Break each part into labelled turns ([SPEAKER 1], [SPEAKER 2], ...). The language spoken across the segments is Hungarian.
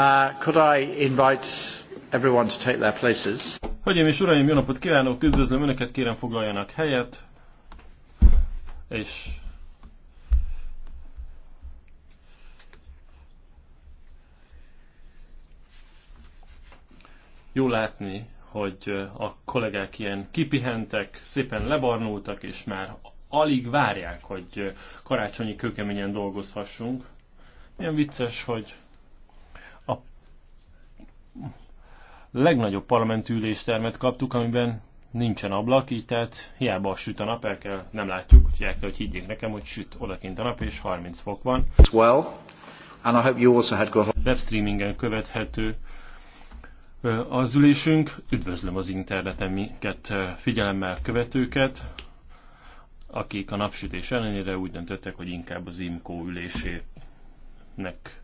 [SPEAKER 1] Uh, could I invite everyone to take their places?
[SPEAKER 2] Hölgyeim és uraim, jó napot kívánok, üdvözlöm Önöket, kérem foglaljanak helyet, és jó látni, hogy a kollégák ilyen kipihentek, szépen lebarnultak, és már alig várják, hogy karácsonyi kőkeményen dolgozhassunk. Milyen vicces, hogy legnagyobb parlamenti üléstermet kaptuk, amiben nincsen ablak, így tehát hiába süt a nap, el kell, nem látjuk, úgyhogy el kell, hogy higgyék nekem, hogy süt odakint a nap, és 30 fok van. Well, and I hope you also had good... Webstreamingen követhető az ülésünk. Üdvözlöm az interneten minket figyelemmel követőket, akik a napsütés ellenére úgy döntöttek, hogy inkább az IMCO ülésének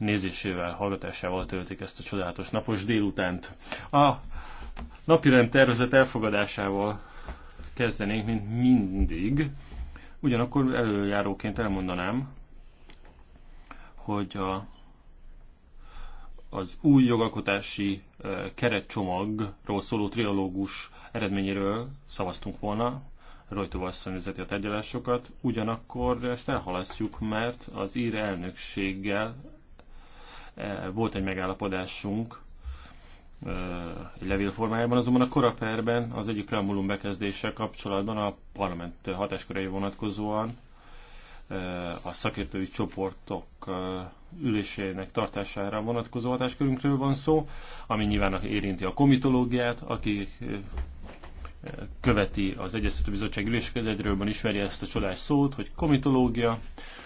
[SPEAKER 2] nézésével, hallgatásával töltik ezt a csodálatos napos délutánt. A napirend tervezet elfogadásával kezdenénk, mint mindig. Ugyanakkor előjáróként elmondanám, hogy a, az új jogalkotási keretcsomagról szóló trialógus eredményéről szavaztunk volna, Rojtó asszony a tárgyalásokat, ugyanakkor ezt elhalasztjuk, mert az ír elnökséggel Eh, volt egy megállapodásunk eh, egy levélformájában, azonban a koraperben az egyik preambulum bekezdéssel kapcsolatban a parlament hatáskörei vonatkozóan eh, a szakértői csoportok ülésének tartására vonatkozó hatáskörünkről van szó, ami nyilván érinti a komitológiát, aki követi az Egyesztető Bizottság üléseket, ismeri ezt a csodás szót, hogy komitológia,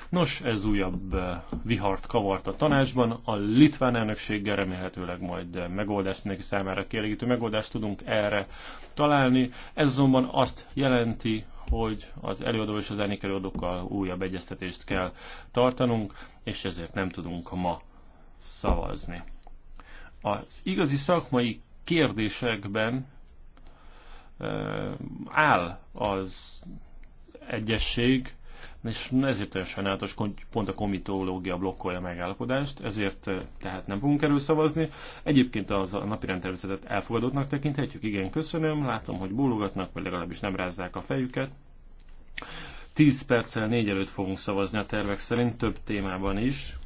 [SPEAKER 2] Nos, ez újabb eh, vihart kavart a tanácsban. A litván elnökséggel remélhetőleg majd eh, megoldást neki számára kielégítő megoldást tudunk erre találni. Ez azonban azt jelenti, hogy az előadó és az előadókkal újabb egyeztetést kell tartanunk, és ezért nem tudunk ma szavazni. Az igazi szakmai kérdésekben eh, áll az egyesség, és ezért olyan sajnálatos, pont a komitológia blokkolja a megállapodást, ezért eh, tehát nem fogunk erről szavazni. Egyébként az a napi rendtervezetet elfogadottnak tekinthetjük, igen, köszönöm, látom, hogy bólogatnak, vagy legalábbis nem rázzák a fejüket. 10 perccel négy előtt fogunk szavazni a tervek szerint több témában is.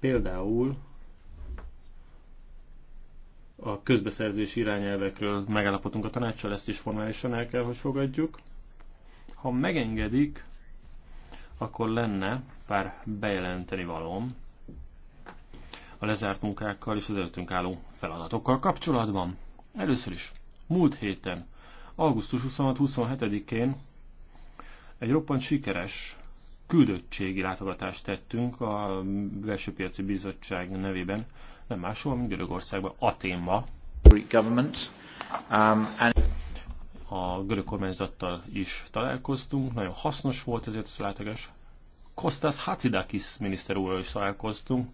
[SPEAKER 2] Például a közbeszerzés irányelvekről megállapodtunk a tanácssal, ezt is formálisan el kell, hogy fogadjuk. Ha megengedik, akkor lenne pár bejelenteni valóm a lezárt munkákkal és az előttünk álló feladatokkal kapcsolatban. Először is, múlt héten, augusztus 26-27-én egy roppant sikeres küldöttségi látogatást tettünk a Belső Piaci Bizottság nevében, nem máshol, mint Görögországban, Aténba a görög kormányzattal is találkoztunk, nagyon hasznos volt ezért a látogatás. Kostas Hatsidakis miniszter úrral is találkoztunk.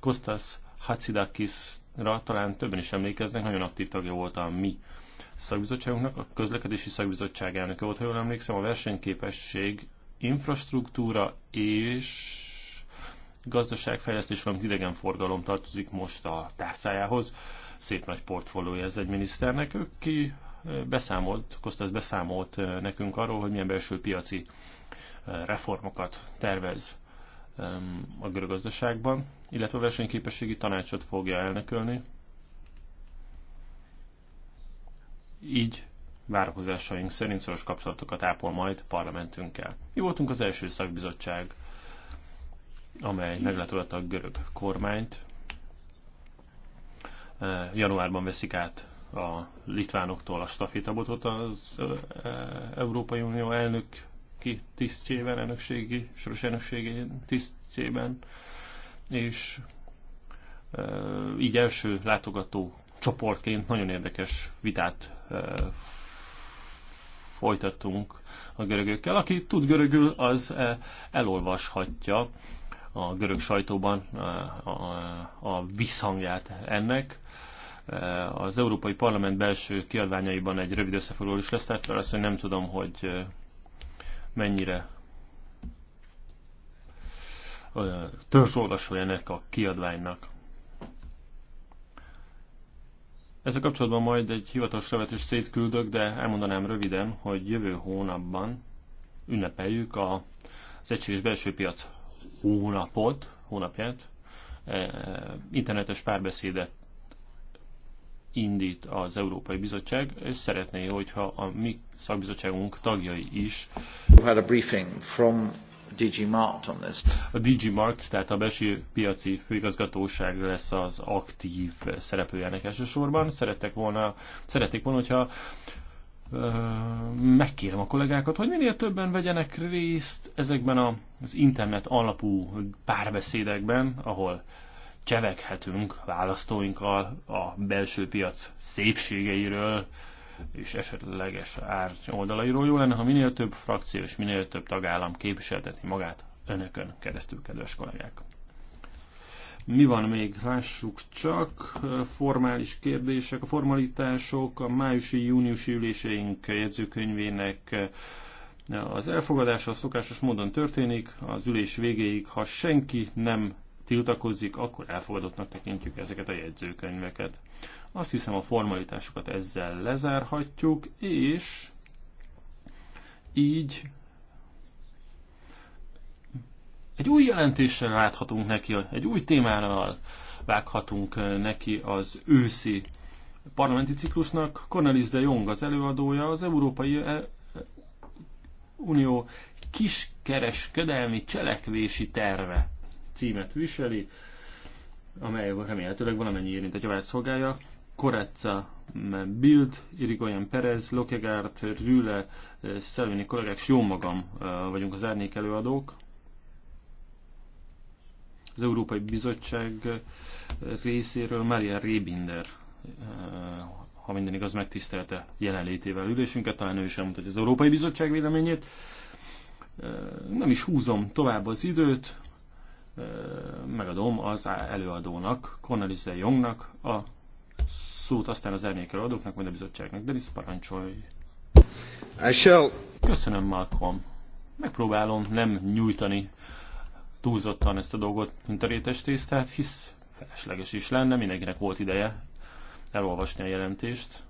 [SPEAKER 2] Kostas Hatsidakisra talán többen is emlékeznek, nagyon aktív tagja volt a mi szakbizottságunknak, a közlekedési szakbizottság elnöke volt, ha jól emlékszem, a versenyképesség, infrastruktúra és gazdaságfejlesztés, valamint idegenforgalom tartozik most a tárcájához. Szép nagy portfólója ez egy miniszternek. Ők ki beszámolt, Kostas beszámolt nekünk arról, hogy milyen belső piaci reformokat tervez a görög gazdaságban, illetve a versenyképességi tanácsot fogja elnökölni. Így várakozásaink szerint szoros kapcsolatokat ápol majd parlamentünkkel. Mi voltunk az első szakbizottság, amely meglátogatta a görög kormányt. Januárban veszik át a litvánoktól a stafétabotot az e, Európai Unió elnök ki tisztjében, elnökségi, soros elnökségi tisztjében, és e, így első látogató csoportként nagyon érdekes vitát e, folytattunk a görögökkel. Aki tud görögül, az elolvashatja a görög sajtóban a, visszhangját ennek. Eh, az Európai Parlament belső kiadványaiban egy rövid összefoglaló is lesz, tehát azt, hogy nem tudom, hogy eh, mennyire eh, törzsolvasó ennek a kiadványnak. Ezzel kapcsolatban majd egy hivatalos levet is szétküldök, de elmondanám röviden, hogy jövő hónapban ünnepeljük a, az egységes belső piac hónapot, hónapját. internetes párbeszédet indít az Európai Bizottság, és szeretné, hogyha a mi szakbizottságunk tagjai is had a briefing from DG Mart on this. A DG Mart, tehát a belső piaci főigazgatóság lesz az aktív szereplőjének elsősorban. Szerettek volna, szerették volna, hogyha megkérem a kollégákat, hogy minél többen vegyenek részt ezekben az internet alapú párbeszédekben, ahol cseveghetünk választóinkkal a belső piac szépségeiről és esetleges ár oldalairól. Jó lenne, ha minél több frakció és minél több tagállam képviseltetni magát önökön keresztül, kedves kollégák. Mi van még? Lássuk csak. Formális kérdések, a formalitások, a májusi-júniusi üléseink jegyzőkönyvének az elfogadása szokásos módon történik, az ülés végéig, ha senki nem tiltakozik, akkor elfogadottnak tekintjük ezeket a jegyzőkönyveket. Azt hiszem a formalitásokat ezzel lezárhatjuk, és így egy új jelentéssel láthatunk neki, egy új témánál vághatunk neki az őszi parlamenti ciklusnak. Cornelis de Jong az előadója, az Európai e, Unió kiskereskedelmi cselekvési terve címet viseli, amely remélhetőleg valamennyi érintett javát szolgálja. Koretza, Bild, Irigoyen Perez, Lokegárt, Rüle, Szelvini kollégák, és jó magam vagyunk az árnyék előadók. Az Európai Bizottság részéről Maria Rebinder, ha minden igaz, megtisztelte jelenlétével ülésünket, talán ő is elmondta, hogy az Európai Bizottság véleményét. Nem is húzom tovább az időt, megadom az előadónak, Cornelis Jongnak a szót, aztán az árnyékelő adóknak, majd a bizottságnak. Denis, parancsolj! I shall. Köszönöm, Malcolm. Megpróbálom nem nyújtani túlzottan ezt a dolgot, mint a rétes tésztát, hisz felesleges is lenne, mindenkinek volt ideje elolvasni a jelentést.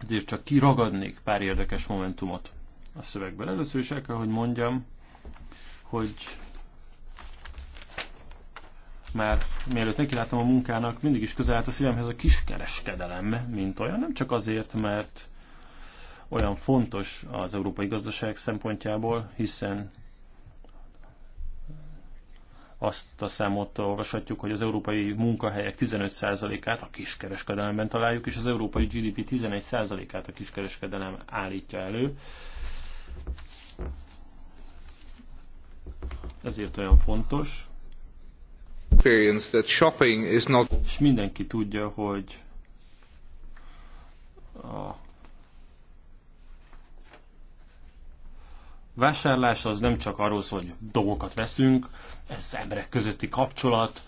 [SPEAKER 2] Ezért csak kiragadnék pár érdekes momentumot a szövegből. Először is el kell, hogy mondjam, hogy már mielőtt láttam a munkának, mindig is közel állt a szívemhez a kiskereskedelem, mint olyan, nem csak azért, mert olyan fontos az európai gazdaság szempontjából, hiszen azt a számot olvashatjuk, hogy az európai munkahelyek 15%-át a kiskereskedelemben találjuk, és az európai GDP 11%-át a kiskereskedelem állítja elő. Ezért olyan fontos, és mindenki tudja, hogy a vásárlás az nem csak arról szól, hogy dolgokat veszünk, ez emberek közötti kapcsolat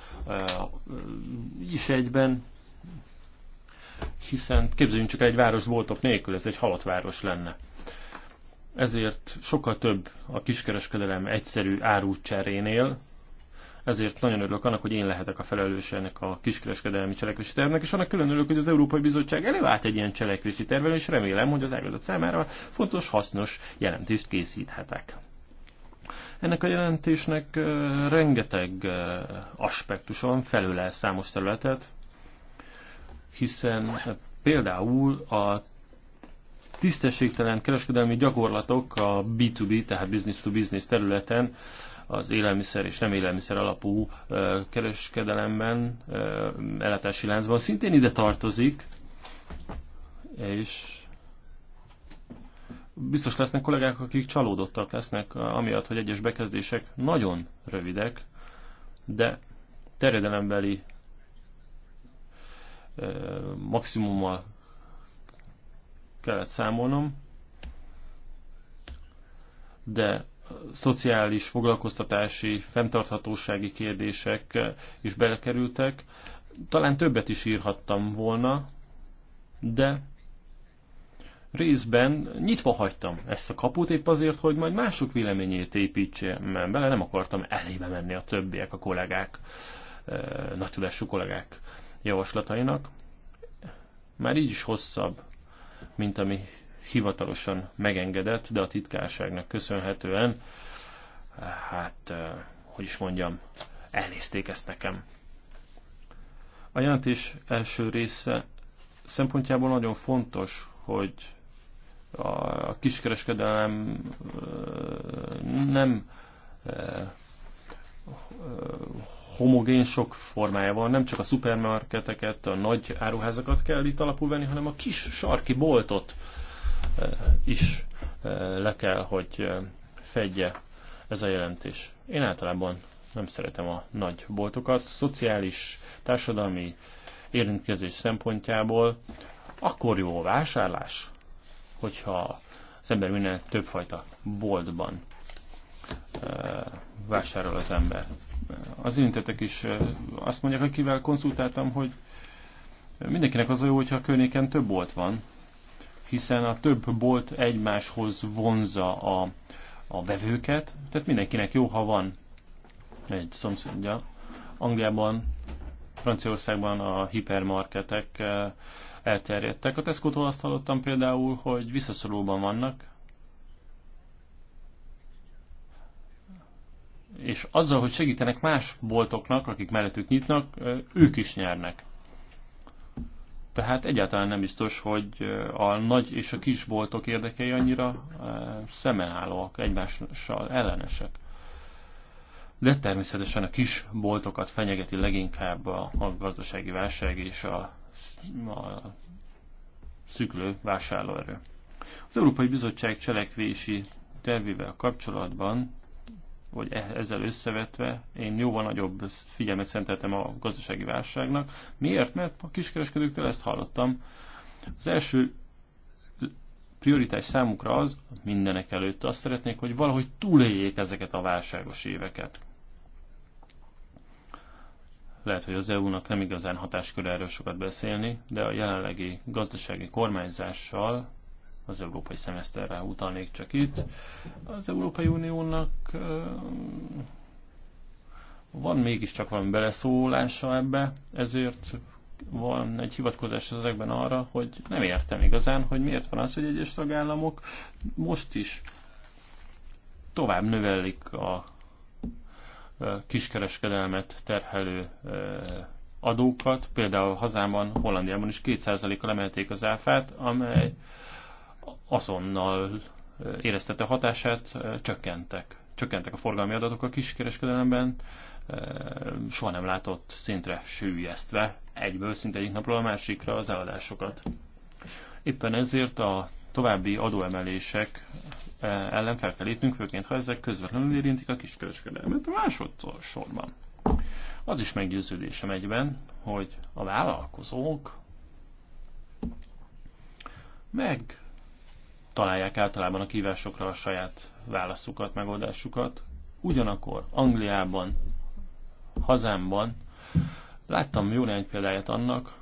[SPEAKER 2] is egyben, hiszen képzeljünk csak egy város voltok nélkül, ez egy halott város lenne. Ezért sokkal több a kiskereskedelem egyszerű árucserénél, ezért nagyon örülök annak, hogy én lehetek a felelős ennek a kiskereskedelmi cselekvési tervnek, és annak külön örülök, hogy az Európai Bizottság előállt egy ilyen cselekvési tervvel, és remélem, hogy az ágazat számára fontos, hasznos jelentést készíthetek. Ennek a jelentésnek rengeteg aspektusa van, el számos területet, hiszen például a tisztességtelen kereskedelmi gyakorlatok a B2B, tehát business to business területen az élelmiszer és nem élelmiszer alapú kereskedelemben, ellátási láncban szintén ide tartozik, és biztos lesznek kollégák, akik csalódottak lesznek, amiatt, hogy egyes bekezdések nagyon rövidek, de terjedelembeli maximummal kellett számolnom, de szociális, foglalkoztatási, fenntarthatósági kérdések eh, is belekerültek. Talán többet is írhattam volna, de részben nyitva hagytam ezt a kaput épp azért, hogy majd mások véleményét építsem bele, nem akartam elébe menni a többiek, a kollégák, eh, nagy tudású kollégák javaslatainak. Már így is hosszabb, mint ami hivatalosan megengedett, de a titkárságnak köszönhetően, hát, eh, hogy is mondjam, elnézték ezt nekem. A jelentés első része szempontjából nagyon fontos, hogy a kiskereskedelem eh, nem eh, homogén sok formájával, nem csak a szupermarketeket, a nagy áruházakat kell itt alapul venni, hanem a kis sarki boltot Eh, is eh, le kell, hogy eh, fedje ez a jelentés. Én általában nem szeretem a nagy boltokat, szociális, társadalmi érintkezés szempontjából akkor jó a vásárlás, hogyha az ember minden többfajta boltban vásárol az ember. Az érintettek is azt mondják, akivel konzultáltam, hogy mindenkinek az a jó, hogyha a környéken több bolt van, hiszen a több bolt egymáshoz vonza a, a vevőket, tehát mindenkinek jó, ha van egy szomszédja. Angliában, Franciaországban a hipermarketek eh, elterjedtek. A tesco azt hallottam például, hogy visszaszorulóban vannak, és azzal, hogy segítenek más boltoknak, akik mellettük nyitnak, eh, ők is nyernek. Tehát egyáltalán nem biztos, hogy a nagy és a kis boltok érdekei annyira szemenállóak, egymással ellenesek. De természetesen a kis boltokat fenyegeti leginkább a, a gazdasági válság és a, a szüklő vásárlóerő. Az Európai Bizottság cselekvési tervével kapcsolatban vagy e, ezzel összevetve én jóval nagyobb figyelmet szenteltem a gazdasági válságnak. Miért? Mert a kiskereskedőktől ezt hallottam. Az első prioritás számukra az, mindenek előtt azt szeretnék, hogy valahogy túléljék ezeket a válságos éveket. Lehet, hogy az EU-nak nem igazán hatáskör erről sokat beszélni, de a jelenlegi gazdasági kormányzással az európai szemeszterre utalnék csak itt. Az Európai Uniónak van mégiscsak valami beleszólása ebbe, ezért van egy hivatkozás ezekben arra, hogy nem értem igazán, hogy miért van az, hogy egyes tagállamok most is tovább növelik a kiskereskedelmet terhelő adókat. Például hazámban, Hollandiában is 2%-kal emelték az áfát, amely azonnal éreztette hatását, csökkentek. Csökkentek a forgalmi adatok a kiskereskedelemben, soha nem látott szintre sűjesztve, egyből szinte egyik napról a másikra az eladásokat. Éppen ezért a további adóemelések ellen fel kell lépnünk, főként ha ezek közvetlenül érintik a kiskereskedelmet másodszor sorban. Az is meggyőződésem egyben, hogy a vállalkozók meg találják általában a kívásokra a saját válaszukat, megoldásukat. Ugyanakkor Angliában, hazámban láttam jó néhány példáját annak,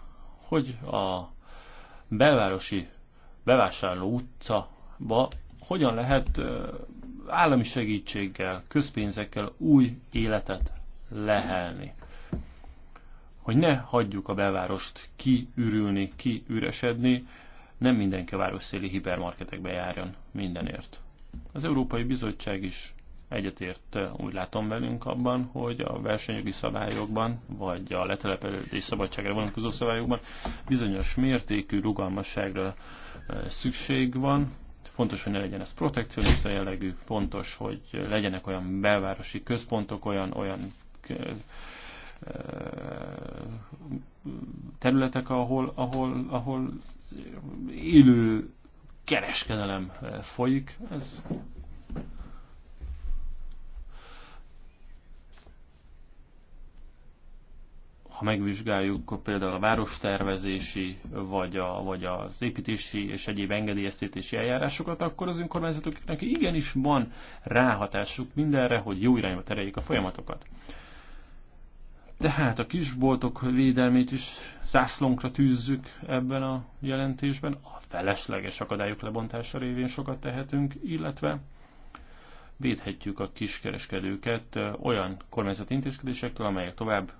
[SPEAKER 2] hogy a belvárosi bevásárló utcaba hogyan lehet állami segítséggel, közpénzekkel új életet lehelni. Hogy ne hagyjuk a belvárost kiürülni, kiüresedni, nem mindenki a városszéli hipermarketekbe járjon mindenért. Az Európai Bizottság is egyetért úgy látom velünk abban, hogy a versenyjogi szabályokban, vagy a letelepedés szabadságra vonatkozó szabályokban bizonyos mértékű rugalmasságra eh, szükség van. Fontos, hogy ne legyen ez protekcionista jellegű, fontos, hogy legyenek olyan belvárosi központok, olyan, olyan eh, területek, ahol, ahol, ahol élő kereskedelem eh, folyik. Ez ha megvizsgáljuk például a várostervezési, vagy, a, vagy az építési és egyéb engedélyeztetési eljárásokat, akkor az önkormányzatoknak igenis van ráhatásuk mindenre, hogy jó irányba tereljék a folyamatokat. Tehát a kisboltok védelmét is zászlónkra tűzzük ebben a jelentésben. A felesleges akadályok lebontása révén sokat tehetünk, illetve védhetjük a kiskereskedőket olyan kormányzati intézkedésekkel, amelyek tovább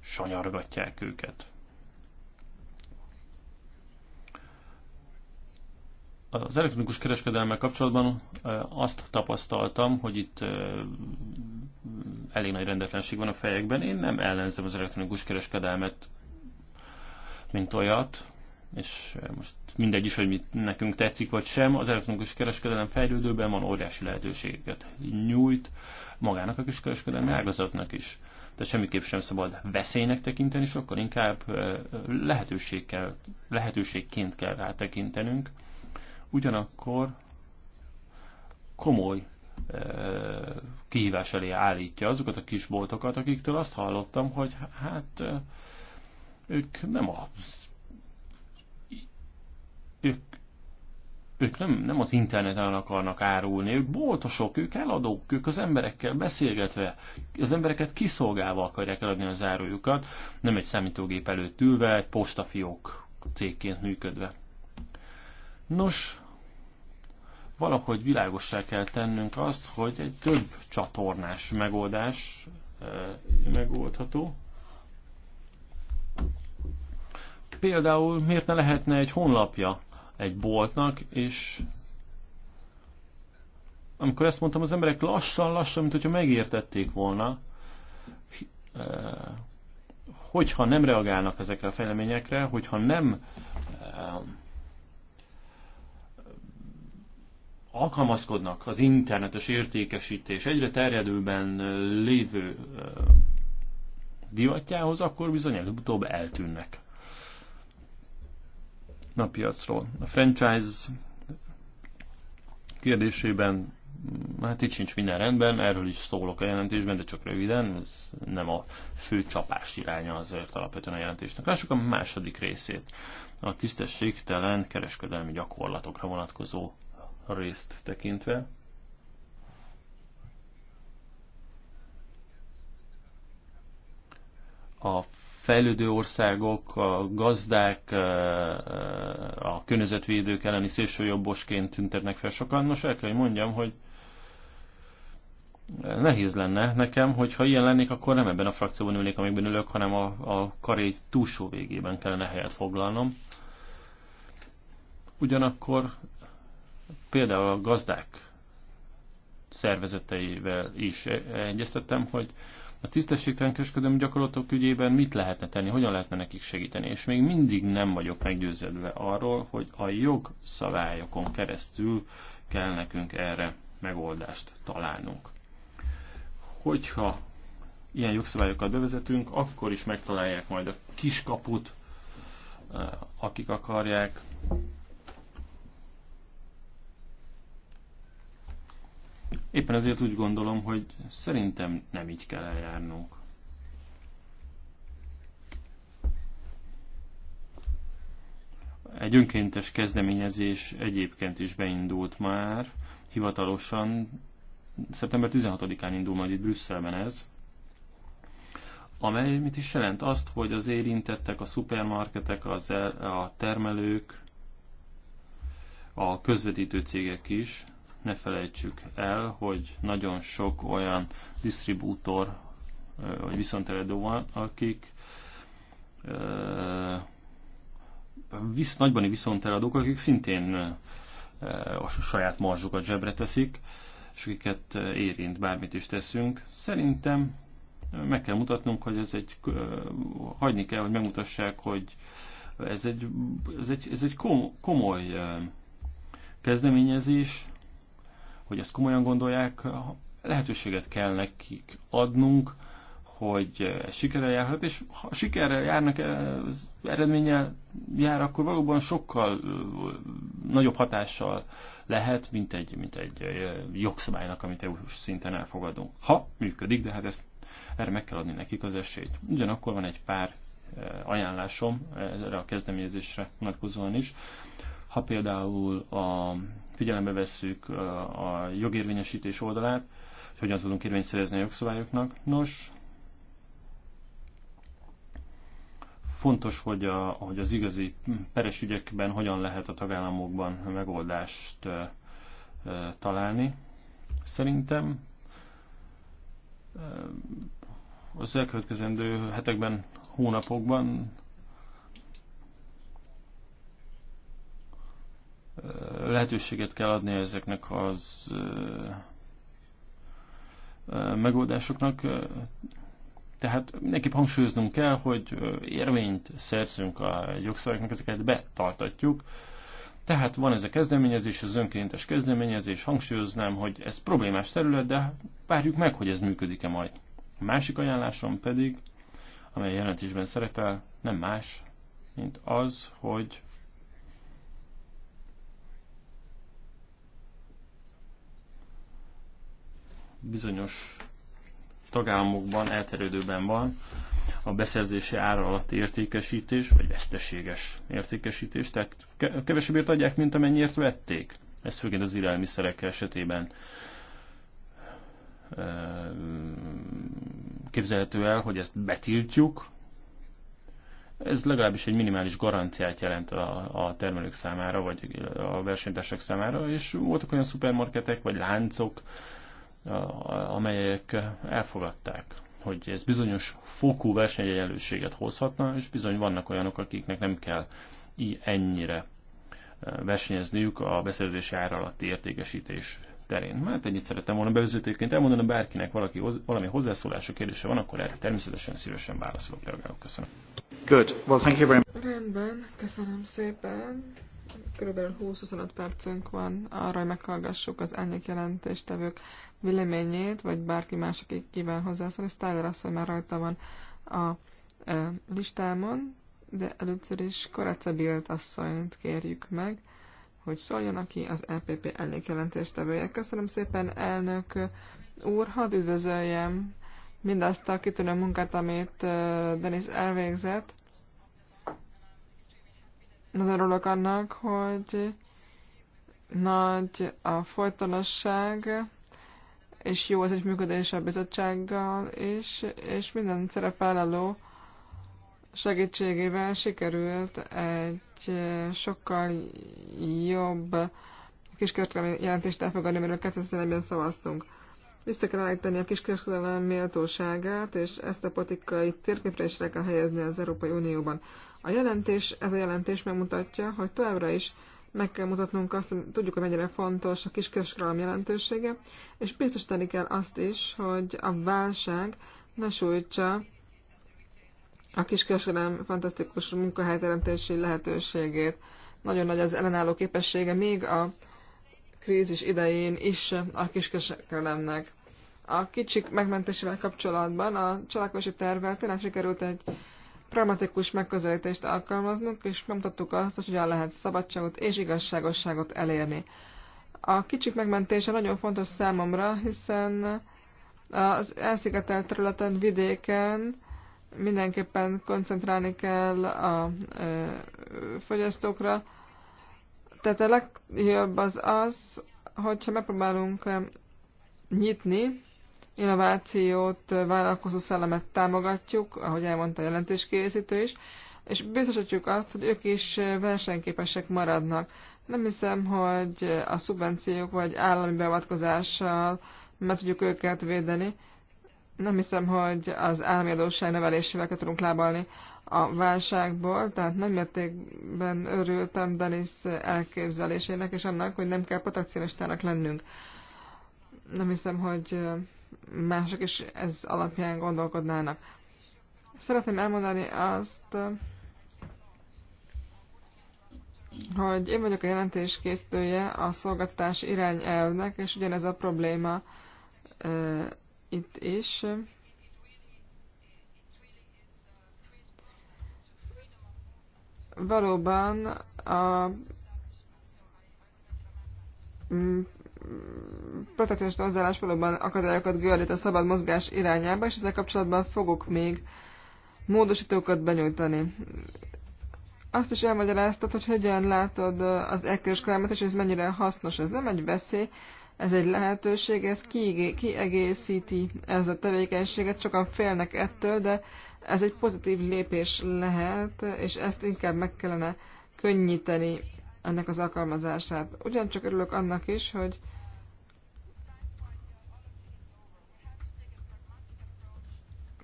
[SPEAKER 2] sanyargatják őket. Az elektronikus kereskedelemmel kapcsolatban azt tapasztaltam, hogy itt elég nagy rendetlenség van a fejekben. Én nem ellenzem az elektronikus kereskedelmet, mint olyat, és most mindegy is, hogy mit nekünk tetszik vagy sem, az elektronikus kereskedelem fejlődőben van óriási lehetőséget nyújt magának a kiskereskedelmi ágazatnak is. De semmiképp sem szabad veszélynek tekinteni, sokkal inkább lehetőségkel, lehetőségként kell rátekintenünk. tekintenünk ugyanakkor komoly eh, kihívás elé állítja azokat a kisboltokat, akiktől azt hallottam, hogy hát eh, ők nem a ők, ők nem, nem az interneten akarnak árulni, ők boltosok, ők eladók, ők az emberekkel beszélgetve, az embereket kiszolgálva akarják eladni az árujukat, nem egy számítógép előtt ülve, egy postafiók cégként működve. Nos, valahogy világossá kell tennünk azt, hogy egy több csatornás megoldás eh, megoldható. Például miért ne lehetne egy honlapja egy boltnak, és amikor ezt mondtam, az emberek lassan-lassan, mint hogyha megértették volna, eh, hogyha nem reagálnak ezekre a fejleményekre, hogyha nem eh, alkalmazkodnak az internetes értékesítés egyre terjedőben lévő divatjához, akkor bizony előbb-utóbb eltűnnek a piacról. A franchise kérdésében mm, hát itt sincs minden rendben, erről is szólok a jelentésben, de csak röviden, ez nem a fő csapás iránya azért alapvetően a jelentésnek. Lássuk a második részét, a tisztességtelen kereskedelmi gyakorlatokra vonatkozó részt tekintve. A fejlődő országok, a gazdák, e, e, a környezetvédők elleni szélsőjobbosként tüntetnek fel sokan. Nos, el kell, hogy mondjam, hogy nehéz lenne nekem, hogyha ilyen lennék, akkor nem ebben a frakcióban ülnék, amikben ülök, hanem a, a karé túlsó végében kellene helyet foglalnom. Ugyanakkor Például a gazdák szervezeteivel is e- egyeztettem, hogy a tisztességtelen kereskedelmi gyakorlatok ügyében mit lehetne tenni, hogyan lehetne nekik segíteni, és még mindig nem vagyok meggyőződve arról, hogy a jogszabályokon keresztül kell nekünk erre megoldást találnunk. Hogyha ilyen jogszabályokat bevezetünk, akkor is megtalálják majd a kiskaput, e, akik akarják, Éppen ezért úgy gondolom, hogy szerintem nem így kell eljárnunk. Egy önkéntes kezdeményezés egyébként is beindult már, hivatalosan szeptember 16-án indul majd itt Brüsszelben ez, amely mit is jelent? Azt, hogy az érintettek, a szupermarketek, az, a termelők, a közvetítő cégek is ne felejtsük el, hogy nagyon sok olyan disztribútor vagy viszonteredő van, akik visz, nagybani viszonteladók, akik szintén a saját marzsukat zsebre teszik, és akiket érint, bármit is teszünk. Szerintem meg kell mutatnunk, hogy ez egy, hagyni kell, hogy megmutassák, hogy ez egy, ez egy, ez egy komoly kezdeményezés, hogy ezt komolyan gondolják, lehetőséget kell nekik adnunk, hogy ez sikerrel járhat, és ha sikerrel járnak, ez eredménnyel jár, akkor valóban sokkal nagyobb hatással lehet, mint egy, mint egy jogszabálynak, amit eu szinten elfogadunk. Ha működik, de hát ezt, erre meg kell adni nekik az esélyt. Ugyanakkor van egy pár ajánlásom erre a kezdeményezésre vonatkozóan is. Ha például a figyelembe vesszük a jogérvényesítés oldalát, hogy hogyan tudunk érvényt szerezni a jogszabályoknak. Nos, fontos, hogy, a, hogy az igazi peres ügyekben hogyan lehet a tagállamokban megoldást találni. Szerintem az elkövetkezendő hetekben, hónapokban lehetőséget kell adni ezeknek az megoldásoknak. Tehát mindenképp hangsúlyoznunk kell, hogy érvényt szerzünk a jogszabályoknak, ezeket betartatjuk. Tehát van ez a kezdeményezés, az önkéntes kezdeményezés, hangsúlyoznám, hogy ez problémás terület, de várjuk meg, hogy ez működik-e majd. A másik ajánlásom pedig, amely jelentésben szerepel, nem más, mint az, hogy bizonyos tagállamokban elterjedőben van a beszerzési ára alatti értékesítés, vagy veszteséges értékesítés, tehát kevesebbért adják, mint amennyiért vették. Ez főként az élelmiszerek esetében képzelhető el, hogy ezt betiltjuk. Ez legalábbis egy minimális garanciát jelent a, a termelők számára, vagy a versenytársak számára, és voltak olyan szupermarketek, vagy láncok, amelyek elfogadták, hogy ez bizonyos fokú versenyegyenlőséget hozhatna, és bizony vannak olyanok, akiknek nem kell ennyire versenyezniük a beszerzési ár alatti értékesítés terén. Mert ennyit szerettem volna bevezetőként elmondani bárkinek, valaki, valami hozzászólása kérdése van, akkor erre természetesen szívesen válaszolok, reagálok. Köszönöm.
[SPEAKER 1] Good. Well, thank you very
[SPEAKER 3] much. Rendben, köszönöm szépen. Körülbelül 20-25 percünk van arra, hogy meghallgassuk az elnyék jelentéstevők véleményét, vagy bárki más, aki kíván hozzászólni. Styler asszony már rajta van a e, listámon, de először is Koraca Bilt asszonyt kérjük meg, hogy szóljon, aki az LPP e jelentéstevője. Köszönöm szépen, elnök úr, hadd üdvözöljem mindazt a kitűnő munkát, amit Denis elvégzett nagyon örülök annak, hogy nagy a folytonosság, és jó az együttműködés a bizottsággal és, és minden szerepvállaló segítségével sikerült egy sokkal jobb kiskereskedelmi jelentést elfogadni, amiről 2001-ben szavaztunk. Vissza kell állítani a kiskereskedelem méltóságát, és ezt a politikai térképre is kell helyezni az Európai Unióban. A jelentés, ez a jelentés megmutatja, hogy továbbra is meg kell mutatnunk azt, hogy tudjuk, hogy mennyire fontos a kiskereskedelem jelentősége, és biztosítani kell azt is, hogy a válság ne sújtsa a kiskereskedelem fantasztikus munkahelyteremtési lehetőségét. Nagyon nagy az ellenálló képessége még a krízis idején is a kiskereskedelemnek. A kicsik megmentésével kapcsolatban a csalákosi tervvel tényleg sikerült egy pragmatikus megközelítést alkalmaznunk, és megmutattuk azt, hogy hogyan lehet szabadságot és igazságosságot elérni. A kicsik megmentése nagyon fontos számomra, hiszen az elszigetelt területen, vidéken mindenképpen koncentrálni kell a fogyasztókra. Tehát a legjobb az az, hogyha megpróbálunk nyitni, innovációt, vállalkozó szellemet támogatjuk, ahogy elmondta a jelentéskészítő is, és biztosítjuk azt, hogy ők is versenyképesek maradnak. Nem hiszem, hogy a szubvenciók vagy állami beavatkozással meg tudjuk őket védeni. Nem hiszem, hogy az állami adósság kell tudunk lábalni a válságból, tehát nem mértékben örültem Denis elképzelésének és annak, hogy nem kell protekcionistának lennünk. Nem hiszem, hogy mások is ez alapján gondolkodnának. Szeretném elmondani azt, hogy én vagyok a jelentés készítője a szolgáltatás irányelvnek, és ugyanez a probléma e, itt is. Valóban a mm, protekcionista hozzáállás valóban akadályokat gördít a szabad mozgás irányába, és ezzel kapcsolatban fogok még módosítókat benyújtani. Azt is elmagyaráztad, hogy hogyan látod az elkereskedelmet, és ez mennyire hasznos. Ez nem egy veszély, ez egy lehetőség, ez kiegészíti ez a tevékenységet, sokan félnek ettől, de ez egy pozitív lépés lehet, és ezt inkább meg kellene könnyíteni ennek az alkalmazását. Ugyancsak örülök annak is, hogy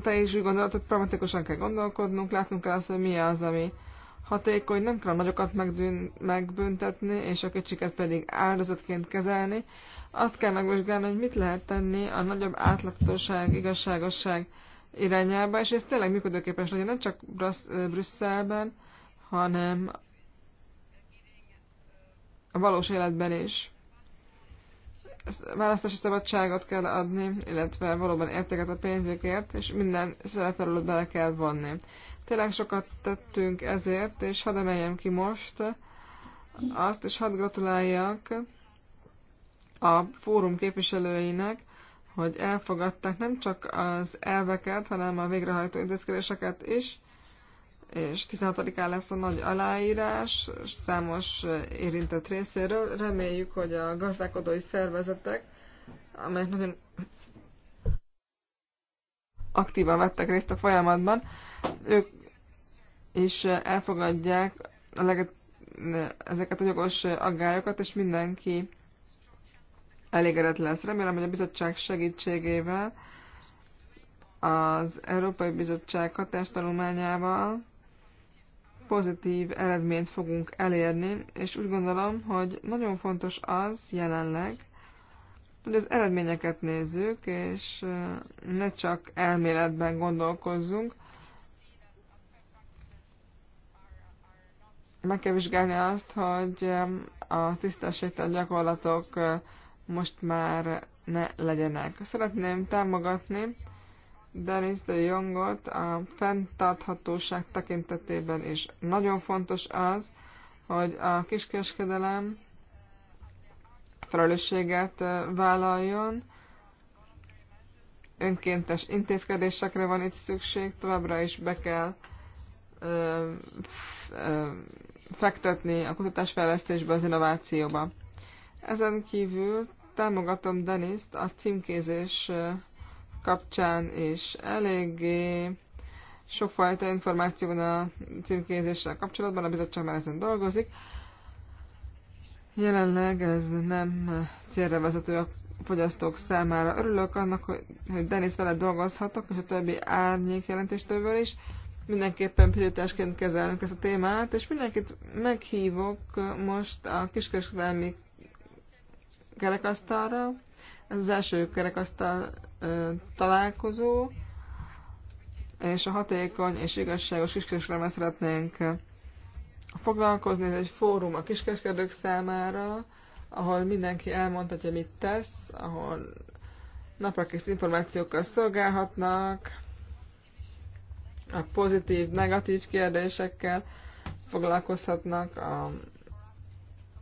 [SPEAKER 3] te is úgy gondolod, hogy pragmatikusan kell gondolkodnunk, látnunk kell azt, hogy mi az, ami hatékony, nem kell a nagyokat megdűn, megbüntetni, és a kicsiket pedig áldozatként kezelni. Azt kell megvizsgálni, hogy mit lehet tenni a nagyobb átlagtóság, igazságosság irányába, és ez tényleg működőképes legyen, nem csak Brüsszelben, hanem a valós életben is. Választási szabadságot kell adni, illetve valóban értéket a pénzükért, és minden szerepelőt bele kell vonni. Tényleg sokat tettünk ezért, és hadd emeljem ki most azt, és hadd gratuláljak a fórum képviselőinek, hogy elfogadták nem csak az elveket, hanem a végrehajtó intézkedéseket is, és 16-án lesz a nagy aláírás számos érintett részéről. Reméljük, hogy a gazdálkodói szervezetek, amelyek nagyon aktívan vettek részt a folyamatban, ők is elfogadják a leget, ezeket a jogos aggályokat, és mindenki elégedett lesz. Remélem, hogy a bizottság segítségével, az Európai Bizottság hatástanulmányával pozitív eredményt fogunk elérni, és úgy gondolom, hogy nagyon fontos az jelenleg, hogy az eredményeket nézzük, és ne csak elméletben gondolkozzunk. Meg kell vizsgálni azt, hogy a tisztességtel gyakorlatok most már ne legyenek. Szeretném támogatni Dennis de Jongot a fenntarthatóság tekintetében is. Nagyon fontos az, hogy a kiskereskedelem felelősséget vállaljon, önkéntes intézkedésekre van itt szükség, továbbra is be kell fektetni a kutatásfejlesztésbe, az innovációba. Ezen kívül támogatom Deniszt a címkézés kapcsán is eléggé sokfajta információ van a címkézéssel kapcsolatban, a bizottság már ezen dolgozik. Jelenleg ez nem célra vezető a fogyasztók számára. Örülök annak, hogy, hogy Denis vele dolgozhatok, és a többi árnyék jelentéstőből is. Mindenképpen prioritásként kezelünk ezt a témát, és mindenkit meghívok most a kiskereskedelmi kerekasztalra. Ez az első kerekasztal találkozó, és a hatékony és igazságos kiskereskedelmet szeretnénk foglalkozni. Ez egy fórum a kiskereskedők számára, ahol mindenki elmondhatja, mit tesz, ahol naprakész információkkal szolgálhatnak, a pozitív, negatív kérdésekkel foglalkozhatnak, a,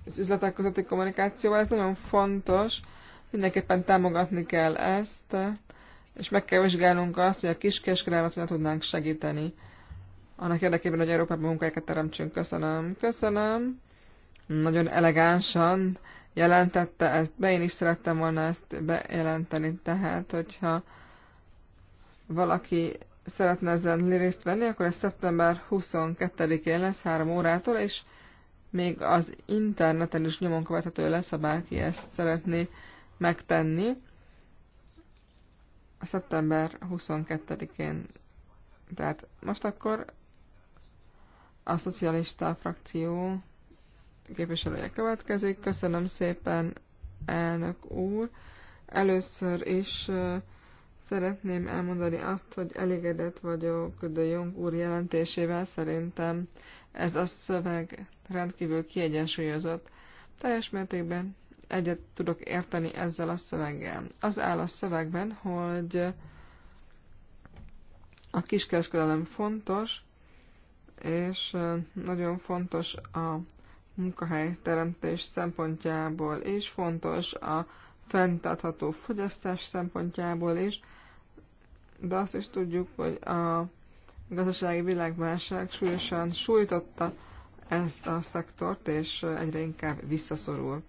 [SPEAKER 3] az üzletek közötti kommunikációval. Ez nagyon fontos, Mindenképpen támogatni kell ezt, és meg kell vizsgálnunk azt, hogy a kiskereskedelmet hogyan tudnánk segíteni. Annak érdekében, hogy Európában munkáikat teremtsünk. Köszönöm. Köszönöm. Nagyon elegánsan jelentette ezt be. Én is szerettem volna ezt bejelenteni. Tehát, hogyha valaki szeretne ezen részt venni, akkor ez szeptember 22-én lesz, 3 órától, és még az interneten is nyomon követhető lesz, ha bárki ezt szeretné megtenni. a Szeptember 22-én. Tehát most akkor a szocialista frakció képviselője következik. Köszönöm szépen, elnök úr. Először is szeretném elmondani azt, hogy elégedett vagyok de Jong úr jelentésével. Szerintem ez a szöveg rendkívül kiegyensúlyozott. Teljes mértékben egyet tudok érteni ezzel a szöveggel. Az áll a szövegben, hogy a kiskereskedelem fontos, és nagyon fontos a munkahely teremtés szempontjából is, fontos a fenntartható fogyasztás szempontjából is, de azt is tudjuk, hogy a gazdasági világválság súlyosan sújtotta ezt a szektort, és egyre inkább visszaszorul.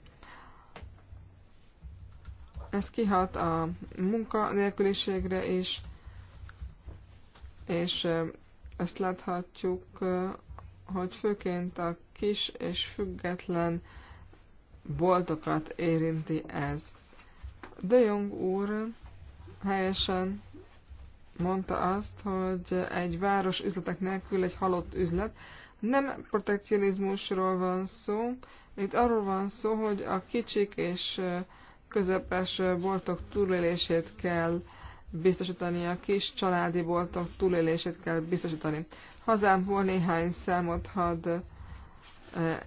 [SPEAKER 3] Ez kihat a munkanélküliségre is, és ezt láthatjuk, hogy főként a kis és független boltokat érinti ez. De Jong úr helyesen mondta azt, hogy egy város üzletek nélkül egy halott üzlet. Nem protekcionizmusról van szó, itt arról van szó, hogy a kicsik és közepes boltok túlélését kell biztosítani, a kis családi boltok túlélését kell biztosítani. Hazámból néhány számot had eh,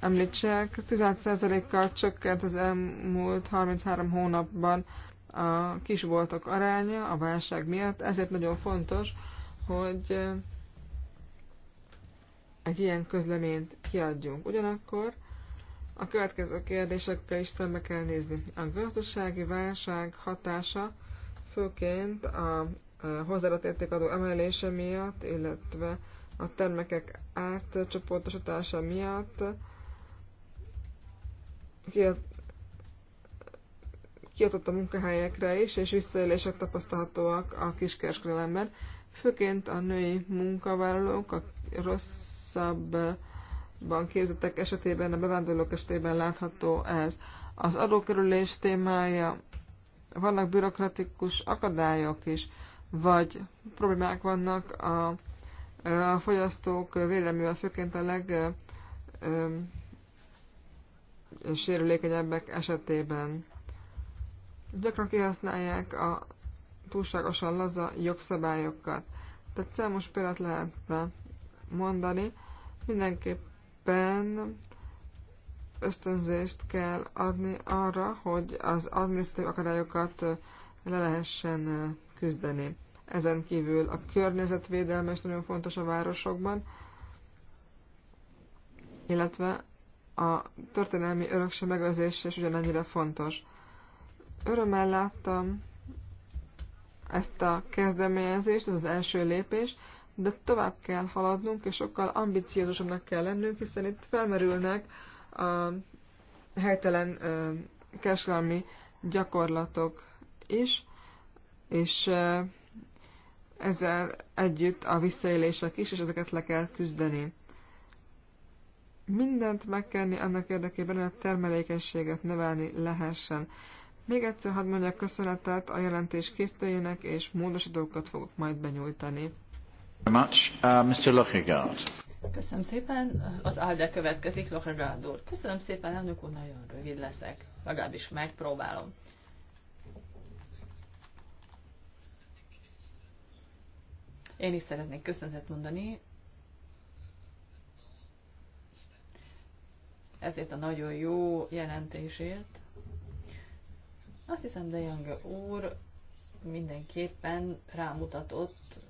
[SPEAKER 3] említsek. 16%-kal csökkent az elmúlt 33 hónapban a kis boltok aránya a válság miatt, ezért nagyon fontos, hogy eh, egy ilyen közleményt kiadjunk. Ugyanakkor a következő kérdésekkel is szembe kell nézni. A gazdasági válság hatása főként a hozzáadott értékadó emelése miatt, illetve a termékek átcsoportosítása miatt kiadott a munkahelyekre is, és visszaélések tapasztalhatóak a kiskereskedelemben. Főként a női munkavállalók a rosszabb ban képzetek esetében, a bevándorlók esetében látható ez. Az adókerülés témája, vannak bürokratikus akadályok is, vagy problémák vannak a, a fogyasztók véleményével, főként a leg ö, sérülékenyebbek esetében. Gyakran kihasználják a túlságosan laza jogszabályokat. Tehát számos példát lehetne mondani. Mindenképp mindenképpen ösztönzést kell adni arra, hogy az adminisztratív akadályokat le lehessen küzdeni. Ezen kívül a környezetvédelme is nagyon fontos a városokban, illetve a történelmi örökség megőrzése is ugyanannyira fontos. Örömmel láttam ezt a kezdeményezést, ez az első lépés, de tovább kell haladnunk, és sokkal ambiciózusabbnak kell lennünk, hiszen itt felmerülnek a helytelen kereskedelmi gyakorlatok is, és ezzel együtt a visszaélések is, és ezeket le kell küzdeni. Mindent meg kell annak érdekében, hogy a termelékenységet növelni lehessen. Még egyszer hadd mondjak köszönetet a jelentés készítőjének, és módosítókat fogok majd benyújtani.
[SPEAKER 1] Uh,
[SPEAKER 4] Köszönöm szépen. Az Alde következik, Lochegard úr. Köszönöm szépen, elnök úr, nagyon rövid leszek. Legalábbis megpróbálom. Én is szeretnék köszönetet mondani. Ezért a nagyon jó jelentésért. Azt hiszem, De Young úr mindenképpen rámutatott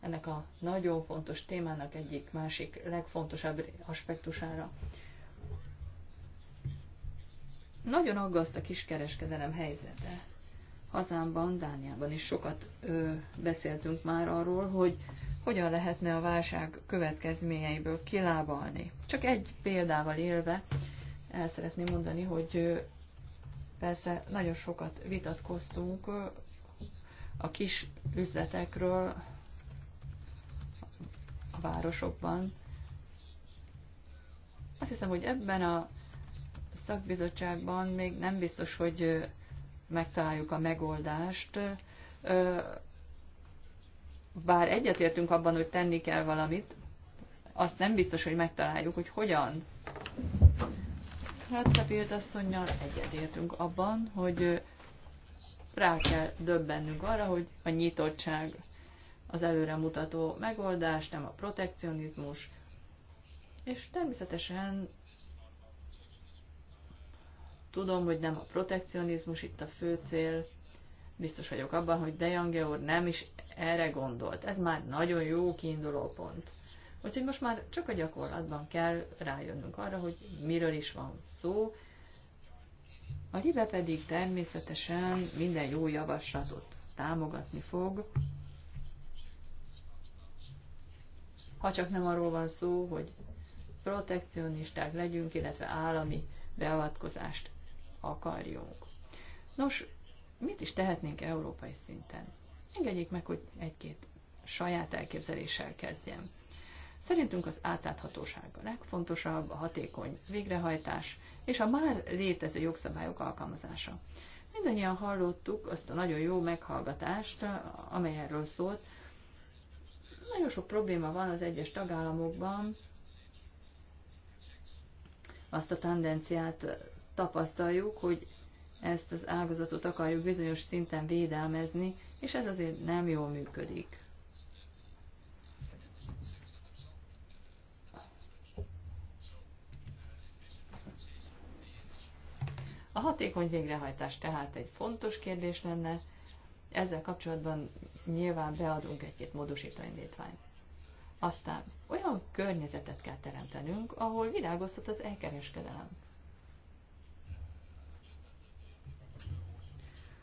[SPEAKER 4] ennek a nagyon fontos témának egyik másik legfontosabb aspektusára. Nagyon aggaszt a kiskereskedelem helyzete. Hazámban, Dániában is sokat ö, beszéltünk már arról, hogy hogyan lehetne a válság következményeiből kilábalni. Csak egy példával élve el szeretném mondani, hogy persze nagyon sokat vitatkoztunk a kis üzletekről, városokban. Azt hiszem, hogy ebben a szakbizottságban még nem biztos, hogy megtaláljuk a megoldást, bár egyetértünk abban, hogy tenni kell valamit, azt nem biztos, hogy megtaláljuk, hogy hogyan. Ratzapilt asszonynal egyetértünk abban, hogy rá kell döbbennünk arra, hogy a nyitottság az előremutató megoldás, nem a protekcionizmus, és természetesen tudom, hogy nem a protekcionizmus itt a fő cél, biztos vagyok abban, hogy De Jange nem is erre gondolt. Ez már nagyon jó kiinduló pont. Úgyhogy most már csak a gyakorlatban kell rájönnünk arra, hogy miről is van szó. A Libe pedig természetesen minden jó javaslatot támogatni fog, ha csak nem arról van szó, hogy protekcionisták legyünk, illetve állami beavatkozást akarjunk. Nos, mit is tehetnénk európai szinten? Engedjék meg, hogy egy-két saját elképzeléssel kezdjem. Szerintünk az átláthatóság a legfontosabb, a hatékony végrehajtás és a már létező jogszabályok alkalmazása. Mindannyian hallottuk azt a nagyon jó meghallgatást, amely erről szólt, nagyon sok probléma van az egyes tagállamokban. Azt a tendenciát tapasztaljuk, hogy ezt az ágazatot akarjuk bizonyos szinten védelmezni, és ez azért nem jól működik. A hatékony végrehajtás tehát egy fontos kérdés lenne, ezzel kapcsolatban nyilván beadunk egy-két módosító indítványt. Aztán olyan környezetet kell teremtenünk, ahol virágozhat az elkereskedelem.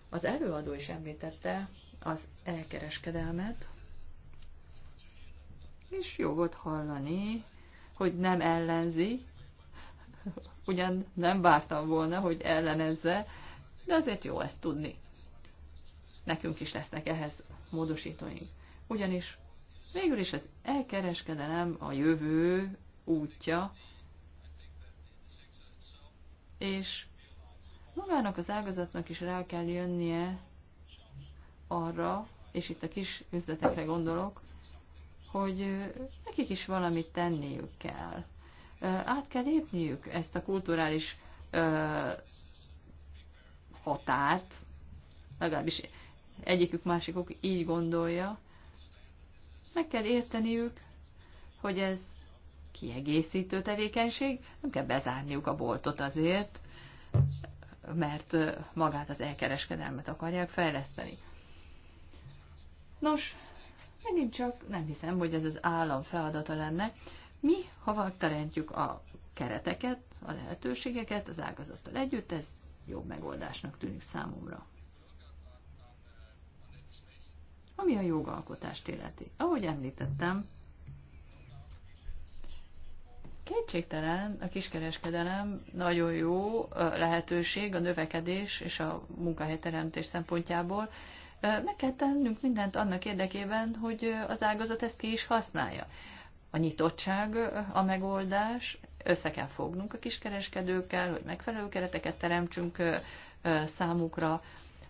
[SPEAKER 4] Az előadó is említette az elkereskedelmet, és jó volt hallani, hogy nem ellenzi, ugyan nem vártam volna, hogy ellenezze, de azért jó ezt tudni nekünk is lesznek ehhez módosítóink. Ugyanis végül is az elkereskedelem a jövő útja, és magának az ágazatnak is rá kell jönnie arra, és itt a kis üzletekre gondolok, hogy nekik is valamit tenniük kell. Át kell lépniük ezt a kulturális határt, legalábbis egyikük másikuk így gondolja. Meg kell érteniük, hogy ez kiegészítő tevékenység, nem kell bezárniuk a boltot azért, mert magát az elkereskedelmet akarják fejleszteni. Nos, megint csak nem hiszem, hogy ez az állam feladata lenne. Mi, ha teremtjük a kereteket, a lehetőségeket az ágazattal együtt, ez jobb megoldásnak tűnik számomra ami a jogalkotást illeti. Ahogy említettem, Kétségtelen a kiskereskedelem nagyon jó lehetőség a növekedés és a munkahelyteremtés szempontjából. Meg kell tennünk mindent annak érdekében, hogy az ágazat ezt ki is használja. A nyitottság a megoldás, össze kell fognunk a kiskereskedőkkel, hogy megfelelő kereteket teremtsünk számukra,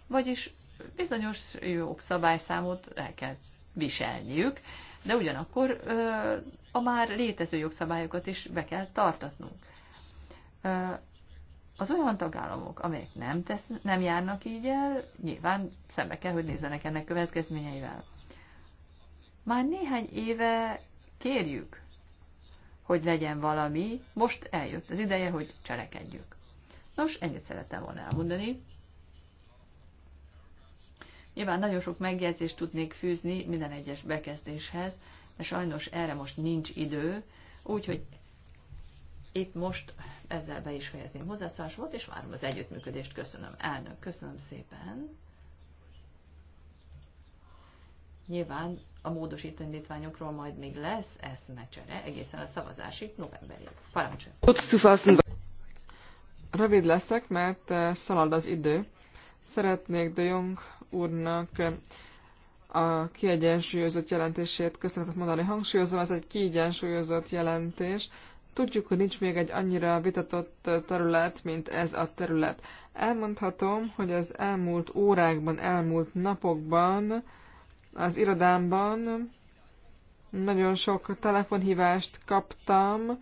[SPEAKER 4] vagyis bizonyos jogszabályszámot el kell viselniük, de ugyanakkor a már létező jogszabályokat is be kell tartatnunk. Az olyan tagállamok, amelyek nem, tesz, nem járnak így el, nyilván szembe kell, hogy nézzenek ennek következményeivel. Már néhány éve kérjük, hogy legyen valami, most eljött az ideje, hogy cselekedjük. Nos, ennyit szerettem volna elmondani. Nyilván nagyon sok megjegyzést tudnék fűzni minden egyes bekezdéshez, de sajnos erre most nincs idő, úgyhogy itt most ezzel be is fejezném volt és várom az együttműködést. Köszönöm, elnök, köszönöm szépen. Nyilván a módosító majd még lesz eszmecsere egészen a szavazásig novemberig. Parancsolj!
[SPEAKER 3] Rövid leszek, mert szalad az idő. Szeretnék De Jong úrnak a kiegyensúlyozott jelentését köszönetet mondani. Hangsúlyozom, ez egy kiegyensúlyozott jelentés. Tudjuk, hogy nincs még egy annyira vitatott terület, mint ez a terület. Elmondhatom, hogy az elmúlt órákban, elmúlt napokban az irodámban nagyon sok telefonhívást kaptam,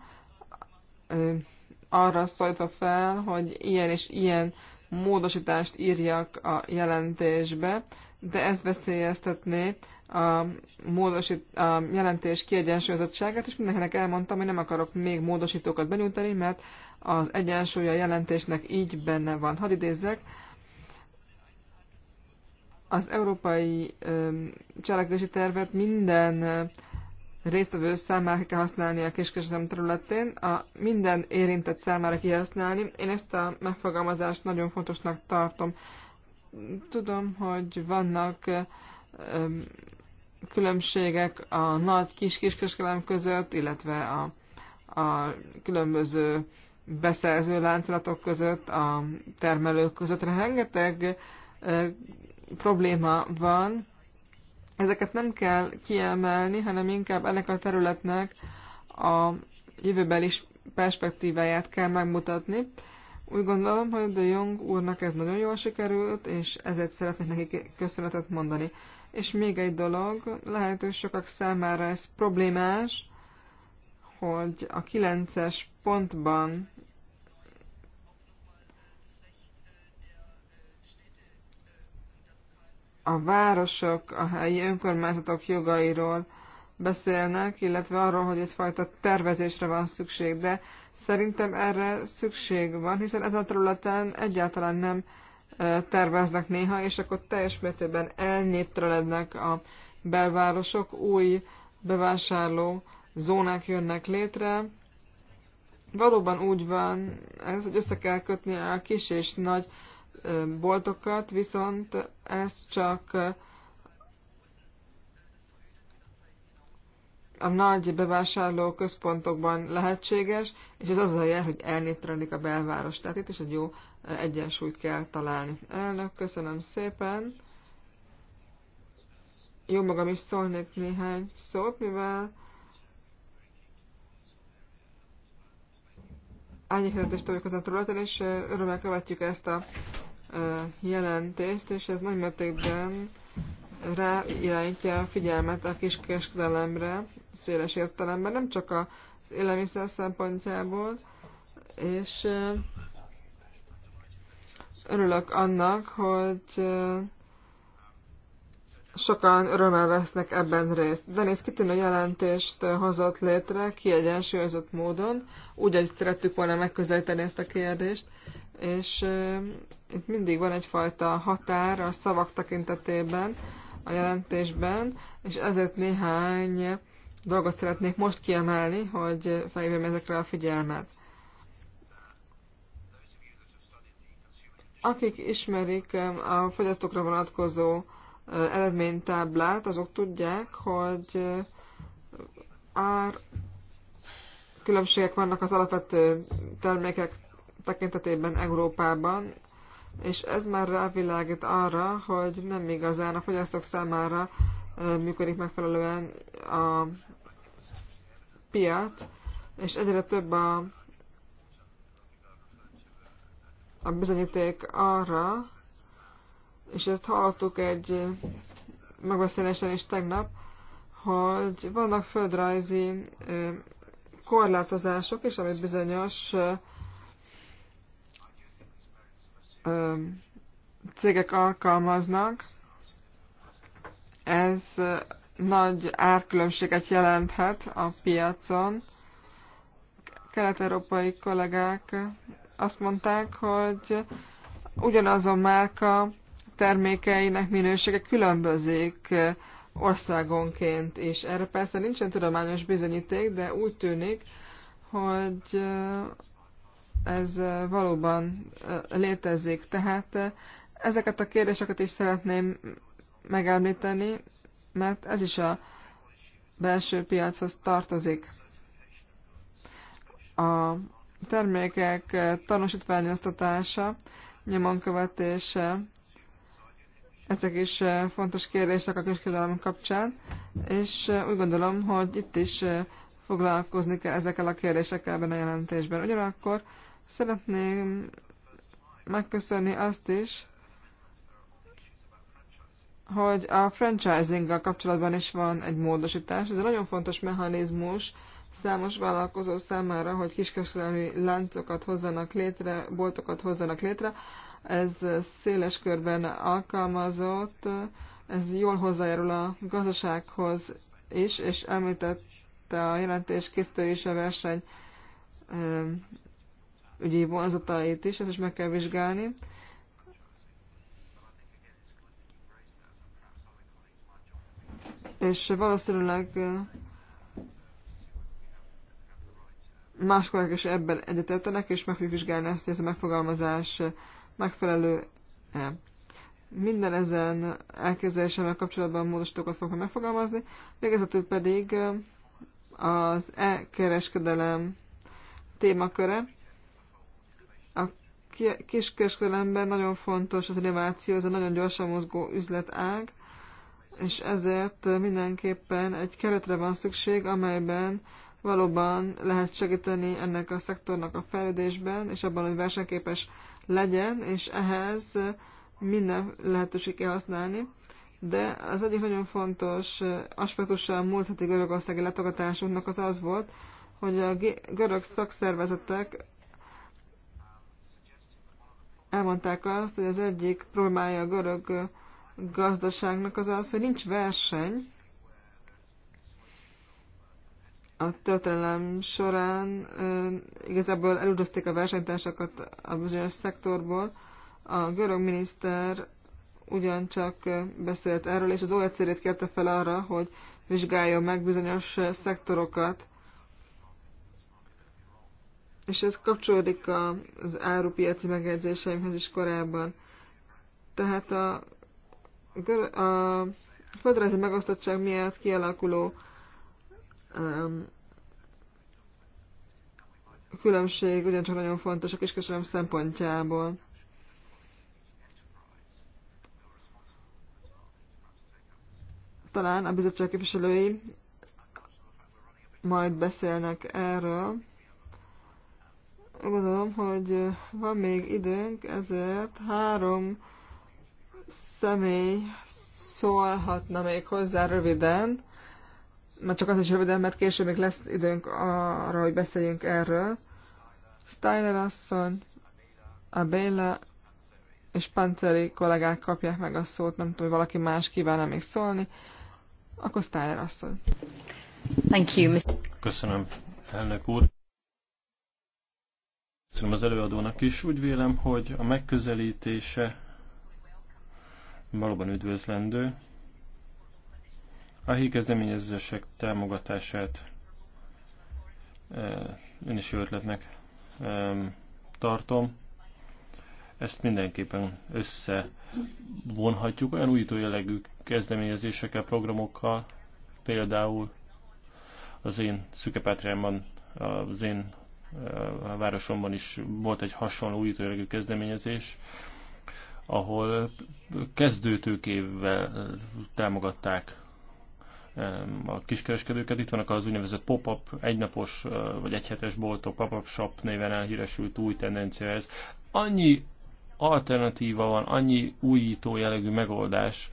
[SPEAKER 3] arra szólítva fel, hogy ilyen és ilyen módosítást írjak a jelentésbe, de ez veszélyeztetné a, módosít, a jelentés kiegyensúlyozottságát, és mindenkinek elmondtam, hogy nem akarok még módosítókat benyújtani, mert az egyensúly a jelentésnek így benne van. Hadd idézzek, az európai cselekvési tervet minden résztvevő számára kell használni a kiskereskedelem területén, a minden érintett számára kihasználni. Én ezt a megfogalmazást nagyon fontosnak tartom. Tudom, hogy vannak különbségek a nagy kis kiskereskedelem között, illetve a, a különböző beszerző láncolatok között, a termelők között. Rengeteg probléma van, Ezeket nem kell kiemelni, hanem inkább ennek a területnek a jövőbeli perspektíváját kell megmutatni. Úgy gondolom, hogy De Jong úrnak ez nagyon jól sikerült, és ezért szeretnék neki köszönetet mondani. És még egy dolog, lehet, hogy sokak számára ez problémás, hogy a 9-es pontban a városok, a helyi önkormányzatok jogairól beszélnek, illetve arról, hogy egyfajta tervezésre van szükség, de szerintem erre szükség van, hiszen ezen a területen egyáltalán nem terveznek néha, és akkor teljes mértékben elnéptelenednek a belvárosok, új bevásárló zónák jönnek létre. Valóban úgy van ez, hogy össze kell kötni a kis és nagy boltokat, viszont ez csak a nagy bevásárló központokban lehetséges, és ez azzal jel, hogy elnéptelenik a belváros. Tehát itt is egy jó egyensúlyt kell találni. Elnök, köszönöm szépen. Jó magam is szólnék néhány szót, mivel árnyékjelentés vagyok az a területen, és örömmel követjük ezt a jelentést, és ez nagy mértékben ráirányítja a figyelmet a kiskereskedelemre, széles értelemben, nem csak az élelmiszer szempontjából, és örülök annak, hogy sokan örömmel vesznek ebben részt. Denis kitűnő jelentést hozott létre kiegyensúlyozott módon, úgy, hogy szerettük volna megközelíteni ezt a kérdést, és itt mindig van egyfajta határ a szavak tekintetében, a jelentésben, és ezért néhány dolgot szeretnék most kiemelni, hogy felhívjam ezekre a figyelmet. Akik ismerik a fogyasztókra vonatkozó eredménytáblát, azok tudják, hogy ár különbségek vannak az alapvető termékek tekintetében Európában, és ez már rávilágít arra, hogy nem igazán a fogyasztók számára működik megfelelően a piac, és egyre több a, a bizonyíték arra, és ezt hallottuk egy megbeszélésen is tegnap, hogy vannak földrajzi korlátozások is, amit bizonyos cégek alkalmaznak, ez nagy árkülönbséget jelenthet a piacon. Kelet-európai kollégák azt mondták, hogy ugyanazon márka termékeinek minősége különbözik országonként is. Erre persze nincsen tudományos bizonyíték, de úgy tűnik, hogy ez valóban létezik. Tehát ezeket a kérdéseket is szeretném megemlíteni, mert ez is a belső piachoz tartozik. A termékek tanúsítványoztatása, nyomon követése, ezek is fontos kérdések a kereskedelem kapcsán, és úgy gondolom, hogy itt is foglalkozni kell ezekkel a kérdésekkel ebben a jelentésben. Ugyanakkor Szeretném megköszönni azt is, hogy a franchisinggal kapcsolatban is van egy módosítás. Ez egy nagyon fontos mechanizmus számos vállalkozó számára, hogy kiskereskedelmi láncokat hozzanak létre, boltokat hozzanak létre. Ez széles körben alkalmazott, ez jól hozzájárul a gazdasághoz is, és említette a jelentés készítő is a verseny ügyi vonzatait is, ezt is meg kell vizsgálni. És valószínűleg más kollégák is ebben egyetértenek, és meg fogjuk vizsgálni ezt, hogy ez a megfogalmazás megfelelő -e. Minden ezen elképzelésemmel kapcsolatban módosítókat fogok megfogalmazni, végezetül pedig az e-kereskedelem témaköre kiskereskedelemben nagyon fontos az innováció, ez a nagyon gyorsan mozgó üzletág, és ezért mindenképpen egy keretre van szükség, amelyben valóban lehet segíteni ennek a szektornak a fejlődésben, és abban, hogy versenyképes legyen, és ehhez minden lehetőség kell használni. De az egyik nagyon fontos aspektusa a múlt heti görögországi látogatásunknak az az volt, hogy a görög szakszervezetek elmondták azt, hogy az egyik problémája a görög gazdaságnak az az, hogy nincs verseny a történelem során. Igazából elüldözték a versenytársakat a bizonyos szektorból. A görög miniszter ugyancsak beszélt erről, és az OECD-t kérte fel arra, hogy vizsgáljon meg bizonyos szektorokat, és ez kapcsolódik az árupiaci megjegyzéseimhez is korábban. Tehát a, a földrajzi megosztottság miatt kialakuló um, különbség ugyancsak nagyon fontos a kiskeserem szempontjából. Talán a bizottság képviselői majd beszélnek erről gondolom, hogy van még időnk, ezért három személy szólhatna még hozzá röviden, mert csak az is röviden, mert később még lesz időnk arra, hogy beszéljünk erről. Steiner asszony, a Béla és Panceri kollégák kapják meg a szót, nem tudom, hogy valaki más kíván még szólni, akkor Steiner asszony. Thank you, Mr.
[SPEAKER 2] Köszönöm, elnök úr. Köszönöm az előadónak is. Úgy vélem, hogy a megközelítése valóban üdvözlendő. A helyi kezdeményezések támogatását e, én is jó ötletnek e, tartom. Ezt mindenképpen összevonhatjuk olyan újító jellegű kezdeményezésekkel, programokkal, például az én szükepátriámban, az én a városomban is volt egy hasonló újítőlegű kezdeményezés, ahol kezdőtőkével eh, támogatták eh, a kiskereskedőket. Itt vannak az úgynevezett pop-up, egynapos eh, vagy egyhetes boltok, pop-up shop néven elhíresült új tendencia ez. Annyi alternatíva van, annyi újító jellegű megoldás,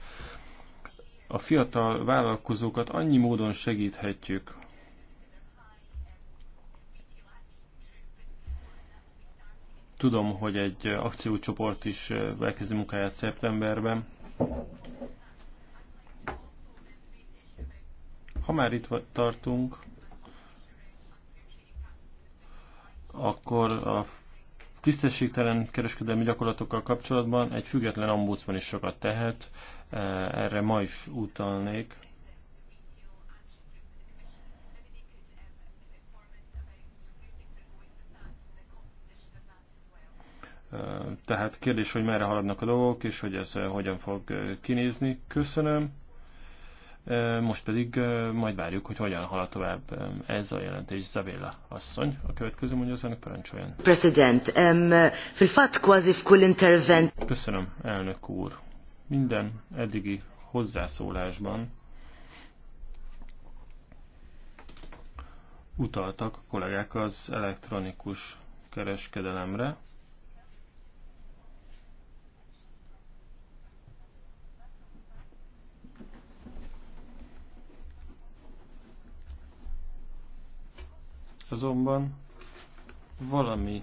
[SPEAKER 2] a fiatal vállalkozókat annyi módon segíthetjük, Tudom, hogy egy akciócsoport is elkezdi munkáját szeptemberben. Ha már itt tartunk, akkor a tisztességtelen kereskedelmi gyakorlatokkal kapcsolatban egy független ombudsman is sokat tehet, erre ma is utalnék. Tehát kérdés, hogy merre haladnak a dolgok, és hogy ez eh, hogyan fog eh, kinézni. Köszönöm. Eh, most pedig majd várjuk, hogy hogyan halad tovább ez a jelentés. Zavéla asszony, a következő mondja az önök parancsoljon.
[SPEAKER 5] President, um, quasi
[SPEAKER 2] Köszönöm, elnök úr. Minden eddigi hozzászólásban utaltak a kollégák az elektronikus kereskedelemre, Azonban valami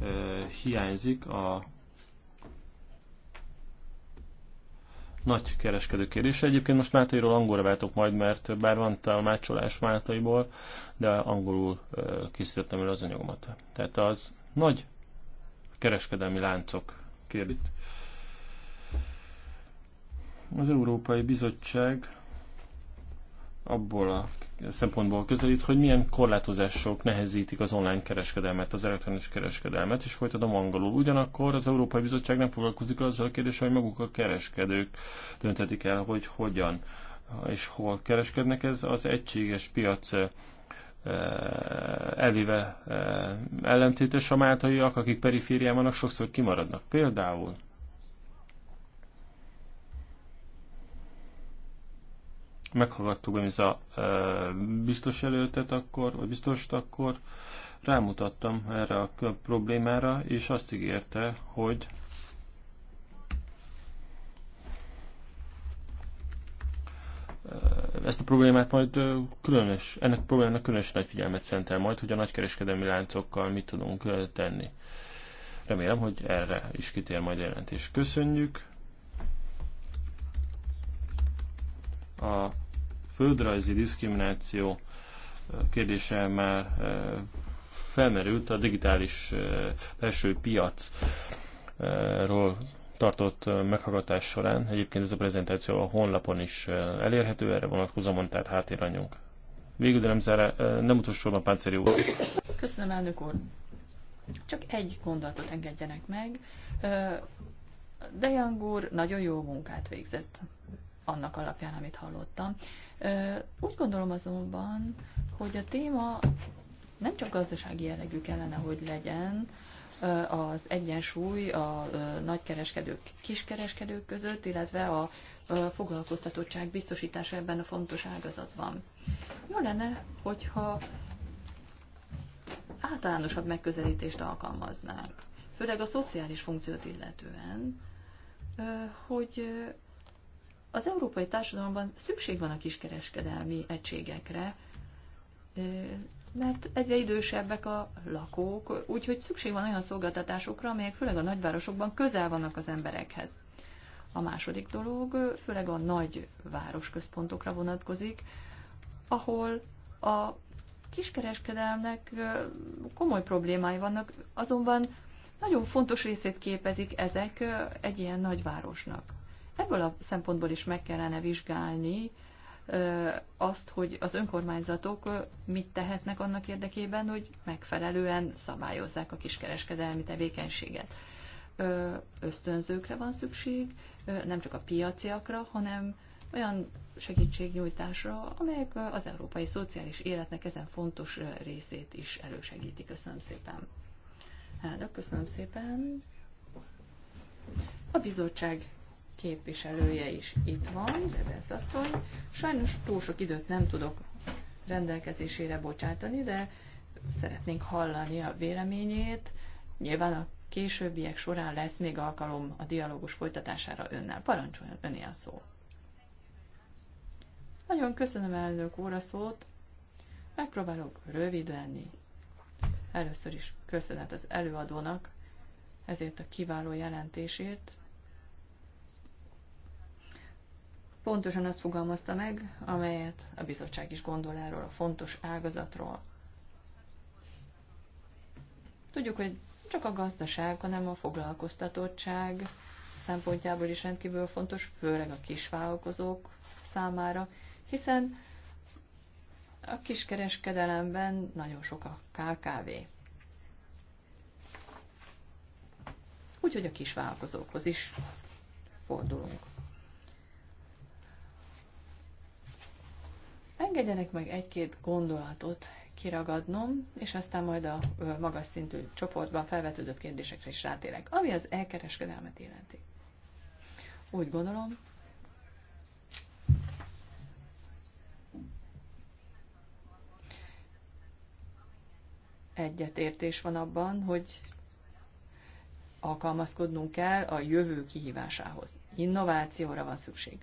[SPEAKER 2] ö, hiányzik a nagy kereskedő kérdése. Egyébként most Mátairól angolra váltok majd, mert bár van talmácsolás Mátaiból, de angolul készítettem el az anyagomat. Tehát az nagy kereskedelmi láncok kérdít. Az Európai Bizottság abból a szempontból közelít, hogy milyen korlátozások nehezítik az online kereskedelmet, az elektronikus kereskedelmet, és folytatom angolul. Ugyanakkor az Európai Bizottság nem foglalkozik azzal a kérdéssel, hogy maguk a kereskedők döntetik el, hogy hogyan és hol kereskednek. Ez az egységes piac eh, elvéve eh, ellentétes a máltaiak, akik periférián vannak, sokszor kimaradnak. Például meghallgattuk ez a biztos előttet akkor, vagy biztost akkor, rámutattam erre a problémára, és azt ígérte, hogy ezt a problémát majd különös, ennek a problémának különös nagy figyelmet szentel majd, hogy a nagykereskedelmi láncokkal mit tudunk tenni. Remélem, hogy erre is kitér majd jelentés. Köszönjük! A földrajzi diszkrimináció eh, kérdése már eh, felmerült a digitális eh, belső piacról tartott meghallgatás során. Egyébként ez a prezentáció a honlapon is elérhető, erre vonatkozóan, tehát háttéranyunk. Végül, de nem, zára, nem utolsóban Páncéri úr.
[SPEAKER 4] Köszönöm, elnök úr. Csak egy gondolatot engedjenek meg. De Jang úr nagyon jó munkát végzett annak alapján, amit hallottam. Úgy gondolom azonban, hogy a téma nem csak gazdasági jellegű kellene, hogy legyen, az egyensúly a nagykereskedők, kiskereskedők között, illetve a foglalkoztatottság biztosítása ebben a fontos ágazatban. Jó lenne, hogyha általánosabb megközelítést alkalmaznánk, főleg a szociális funkciót illetően, hogy az európai társadalomban szükség van a kiskereskedelmi egységekre, mert egyre idősebbek a lakók, úgyhogy szükség van olyan szolgáltatásokra, amelyek főleg a nagyvárosokban közel vannak az emberekhez. A második dolog főleg a nagy városközpontokra vonatkozik, ahol a kiskereskedelmnek komoly problémái vannak, azonban nagyon fontos részét képezik ezek egy ilyen nagyvárosnak. Ebből a szempontból is meg kellene vizsgálni azt, hogy az önkormányzatok mit tehetnek annak érdekében, hogy megfelelően szabályozzák a kiskereskedelmi tevékenységet. Ösztönzőkre van szükség, nem csak a piaciakra, hanem olyan segítségnyújtásra, amelyek az európai szociális életnek ezen fontos részét is elősegíti. Köszönöm szépen. Elnök, köszönöm szépen. A bizottság képviselője is itt van, Rebesz asszony. Sajnos túl sok időt nem tudok rendelkezésére bocsátani, de szeretnénk hallani a véleményét. Nyilván a későbbiek során lesz még alkalom a dialógus folytatására önnel. Parancsoljon, öné a szó. Nagyon köszönöm elnök úr a szót. Megpróbálok rövid lenni. Először is köszönet az előadónak ezért a kiváló jelentésért, pontosan azt fogalmazta meg, amelyet a bizottság is gondol erről a fontos ágazatról. Tudjuk, hogy csak a gazdaság, hanem a foglalkoztatottság szempontjából is rendkívül fontos, főleg a kisvállalkozók számára, hiszen a kiskereskedelemben nagyon sok a KKV. Úgyhogy a kisvállalkozókhoz is fordulunk. Engedjenek meg egy-két gondolatot kiragadnom, és aztán majd a magas szintű csoportban felvetődő kérdésekre is rátérek, ami az elkereskedelmet jelenti. Úgy gondolom, egyetértés van abban, hogy alkalmazkodnunk kell a jövő kihívásához. Innovációra van szükség.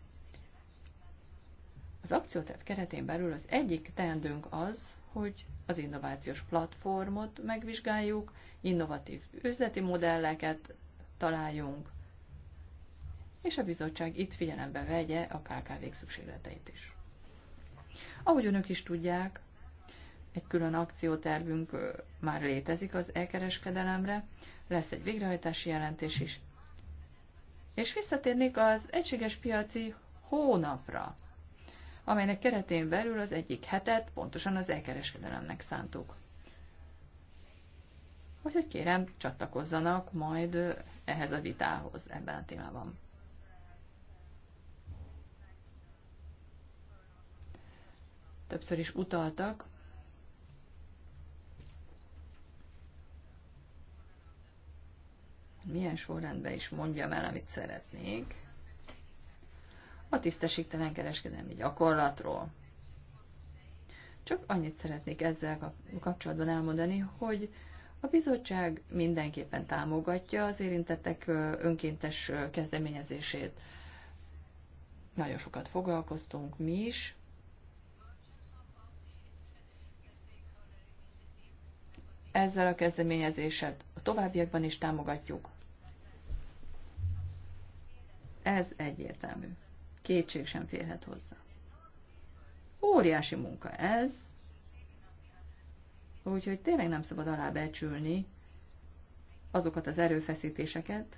[SPEAKER 4] Az akcióterv keretén belül az egyik teendőnk az, hogy az innovációs platformot megvizsgáljuk, innovatív üzleti modelleket találjunk, és a bizottság itt figyelembe vegye a kkv szükségleteit is. Ahogy önök is tudják, egy külön akciótervünk már létezik az elkereskedelemre, lesz egy végrehajtási jelentés is. És visszatérnék az egységes piaci hónapra amelynek keretén belül az egyik hetet pontosan az elkereskedelemnek szántuk. Úgyhogy kérem, csatlakozzanak majd ehhez a vitához ebben a témában. Többször is utaltak milyen sorrendben is mondjam el, amit szeretnék a tisztességtelen kereskedelmi gyakorlatról. Csak annyit szeretnék ezzel kapcsolatban elmondani, hogy a bizottság mindenképpen támogatja az érintettek önkéntes kezdeményezését. Nagyon sokat foglalkoztunk mi is. Ezzel a kezdeményezéssel a továbbiakban is támogatjuk. Ez egyértelmű kétség sem férhet hozzá. Óriási munka ez, úgyhogy tényleg nem szabad alábecsülni azokat az erőfeszítéseket,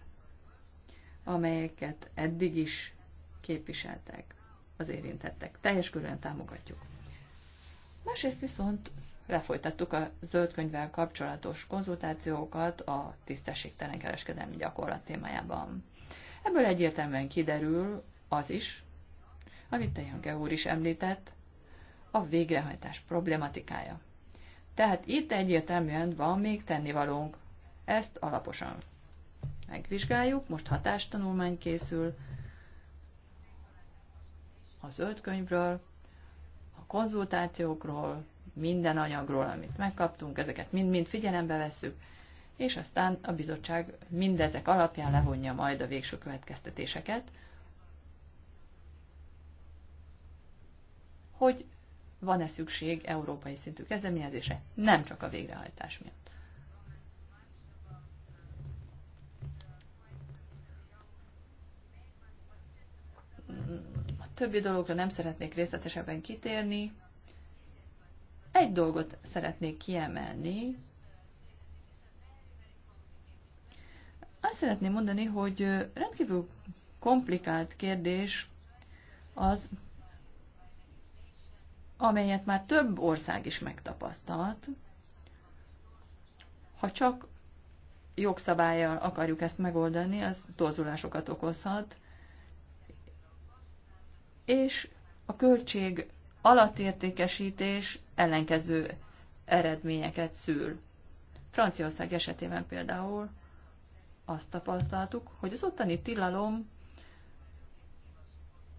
[SPEAKER 4] amelyeket eddig is képviseltek az érintettek. Teljes körülön támogatjuk. Másrészt viszont lefolytattuk a könyvvel kapcsolatos konzultációkat a tisztességtelen kereskedelmi gyakorlat témájában. Ebből egyértelműen kiderül, az is, amit Tejanke úr is említett, a végrehajtás problematikája. Tehát itt egyértelműen van még tennivalónk. Ezt alaposan megvizsgáljuk, most hatástanulmány készül a zöld könyvről, a konzultációkról, minden anyagról, amit megkaptunk, ezeket mind-mind figyelembe vesszük, és aztán a bizottság mindezek alapján levonja majd a végső következtetéseket, hogy van-e szükség európai szintű kezdeményezése, nem csak a végrehajtás miatt. A többi dologra nem szeretnék részletesebben kitérni. Egy dolgot szeretnék kiemelni. Azt szeretném mondani, hogy rendkívül komplikált kérdés az, amelyet már több ország is megtapasztalt, ha csak jogszabályjal akarjuk ezt megoldani, az torzulásokat okozhat, és a költség alattértékesítés ellenkező eredményeket szül. Franciaország esetében például azt tapasztaltuk, hogy az ottani tilalom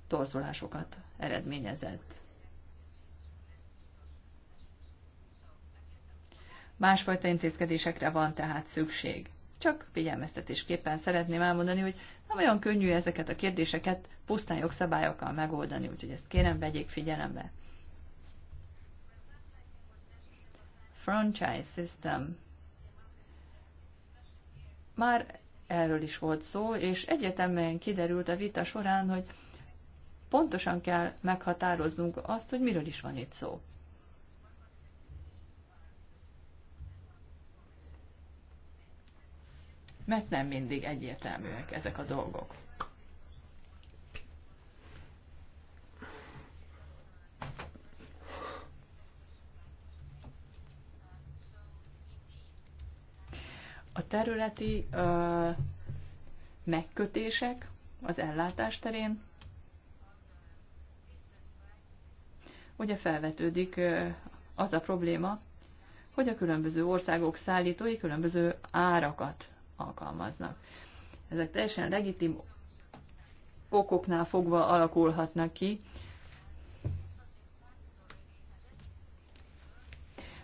[SPEAKER 4] torzulásokat eredményezett. Másfajta intézkedésekre van tehát szükség. Csak figyelmeztetésképpen szeretném elmondani, hogy nem olyan könnyű ezeket a kérdéseket pusztán jogszabályokkal megoldani, úgyhogy ezt kérem vegyék figyelembe. Franchise system. Már erről is volt szó, és egyetemben kiderült a vita során, hogy pontosan kell meghatároznunk azt, hogy miről is van itt szó. mert nem mindig egyértelműek ezek a dolgok. A területi ö, megkötések az ellátás terén ugye felvetődik az a probléma, hogy a különböző országok szállítói különböző árakat alkalmaznak. Ezek teljesen legitim okoknál fogva alakulhatnak ki.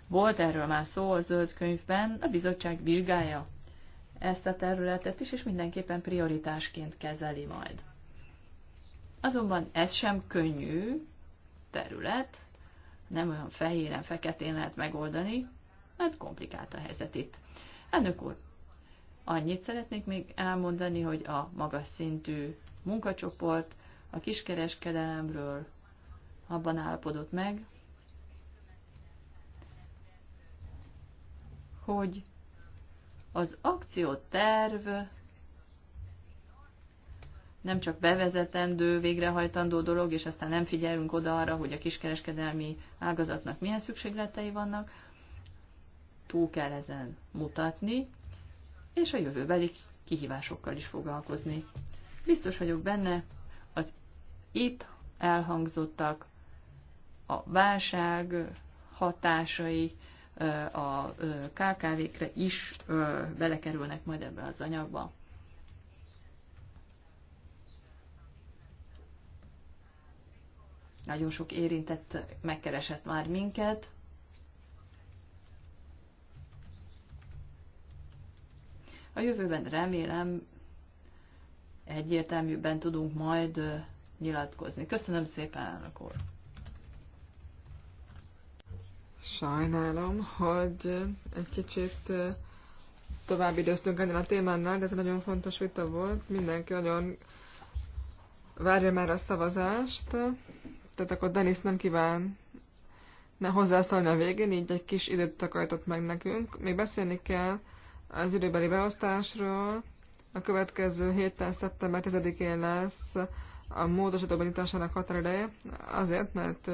[SPEAKER 4] Volt erről már szó a zöld könyvben, a bizottság vizsgálja ezt a területet is, és mindenképpen prioritásként kezeli majd. Azonban ez sem könnyű terület, nem olyan fehéren, feketén lehet megoldani, mert komplikált a helyzet itt. Elnök úr, Annyit szeretnék még elmondani, hogy a magas szintű munkacsoport a kiskereskedelemről abban állapodott meg, hogy az akcióterv nem csak bevezetendő, végrehajtandó dolog, és aztán nem figyelünk oda arra, hogy a kiskereskedelmi ágazatnak milyen szükségletei vannak, túl kell ezen mutatni, és a jövőbeli kihívásokkal is foglalkozni. Biztos vagyok benne, az itt elhangzottak a válság hatásai a KKV-kre is belekerülnek majd ebbe az anyagba. Nagyon sok érintett megkeresett már minket, A jövőben remélem egyértelműbben tudunk majd nyilatkozni. Köszönöm szépen, elnök úr!
[SPEAKER 3] Sajnálom, hogy egy kicsit tovább időztünk ennél a témánál, de ez egy nagyon fontos vita volt. Mindenki nagyon várja már a szavazást. Tehát akkor Denis nem kíván ne hozzászólni a végén, így egy kis időt takarított meg nekünk. Még beszélni kell az időbeli beosztásról. A következő héten, szeptember 10-én lesz a módosító benyitásának határideje, azért, mert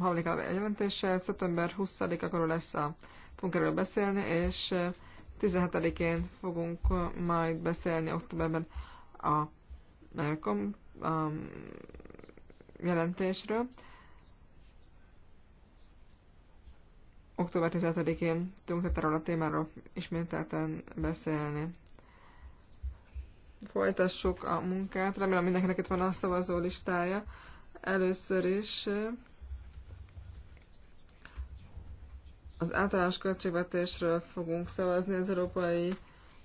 [SPEAKER 3] hajlik a jelentéssel, szeptember 20 akkor lesz a fogunk erről beszélni, és 17-én fogunk majd beszélni októberben a, a, a jelentésről. október 15-én tudunk erről a témáról ismételten beszélni. Folytassuk a munkát. Remélem mindenkinek itt van a szavazó listája. Először is eh, az általános költségvetésről fogunk szavazni, az Európai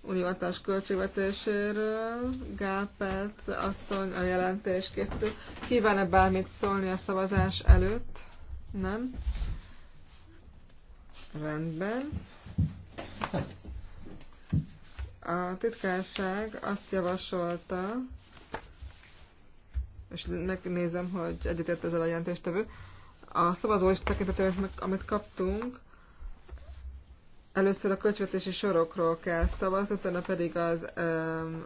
[SPEAKER 3] Unió általános költségvetéséről. Gápelt asszony a jelentés készítő. Kíván-e bármit szólni a szavazás előtt? Nem? Rendben. A titkárság azt javasolta, és megnézem, hogy egyetért ezzel a jelentéstevő, a szavazó is tekintetében, amit kaptunk, először a költségvetési sorokról kell szavazni, utána pedig az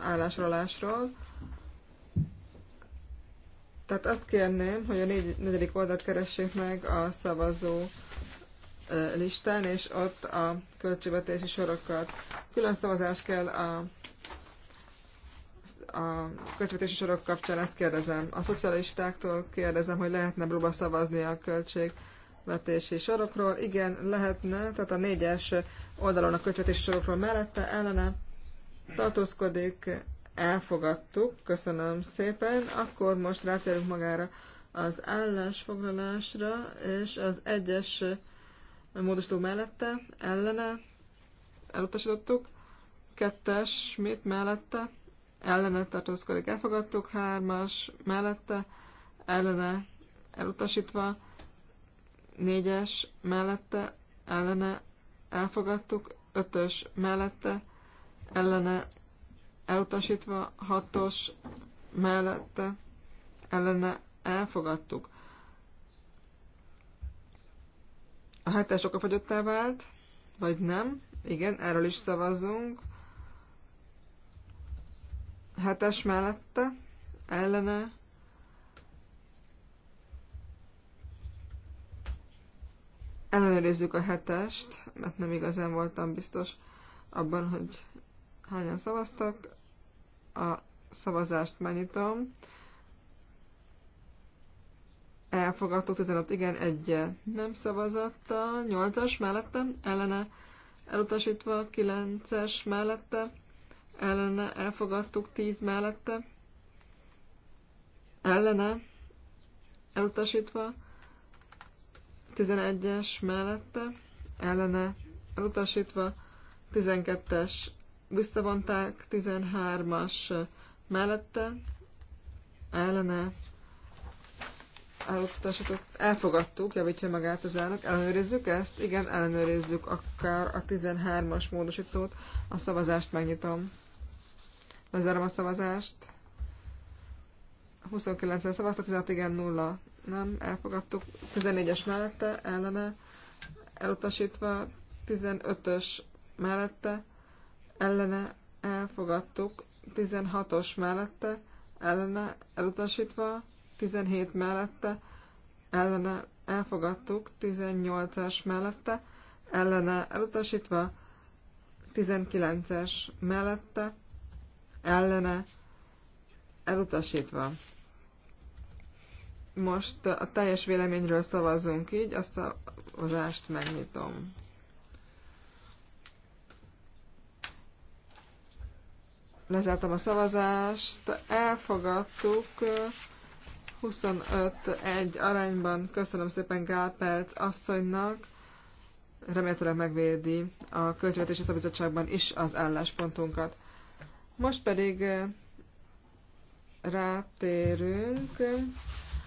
[SPEAKER 3] állásrólásról. Tehát azt kérném, hogy a négy, negyedik oldalt keressék meg a szavazó listán, és ott a költségvetési sorokat. Külön szavazás kell a a költségvetési sorok kapcsán ezt kérdezem. A szocialistáktól kérdezem, hogy lehetne próba szavazni a költségvetési sorokról. Igen, lehetne, tehát a négyes oldalon a költségvetési sorokról mellette ellene tartózkodik, elfogadtuk, köszönöm szépen. Akkor most rátérünk magára az állásfoglalásra, és az egyes a módosító mellette, ellene, elutasítottuk, kettes, mit mellette, ellene tartózkodik, elfogadtuk, hármas, mellette, ellene, elutasítva, négyes, mellette, ellene, elfogadtuk, ötös, mellette, ellene, elutasítva, hatos, mellette, ellene, elfogadtuk. A hetes okafogyottá vált, vagy nem. Igen, erről is szavazunk. Hetes mellette, ellene. Ellenőrizzük a hetest, mert nem igazán voltam biztos abban, hogy hányan szavaztak. A szavazást megnyitom elfogadtuk, 15 igen, egy nem szavazattal, 8-as mellette, ellene elutasítva, 9-es mellette, ellene elfogadtuk, 10 mellette, ellene elutasítva, 11-es mellette, ellene elutasítva, 12-es visszavonták, 13-as mellette, ellene elutasítottuk, elfogadtuk, javítja magát az elnök. Ellenőrizzük ezt? Igen, ellenőrizzük akár a 13-as módosítót. A szavazást megnyitom. Lezárom a szavazást. 29-en szavaztak, 16 igen, 0 nem, elfogadtuk. 14-es mellette, ellene, elutasítva. 15-ös mellette, ellene, elfogadtuk. 16-os mellette, ellene, elutasítva. 17 mellette, ellene elfogadtuk, 18-as mellette, ellene elutasítva, 19-es mellette, ellene elutasítva. Most a teljes véleményről szavazunk így, a szavazást megnyitom. Lezártam a szavazást, elfogadtuk 25-1 arányban köszönöm szépen Gálperc asszonynak. Remélhetőleg megvédi a Költségvetési Szabizottságban is az álláspontunkat. Most pedig eh, rátérünk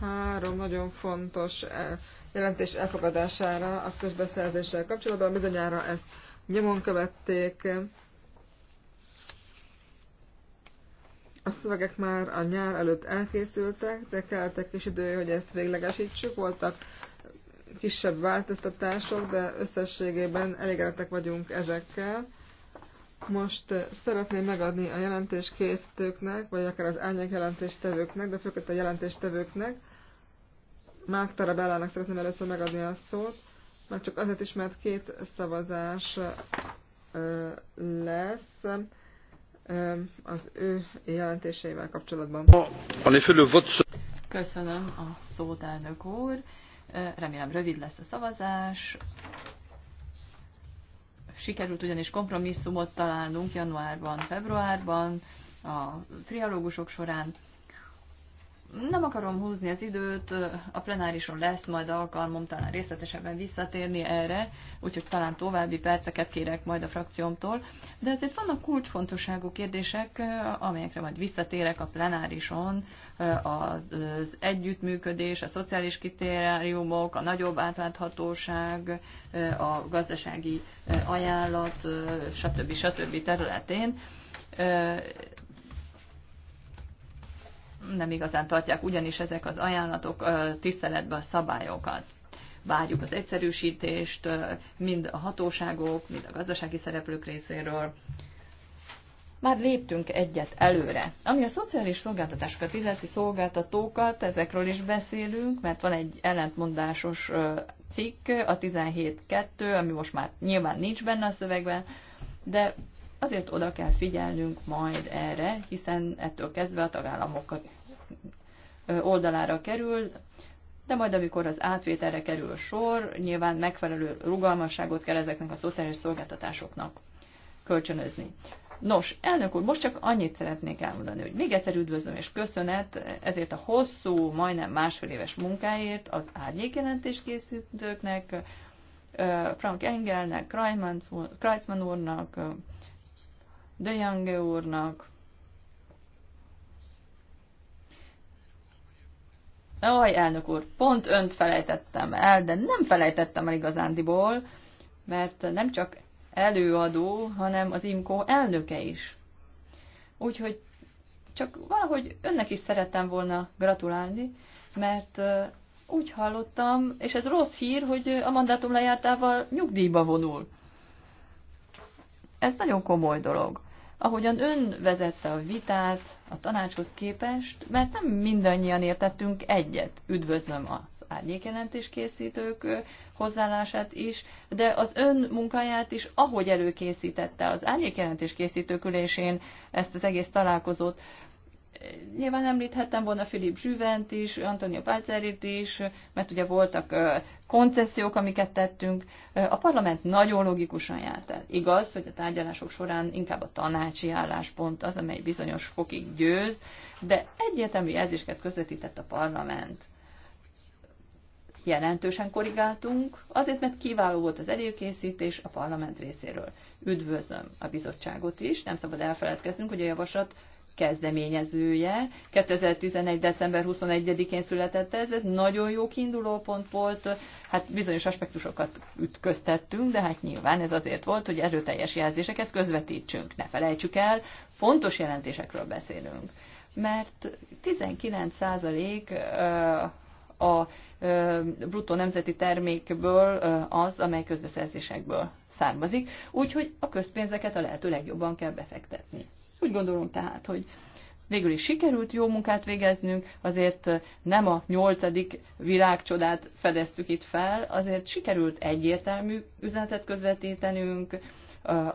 [SPEAKER 3] három nagyon fontos eh, jelentés elfogadására a közbeszerzéssel kapcsolatban. Bizonyára ezt nyomon követték A szövegek már a nyár előtt elkészültek, de kellettek kis idő, hogy ezt véglegesítsük. Voltak kisebb változtatások, de összességében elégedettek vagyunk ezekkel. Most szeretném megadni a jelentéskészítőknek, vagy akár az árnyék jelentéstevőknek, de főként a jelentéstevőknek. Márk Tarabellának szeretném először megadni a szót, mert csak azért is, mert két szavazás lesz az ő jelentéseivel kapcsolatban. Köszönöm a szót, elnök
[SPEAKER 4] úr. Remélem rövid lesz a szavazás. Sikerült ugyanis kompromisszumot találnunk januárban, februárban a trialógusok során nem akarom húzni az időt, a plenárison lesz majd alkalmom talán részletesebben visszatérni erre, úgyhogy talán további perceket kérek majd a frakciómtól, de azért vannak kulcsfontosságú kérdések, amelyekre majd visszatérek a plenárison, az együttműködés, a szociális kritériumok, a nagyobb átláthatóság, a gazdasági ajánlat, stb. stb. területén nem igazán tartják ugyanis ezek az ajánlatok tiszteletben a szabályokat. Várjuk az egyszerűsítést mind a hatóságok, mind a gazdasági szereplők részéről. Már léptünk egyet előre. Ami a szociális szolgáltatásokat illeti szolgáltatókat, ezekről is beszélünk, mert van egy ellentmondásos cikk, a 17.2, ami most már nyilván nincs benne a szövegben, de Azért oda kell figyelnünk majd erre, hiszen ettől kezdve a tagállamok oldalára kerül, de majd amikor az átvételre kerül sor, nyilván megfelelő rugalmasságot kell ezeknek a szociális szolgáltatásoknak kölcsönözni. Nos, elnök úr, most csak annyit szeretnék elmondani, hogy még egyszer üdvözlöm és köszönet ezért a hosszú, majdnem másfél éves munkáért az árnyékjelentés készítőknek, Frank Engelnek, Kreitzmann úrnak, de Jange úrnak, Aj, elnök úr, pont önt felejtettem el, de nem felejtettem el igazándiból, mert nem csak előadó, hanem az IMKO elnöke is. Úgyhogy csak valahogy önnek is szerettem volna gratulálni, mert úgy hallottam, és ez rossz hír, hogy a mandátum lejártával nyugdíjba vonul. Ez nagyon komoly dolog ahogyan ön vezette a vitát a tanácshoz képest, mert nem mindannyian értettünk egyet. Üdvözlöm az árnyékjelentés készítők hozzáállását is, de az ön munkáját is, ahogy előkészítette az árnyékjelentés készítők ülésén ezt az egész találkozót, Nyilván említhettem volna Filip Zsüvent is, Antonio Pálcerit is, mert ugye voltak koncesziók, amiket tettünk. A parlament nagyon logikusan járt el. Igaz, hogy a tárgyalások során inkább a tanácsi álláspont az, amely bizonyos fokig győz, de egyértelmű jelzésket közvetített a parlament. Jelentősen korrigáltunk, azért, mert kiváló volt az előkészítés a parlament részéről. Üdvözlöm a bizottságot is, nem szabad elfeledkeznünk, hogy a javaslat kezdeményezője. 2011. december 21-én született ez, ez nagyon jó kiinduló pont volt, hát bizonyos aspektusokat ütköztettünk, de hát nyilván ez azért volt, hogy erőteljes jelzéseket közvetítsünk, ne felejtsük el, fontos jelentésekről beszélünk. Mert 19% a bruttó nemzeti termékből az, amely közbeszerzésekből származik, úgyhogy a közpénzeket a lehető legjobban kell befektetni. Úgy gondolom tehát, hogy végül is sikerült jó munkát végeznünk, azért nem a nyolcadik világcsodát fedeztük itt fel, azért sikerült egyértelmű üzenetet közvetítenünk,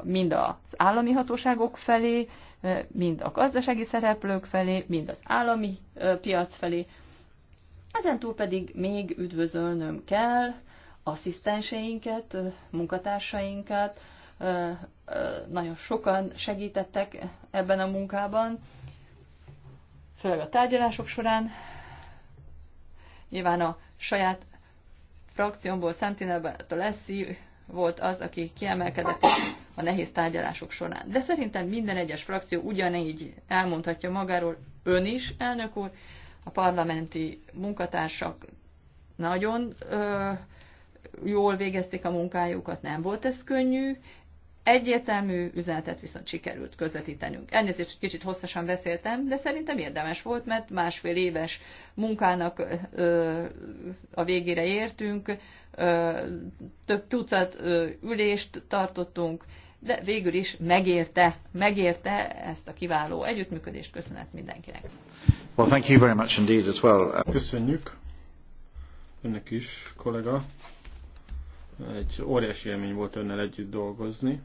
[SPEAKER 4] mind az állami hatóságok felé, mind a gazdasági szereplők felé, mind az állami piac felé. Ezentúl pedig még üdvözölnöm kell asszisztenseinket, munkatársainkat, nagyon sokan segítettek ebben a munkában, főleg a tárgyalások során. Nyilván a saját frakciómból Sentinel-től Eszi volt az, aki kiemelkedett a nehéz tárgyalások során. De szerintem minden egyes frakció ugyanígy elmondhatja magáról, ön is, elnök úr, a parlamenti munkatársak nagyon ö, jól végezték a munkájukat, nem volt ez könnyű, egyértelmű üzenetet viszont sikerült közvetítenünk. Elnézést, hogy kicsit hosszasan beszéltem, de szerintem érdemes volt, mert másfél éves munkának ö, a végére értünk, ö, több tucat ö, ülést tartottunk, de végül is megérte, megérte ezt a kiváló együttműködést.
[SPEAKER 2] Köszönet mindenkinek.
[SPEAKER 1] Well, thank you very much indeed as well. Köszönjük önnek is,
[SPEAKER 2] kollega. Egy óriási élmény volt önnel együtt dolgozni.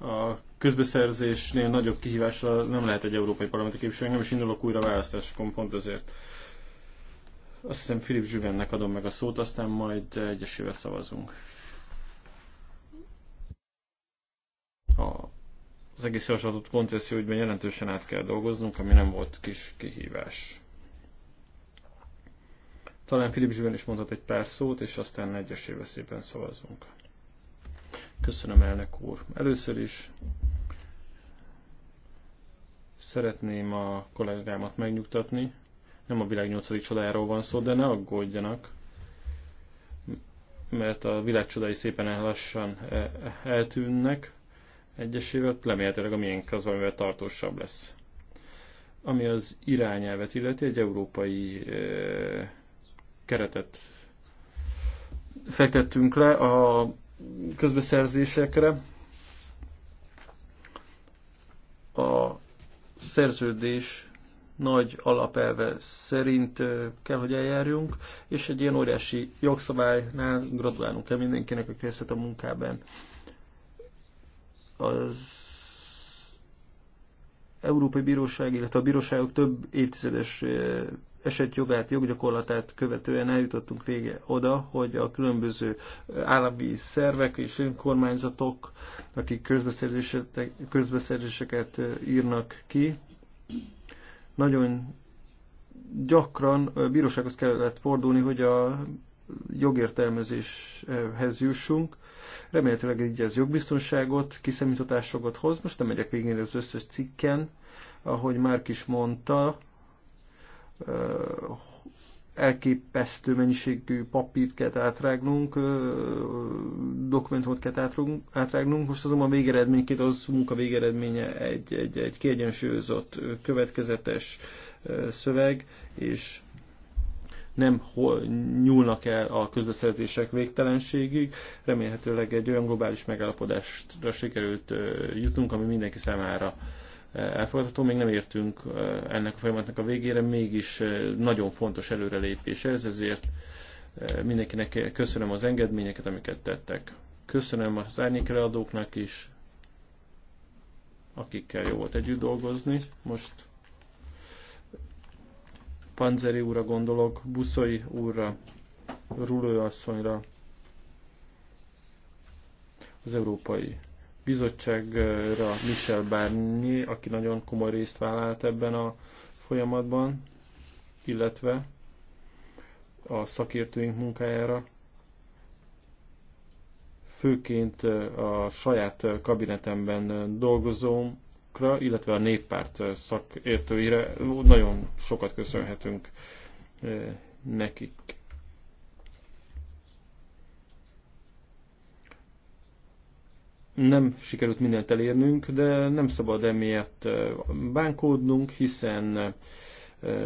[SPEAKER 2] a közbeszerzésnél nagyobb kihívásra nem lehet egy európai parlamenti képviselő, nem is indulok újra választásokon pont azért. Azt hiszem Filip Zsüvennek adom meg a szót, aztán majd egyesével szavazunk. A, az egész javaslatot koncepció ügyben jelentősen át kell dolgoznunk, ami nem volt kis kihívás. Talán Filip Zsüven is mondhat egy pár szót, és aztán egyesével szépen szavazunk. Köszönöm, elnök úr. Először is szeretném a kollégámat megnyugtatni. Nem a világ nyolcadik csodájáról van szó, de ne aggódjanak, mert a világ csodái szépen lassan e- eltűnnek egyesével, remélhetőleg a miénk az valamivel tartósabb lesz. Ami az irányelvet illeti, egy európai e- keretet fektettünk le a közbeszerzésekre. A szerződés nagy alapelve szerint kell, hogy eljárjunk, és egy ilyen óriási jogszabálynál gratulálunk kell mindenkinek, aki részt a munkában. Az Európai Bíróság, illetve a bíróságok több évtizedes esetjogát, joggyakorlatát követően eljutottunk vége oda, hogy a különböző állami szervek és önkormányzatok, akik közbeszerzéseket írnak ki, nagyon gyakran bírósághoz kellett fordulni, hogy a jogértelmezéshez jussunk. Remélhetőleg így ez jogbiztonságot, kiszemítotásokat hoz. Most nem megyek végén az összes cikken, ahogy már is mondta, elképesztő mennyiségű papírt kell átrágnunk, dokumentumot kell átrágnunk, most azonban végeredményként az munka végeredménye egy, egy, egy kiegyensúlyozott, következetes szöveg, és nem nyúlnak el a közbeszerzések végtelenségig. Remélhetőleg egy olyan globális megállapodásra sikerült jutnunk, ami mindenki számára elfogadható, még nem értünk eh, ennek a folyamatnak a végére, mégis eh, nagyon fontos előrelépés ez, ezért eh, mindenkinek köszönöm az engedményeket, amiket tettek. Köszönöm az árnyékeleadóknak is, akikkel jó volt együtt dolgozni. Most Panzeri úra gondolok, Buszai úrra, Rulő asszonyra, az európai bizottságra Michel Barnier, aki nagyon komoly részt vállalt ebben a folyamatban, illetve a szakértőink munkájára, főként a saját kabinetemben dolgozókra, illetve a néppárt szakértőire nagyon sokat köszönhetünk nekik. nem sikerült mindent elérnünk, de nem szabad emiatt bánkódnunk, hiszen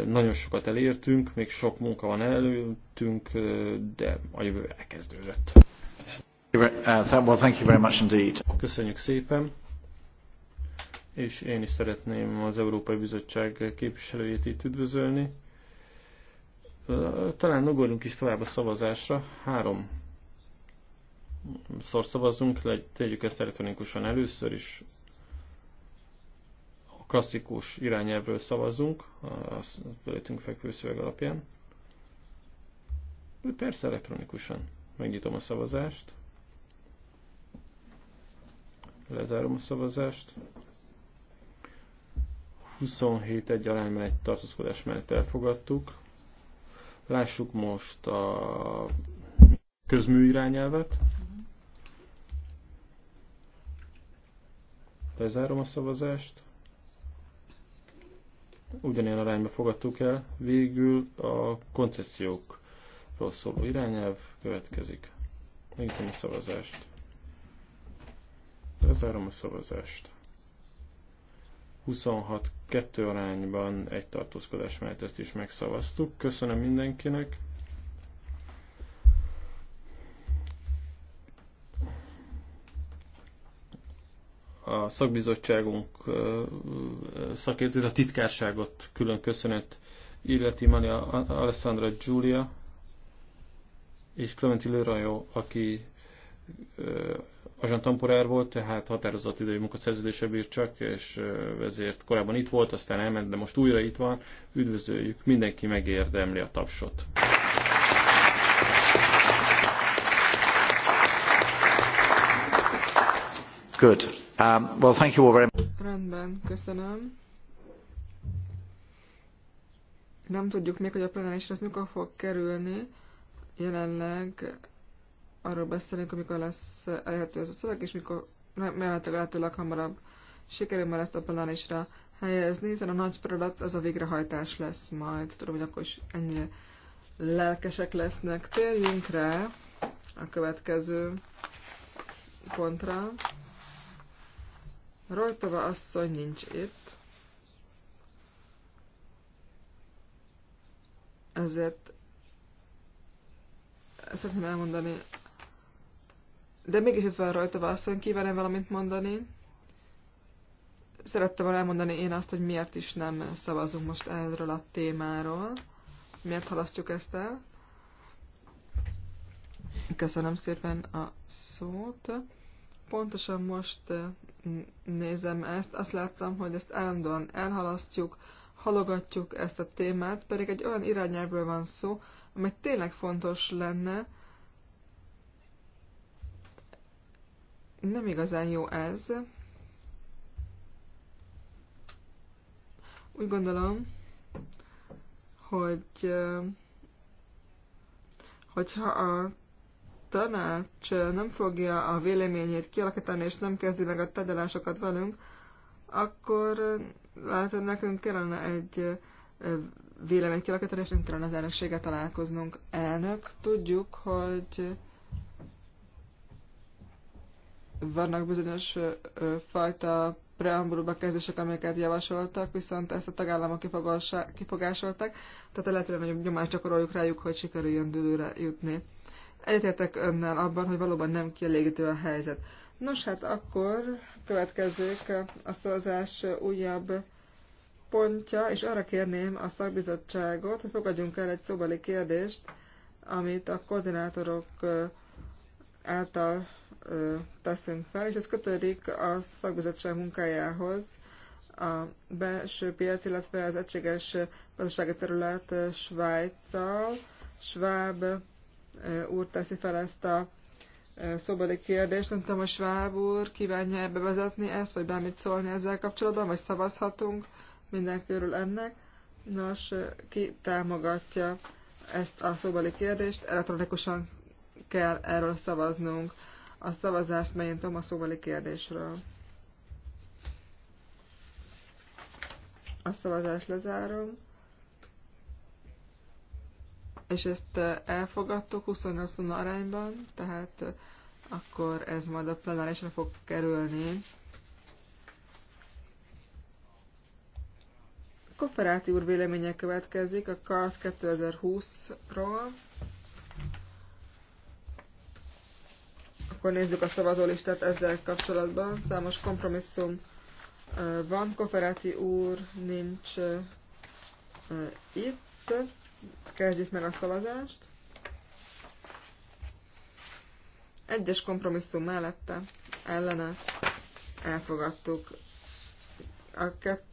[SPEAKER 2] nagyon sokat elértünk, még sok munka van előttünk, de a jövő elkezdődött. Köszönjük szépen, és én is szeretném az Európai Bizottság képviselőjét itt üdvözölni. Talán ugorjunk is tovább a szavazásra. Három szor szavazzunk, tegyük ezt elektronikusan először is. A klasszikus irányelvről szavazzunk, a előttünk fekvő szöveg alapján. Persze elektronikusan. Megnyitom a szavazást. Lezárom a szavazást. 27 egy arányban egy tartózkodás mellett elfogadtuk. Lássuk most a közmű irányelvet. Lezárom a szavazást. Ugyanilyen arányba fogadtuk el. Végül a koncesziókról szóló irányelv következik. Megintem a szavazást. Lezárom a szavazást. 26-2 arányban egy tartózkodás mellett ezt is megszavaztuk. Köszönöm mindenkinek. a szakbizottságunk szakértőt, a titkárságot külön köszönet illeti Mani Alessandra Giulia és Clementi Lőrajó, aki azon Tamporár volt, tehát határozott idői munkaszerződése bír csak, és ezért korábban itt volt, aztán elment, de most újra itt van. Üdvözöljük, mindenki megérdemli a tapsot.
[SPEAKER 1] Good. Um, well, thank you all very much.
[SPEAKER 3] Rendben, köszönöm. Nem tudjuk még, hogy a plenárisra az mikor fog kerülni. Jelenleg arról beszélünk, amikor lesz elérhető ez a szöveg, és mikor remélhetőleg lehetőleg hamarabb sikerül már ezt a plenárisra helyezni, hiszen a nagy feladat az a végrehajtás lesz majd. Tudom, hogy akkor is ennyi lelkesek lesznek. Térjünk rá a következő pontra. Rajtova asszony nincs itt. Ezért szeretném elmondani. De mégis itt van Rajtova asszony, kívánne valamit mondani? Szerettem volna elmondani én azt, hogy miért is nem szavazunk most erről a témáról. Miért halasztjuk ezt el? Köszönöm szépen a szót. Pontosan most nézem ezt, azt láttam, hogy ezt állandóan elhalasztjuk, halogatjuk ezt a témát, pedig egy olyan irányelvről van szó, amely tényleg fontos lenne. Nem igazán jó ez. Úgy gondolom, hogy hogyha a tanács nem fogja a véleményét kialakítani, és nem kezdi meg a tárgyalásokat velünk, akkor lehet, hogy nekünk kellene egy vélemény kialakítani, és nem kellene az elnökséggel találkoznunk. Elnök, tudjuk, hogy vannak bizonyos fajta preambulú kezdések, amelyeket javasoltak, viszont ezt a tagállamok kifogásolták, tehát a lehetőleg nagyobb nyomást gyakoroljuk rájuk, hogy sikerüljön dőlőre jutni. Egyetértek önnel abban, hogy valóban nem kielégítő a helyzet. Nos, hát akkor következők a szavazás újabb pontja, és arra kérném a szakbizottságot, hogy fogadjunk el egy szóbeli kérdést, amit a koordinátorok által teszünk fel, és ez kötődik a szakbizottság munkájához, a belső piac, illetve az egységes gazdasági terület Svájccal, Schwab úr teszi fel ezt a szóbeli kérdést. Nem tudom, a Schwab úr kívánja ebbe vezetni ezt, vagy bármit szólni ezzel kapcsolatban, vagy szavazhatunk mindenkiről ennek. Nos, ki támogatja ezt a szóbeli kérdést? Elektronikusan kell erről szavaznunk. A szavazást megnyitom a szóbeli kérdésről. A szavazást lezárom és ezt elfogadtuk 28 tonna arányban, tehát akkor ez majd a plenárisra fog kerülni. Kooperáti úr véleménye következik a KASZ 2020-ról. Akkor nézzük a szavazólistát ezzel kapcsolatban. Számos kompromisszum van. Kooperáti úr nincs itt. Kezdjük meg a szavazást. Egyes kompromisszum mellette, ellene elfogadtuk. A kettes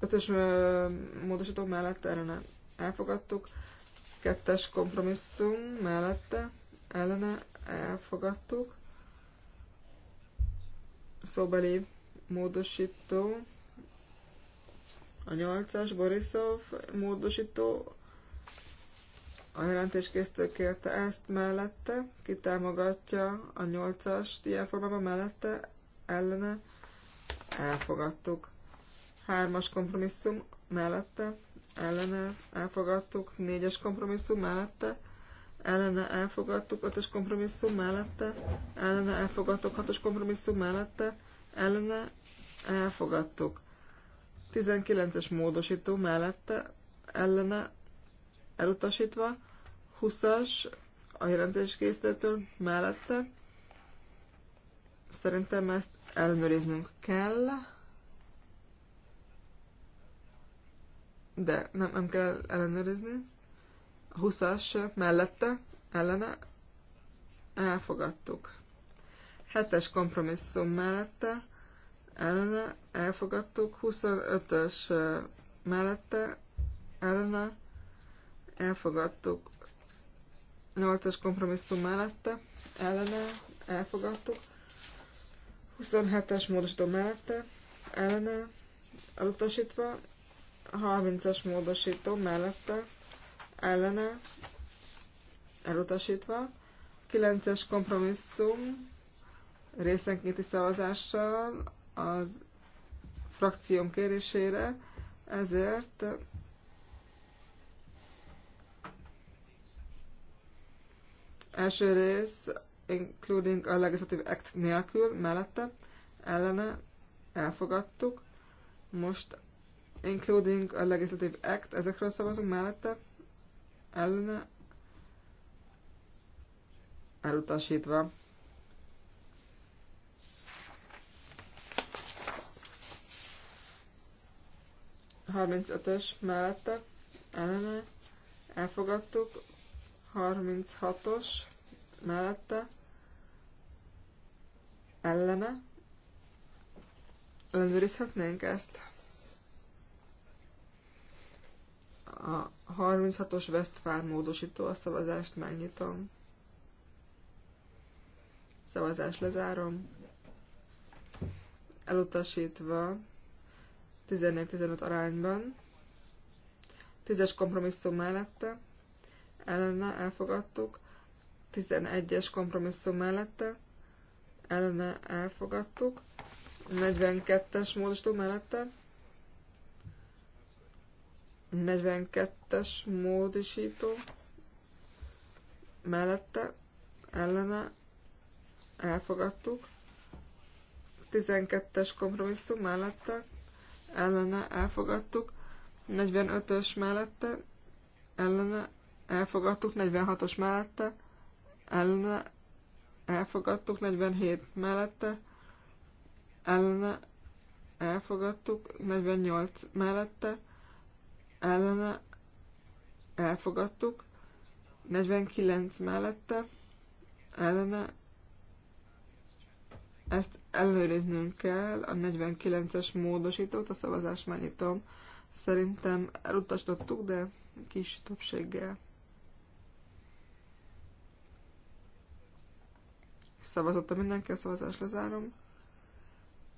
[SPEAKER 3] ötös módosító mellette ellene elfogadtuk. Kettes kompromisszum mellette, ellene elfogadtuk. Szóbeli módosító a nyolcas Borisov módosító, a jelentéskészítő kérte ezt mellette, ki támogatja a nyolcast ilyen formában mellette, ellene, elfogadtuk. Hármas kompromisszum mellette, ellene, elfogadtuk. Négyes kompromisszum mellette, ellene elfogadtuk, ötös kompromisszum mellette, ellene elfogadtuk, hatos kompromisszum mellette, ellene elfogadtuk. 19-es módosító mellette ellene elutasítva, 20-as a jelentéskészítőtől mellette. Szerintem ezt ellenőriznünk kell. De nem, nem kell ellenőrizni. A 20-as mellette, ellene elfogadtuk. 7-es kompromisszum mellette ellene elfogadtuk, 25-ös mellette ellene elfogadtuk, 8-as kompromisszum mellette ellene elfogadtuk, 27-es módosító mellette ellene elutasítva, 30-as módosító mellette ellene elutasítva, 9-es kompromisszum részenkéti szavazással az frakcióm kérésére, ezért első rész, including a legislative act nélkül, mellette, ellene elfogadtuk, most including a legislative act, ezekről szavazunk mellette, ellene elutasítva. 35-ös mellette ellene elfogadtuk, 36-os mellette ellene ellenőrizhetnénk ezt. A 36-os Westfál módosító a szavazást megnyitom. Szavazást lezárom. Elutasítva 14-15 arányban. 10-es kompromisszum mellette, ellene elfogadtuk. 11-es kompromisszum mellette, ellene elfogadtuk. 42-es módosító mellette, 42-es módosító mellette, ellene elfogadtuk. 12-es kompromisszum mellette, ellene elfogadtuk, 45-ös mellette ellene elfogadtuk, 46-os mellette ellene elfogadtuk, 47 mellette ellene elfogadtuk, 48 mellette ellene elfogadtuk, 49 mellette ellene ezt ellenőriznünk kell a 49-es módosítót, a szavazás megnyitom. Szerintem elutasítottuk, de kis többséggel. Szavazottam mindenki, a szavazás lezárom.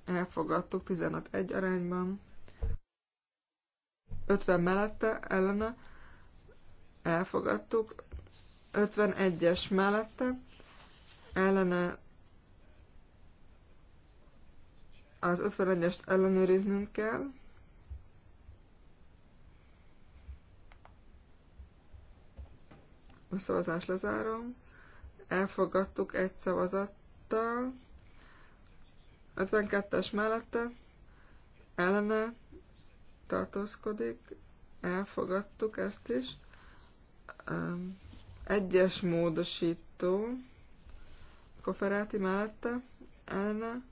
[SPEAKER 3] Elfogadtuk 15 1 arányban. 50 mellette, ellene. Elfogadtuk. 51-es mellette, ellene Az 51-est ellenőriznünk kell. A szavazás lezárom. Elfogadtuk egy szavazattal. 52-es mellette ellene tartózkodik. Elfogadtuk ezt is. Egyes módosító. Koferáti mellette ellene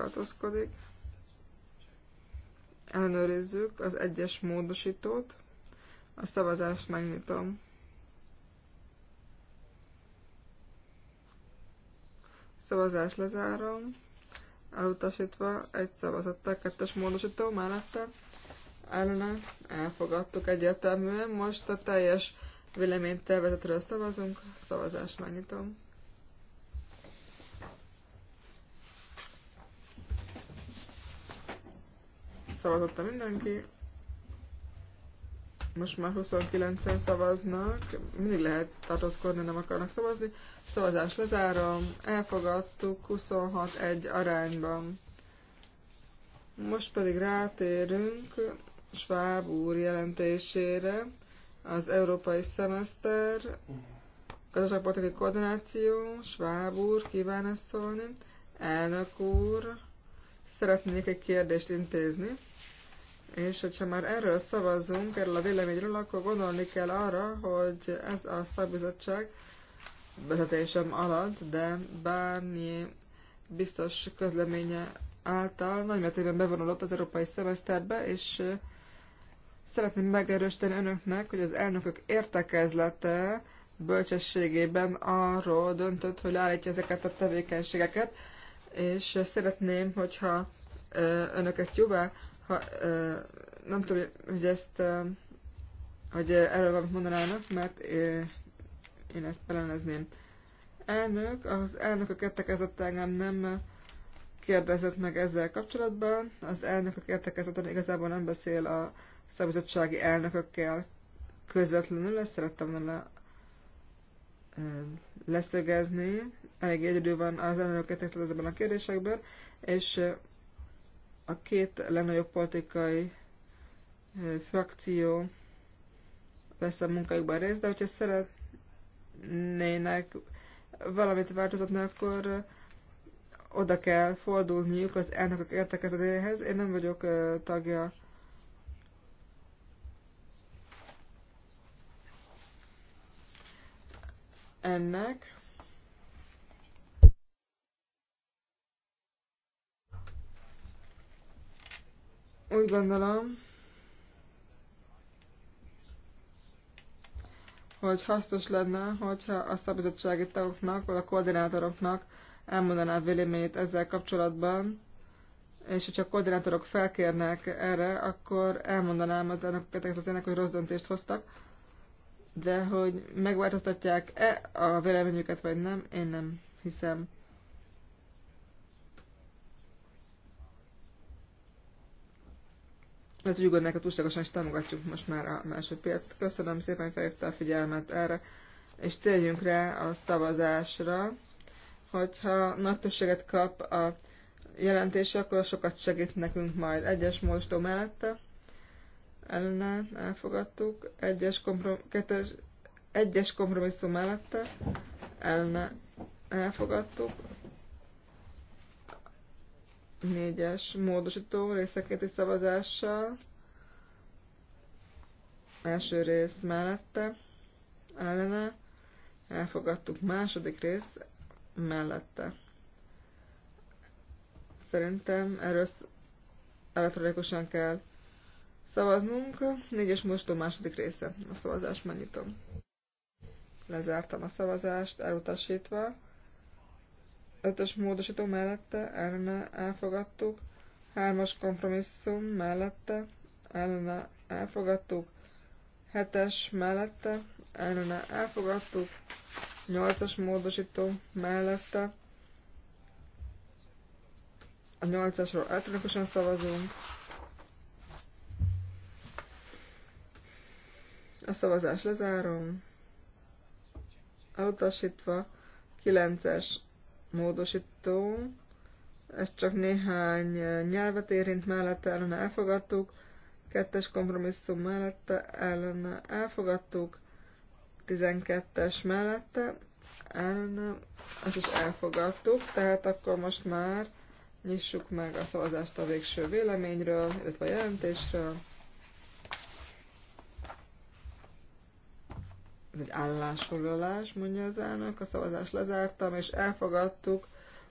[SPEAKER 3] tartózkodik. Ellenőrizzük az egyes módosítót. A szavazást megnyitom. Szavazást lezárom. Elutasítva egy szavazattal, kettes módosító mellette. Ellene elfogadtuk egyértelműen. Most a teljes véleménytervezetről szavazunk. Szavazást megnyitom. a mindenki. Most már 29-en szavaznak. Mindig lehet tartózkodni, nem akarnak szavazni. Szavazás lezárom. Elfogadtuk 26-1 arányban. Most pedig rátérünk Schwab úr jelentésére. Az európai szemeszter, gazdaságpolitikai koordináció, Schwab úr kíván ezt szólni. Elnök úr, szeretnék egy kérdést intézni. És hogyha már erről szavazunk, erről a véleményről, akkor gondolni kell arra, hogy ez a szakbizottság vezetésem alatt, de bármi biztos közleménye által nagymértékben bevonulott az európai szemeszterbe, és szeretném megerősíteni önöknek, hogy az elnökök értekezlete bölcsességében arról döntött, hogy leállítja ezeket a tevékenységeket, és szeretném, hogyha önök ezt jóvá ha, ö, nem tudom, hogy ezt, ö, hogy erről valamit mondanának, mert ö, én ezt ellenezném. Elnök, az elnökök a engem nem kérdezett meg ezzel kapcsolatban. Az a értekezeten igazából nem beszél a szabizottsági elnökökkel közvetlenül, ezt szerettem volna leszögezni. Elég egyedül van az elnökök ezekben a kérdésekben, és a két legnagyobb politikai frakció vesz a munkájukban részt, de hogyha szeretnének valamit változatni, akkor oda kell fordulniuk az elnökök értekezetéhez. Én nem vagyok tagja ennek. Úgy gondolom, hogy hasznos lenne, hogyha a szabizottsági tagoknak, vagy a koordinátoroknak elmondaná a véleményét ezzel kapcsolatban, és hogyha a koordinátorok felkérnek erre, akkor elmondanám az elnökketeknek, hogy rossz döntést hoztak, de hogy megváltoztatják-e a véleményüket, vagy nem, én nem hiszem. az hogy túlságosan is támogatjuk most már a másodpiacot. Köszönöm szépen, hogy felhívta a figyelmet erre, és térjünk rá a szavazásra. Hogyha nagy többséget kap a jelentése, akkor sokat segít nekünk majd. Egyes mostó mellette ellene elfogadtuk, egyes, komprom kettes, egyes kompromisszum mellette ellene elfogadtuk, négyes módosító is szavazással. Első rész mellette, ellene, elfogadtuk második rész mellette. Szerintem erről elektronikusan kell szavaznunk. Négyes módosító második része. A szavazást megnyitom. Lezártam a szavazást, elutasítva. Ötös módosító mellette ellene elfogadtuk. Hármas kompromisszum mellette ellene elfogadtuk. Hetes mellette ellene elfogadtuk. Nyolcas módosító mellette a nyolcasról elektronikusan szavazunk. A szavazás lezárom. Elutasítva 9-es módosító, Ezt csak néhány nyelvet érint mellette, ellene elfogadtuk, kettes kompromisszum mellette, ellene elfogadtuk, 12-es mellette, ellene, ezt is elfogadtuk, tehát akkor most már nyissuk meg a szavazást a végső véleményről, illetve a jelentésről. Ez egy állásfoglalás, mondja az elnök. A szavazást lezártam, és elfogadtuk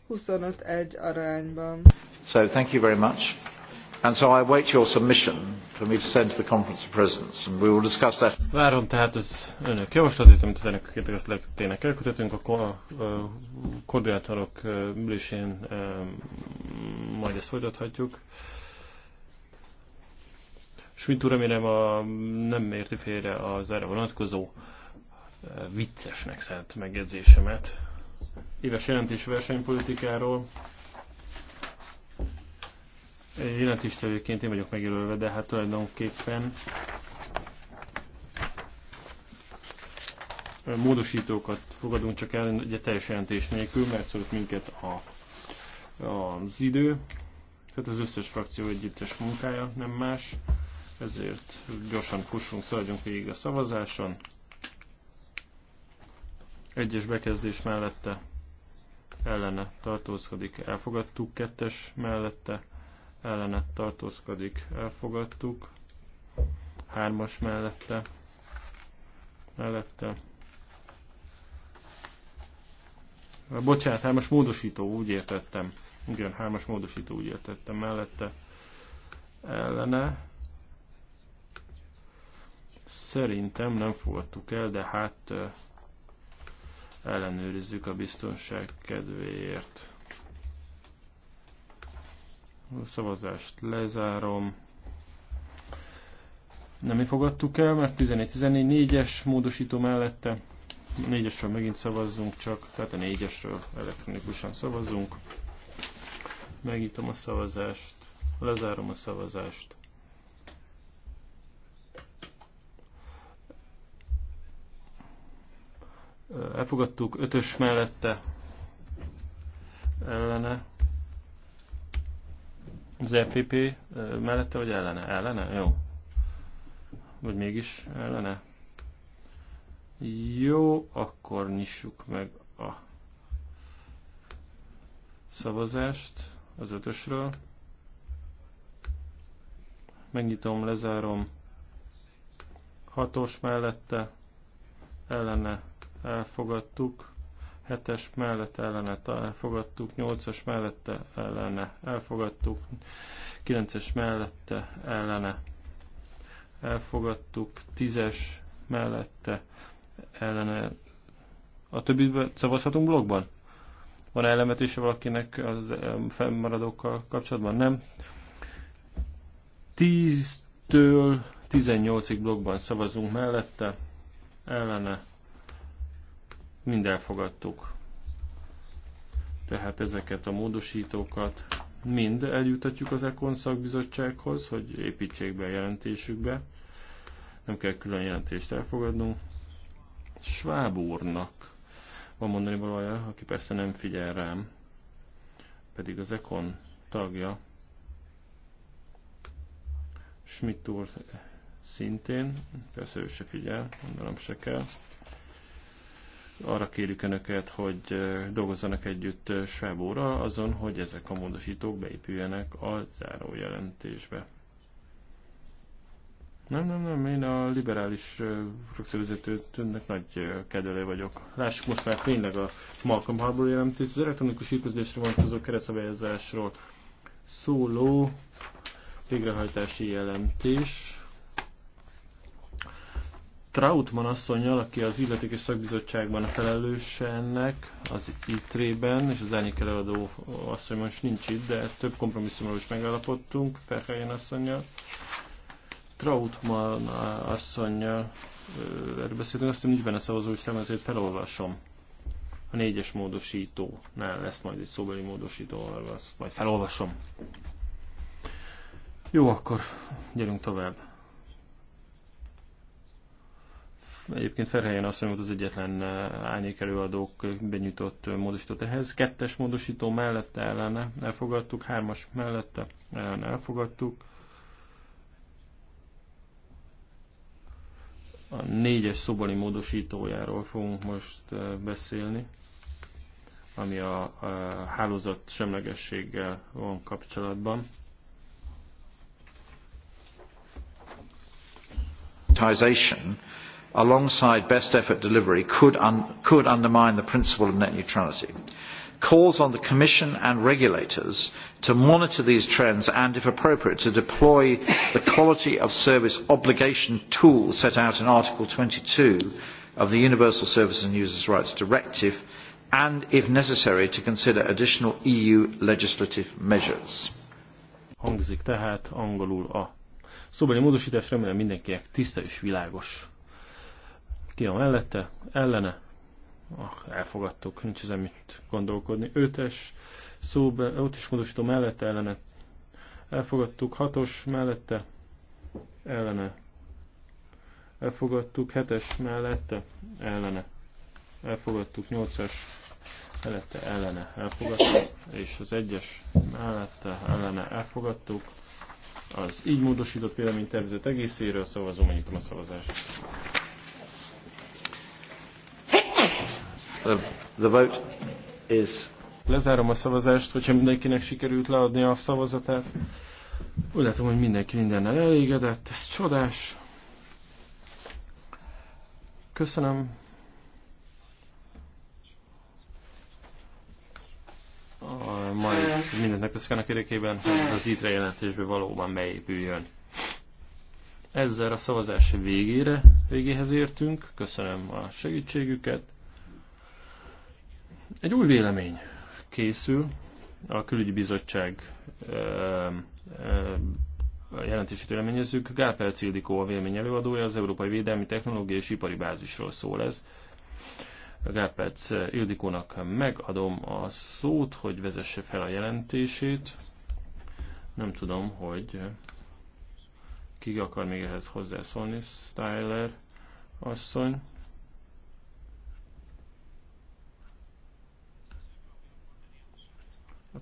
[SPEAKER 3] 25-1 arányban.
[SPEAKER 1] So thank you very much. And so I await your submission for me to send to the Conference of Presidents, and we will discuss that.
[SPEAKER 2] Várom tehát az önök javaslatét, amit az önök értekezletének azt a, ko a koordinátorok ülésén, majd ezt folytathatjuk. Schmidt úr remélem a, nem érti félre az erre vonatkozó viccesnek szállt megjegyzésemet. Éves jelentés versenypolitikáról. Jelentéstevőként én vagyok megjelölve, de hát tulajdonképpen módosítókat fogadunk csak el, ugye teljes jelentés nélkül, mert szólt minket a, az idő, tehát az összes frakció együttes munkája, nem más, ezért gyorsan fussunk, szaladjunk végig a szavazáson. Egyes bekezdés mellette ellene tartózkodik, elfogadtuk. Kettes mellette ellene tartózkodik, elfogadtuk. Hármas mellette mellette Bocsánat, hármas módosító, úgy értettem. Igen, hármas módosító, úgy értettem. Mellette ellene. Szerintem nem fogadtuk el, de hát ellenőrizzük a biztonság kedvéért. A szavazást lezárom. Nem mi fogadtuk el, mert 14-14-4-es módosító mellette. 4-esről megint szavazzunk csak, tehát a 4-esről elektronikusan szavazzunk. Megítom a szavazást, lezárom a szavazást. elfogadtuk, ötös mellette ellene az EPP mellette, vagy ellene? Ellene? Jó. Vagy mégis ellene? Jó, akkor nyissuk meg a szavazást az ötösről. Megnyitom, lezárom. Hatos mellette, ellene elfogadtuk, 7-es mellett ellene elfogadtuk, 8-as mellette ellene elfogadtuk, 9-es mellette ellene elfogadtuk, 10-es mellette ellene. A többi szavazhatunk blogban? Van ellenvetése valakinek az fennmaradókkal kapcsolatban? Nem. 10-től 18-ig blogban szavazunk mellette, ellene mind elfogadtuk. Tehát ezeket a módosítókat mind eljutatjuk az ECON szakbizottsághoz, hogy építsék be a jelentésükbe. Nem kell külön jelentést elfogadnunk. Schwab úrnak van mondani valója, aki persze nem figyel rám, pedig az ECON tagja. Schmidt úr szintén, persze ő se figyel, mondanom se kell arra kérjük Önöket, hogy dolgozzanak együtt Svábóra azon, hogy ezek a módosítók beépüljenek a zárójelentésbe. Nem, nem, nem, én a liberális rögszervezetőnek nagy kedvele vagyok. Lássuk most már tényleg a Malcolm Harbour jelentést, az elektronikus hírközlésre vonatkozó keresztszabályozásról szóló végrehajtási jelentés. Trautman asszonynal, aki az illetékes szakbizottságban a felelős ennek, az ITRE-ben, és az elnyék előadó asszony most nincs itt, de több kompromisszumról is megállapodtunk Ferhelyen asszonynal. Trautman asszonynal erről beszéltünk, azt hiszem nincs benne szavazólistám, ezért felolvasom. A négyes nem lesz majd egy szóbeli módosító, azt majd felolvasom. Jó, akkor gyerünk tovább. Egyébként Ferhelyen azt hogy az egyetlen eh, árnyék előadók benyújtott eh, módosított ehhez. Kettes módosító mellette ellene elfogadtuk, hármas mellette ellene elfogadtuk. A négyes szobali módosítójáról fogunk most eh, beszélni, ami a, a hálózat semlegességgel van kapcsolatban
[SPEAKER 1] alongside best effort delivery could, un could undermine the principle of net neutrality calls on the Commission and regulators to monitor these trends and, if appropriate, to deploy the quality of service obligation tool set out in Article 22 of the Universal Services and Users' Rights Directive and, if necessary, to consider additional EU legislative measures. Hangzik tehát angolul a szóbeli módosítás,
[SPEAKER 2] remélem mindenkinek tiszta és világos. Ki a mellette? Ellene? Ah, elfogadtuk, nincs ezen mit gondolkodni. 5-es szóbe, 5 módosító mellette ellene. Elfogadtuk, 6-os mellette ellene. Elfogadtuk, 7-es mellette ellene. Elfogadtuk, 8-as mellette ellene. Elfogadtuk, és az 1-es mellette ellene. Elfogadtuk az így módosított egészére, a szavazó megnyitom a szavazást. Um, the vote is... Lezárom a szavazást, hogyha mindenkinek sikerült leadni a szavazatát. Úgy látom, hogy mindenki mindennel elégedett, ez csodás. Köszönöm. A, majd mindennek teszek annak érdekében, hogy az ítre jelentésbe valóban beépüljön. Ezzel a szavazás végére, végéhez értünk. Köszönöm a segítségüket. Egy új vélemény készül a külügyi bizottság jelentését véleményezzük. Gálperc Cildikó a vélemény előadója, az Európai Védelmi Technológiai és Ipari Bázisról szól ez. Gálperc Ildikónak megadom a szót, hogy vezesse fel a jelentését. Nem tudom, hogy ki akar még ehhez hozzászólni, Styler asszony.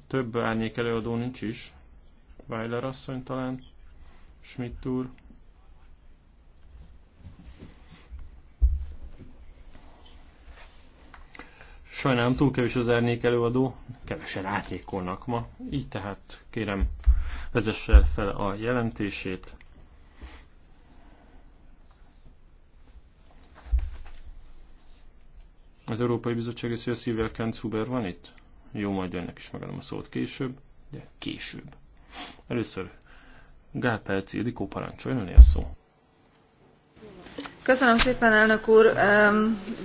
[SPEAKER 2] több árnyék előadó nincs is. Weiler asszony talán, Schmidt úr. Sajnálom, túl kevés az árnyék előadó, kevesen átékolnak ma, így tehát kérem vezesse fel a jelentését. Az Európai Bizottság és a Szilvia van itt? Jó, majd önnek is megadom a szót később, de később. Először Gál Pelc Ildikó parancsoljon, a szó.
[SPEAKER 5] Köszönöm szépen, elnök úr!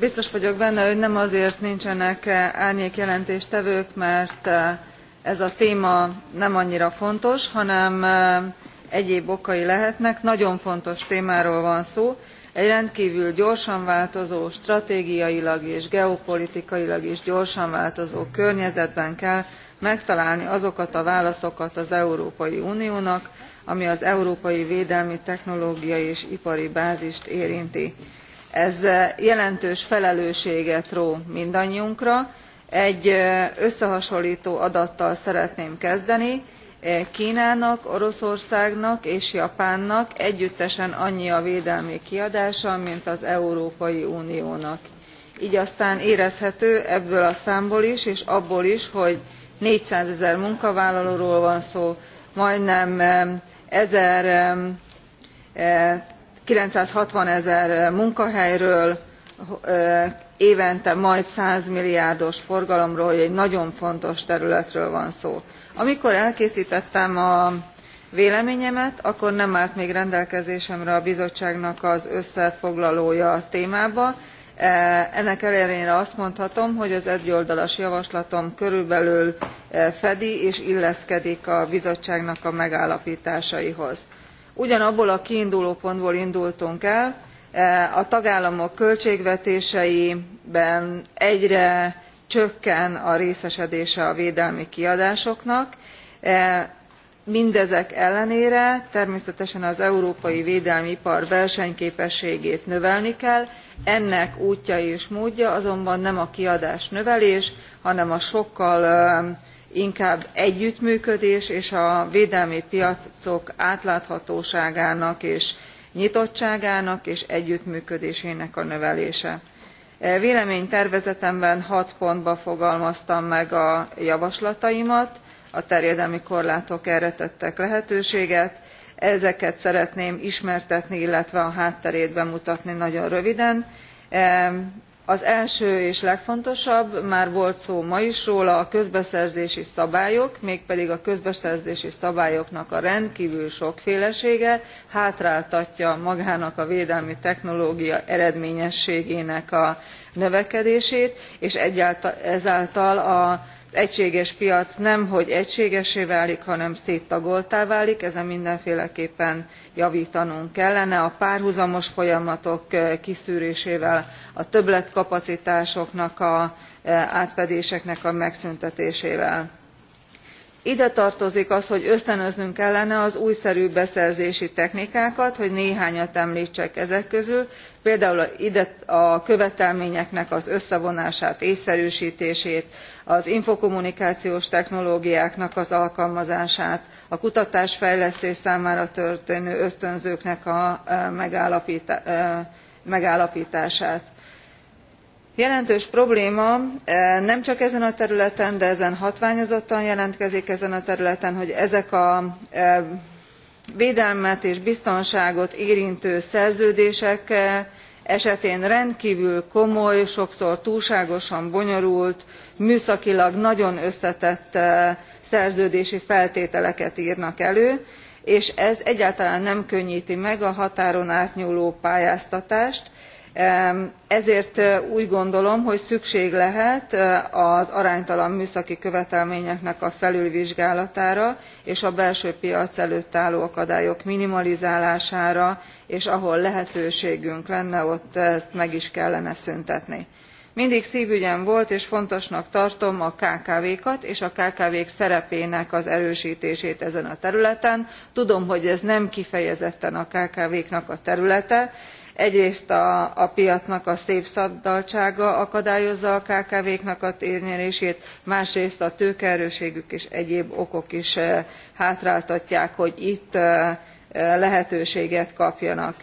[SPEAKER 5] Biztos vagyok benne, hogy nem azért nincsenek eh, árnyék jelentéstevők, mert eh, ez a téma nem annyira fontos, hanem eh, egyéb okai lehetnek. Nagyon fontos témáról van szó egy rendkvül gyorsan változó stratégiailag és geopolitikailag is gyorsan változó környezetben kell megtalálni azokat a válaszokat az európai uniónak ami az európai védelmi technológiai és ipari bázist érinti. ez eh, jelentős felelősséget ró mindannyiunkra egy eh, összehasonltó adattal szeretném kezdeni knának oroszországnak és japánnak együttesen annyi a védelmi kiadása mint az európai uniónak gy aztán érezhető ebből a számból is és abból is hogy zero munkavállalóról van szó majdnem one nine hundred and sixty zero munkahelyről e, évente majd one hundred milliárdos forgalomról egy nagyon fontos területről van szó amikor elkésztettem a véleményemet akkor nem állt még rendelkezésemre a bizottságnak az összefoglalója a témában e, ennek ellenére azt mondhatom hogy az egyoldalas javaslatom körülbelül e, fedi és illeszkedik a bizottságnak a megállaptásaihoz. ugyanabból a kiindulópontból indultunk el e, a tagállamok költségvetéseiben egyre csökken a részesedése a védelmi kiadásoknak e, mindezek ellenére természetesen az európai védelmi ipar versenyképességét növelni kell ennek útja és módja azonban nem a kiadásnövelés hanem a sokkal e, inkább együttműködés és a védelmi piacok átláthatóságának és nyitottságának és együttműködésének a növelése véleménytervezetemben hat pontban fogalmaztam meg a javaslataimat a terjedelmi korlátok erre tettek lehetőséget ezeket szeretném ismertetni illetve a hátterét bemutatni nagyon röviden az első és legfontosabb már volt szó ma is róla a közbeszerzési szabályok mégpedig a közbeszerzési szabályoknak a rendkvül sokfélesége hátráltatja magának a védelmi technológia eredményességének a növekedését és ezáltal a egységes piac nemhogy egységessé válik hanem széttagolttá válik ezen mindenféleképpen javtanunk kellene a párhuzamos folyamatok kiszűrésével a többletkapacitásoknak az átfedéseknek a megszüntetésével. ide tartozik az hogy ösztönöznünk kellene az újszerű beszerzési technikákat hogy néhányat emltsek ezek közül például a követelményeknek az összevonását ésszerűstését az infokommunikációs technológiáknak az alkalmazását a kutatás fejlesztés számára történő ösztönzőknek a e, megállaptását. E, jelentős probléma e, nem csak ezen a területen de ezen hatványozottan jelentkezik ezen a területen hogy ezek a védelmet és biztonságot érintő szerződések esetén rendkvül komoly sokszor túlságosan bonyolult műszakilag nagyon összetett szerződési feltételeket rnak elő és ez egyáltalán nem könnyti meg a határon átnyúló pályáztatást ezért úgy gondolom hogy szükség lehet az aránytalan műszaki követelményeknek a felülvizsgálatára és a belső piac előtt álló akadályok minimalizálására és ahol lehetőségünk lenne ott ezt meg is kellene szüntetni mindig szvügyem volt és fontosnak tartom a kkv kat és a kkv k szerepének az erőstését ezen a területen. tudom hogy ez nem kifejezetten a kkv knak a területe egyrészt a, piacnak a szétszabdaltsága akadályozza a kkv knak a térnyerését másrészt a tőkeerőségük és egyéb okok is eh, hátráltatják hogy itt eh, eh, lehetőséget kapjanak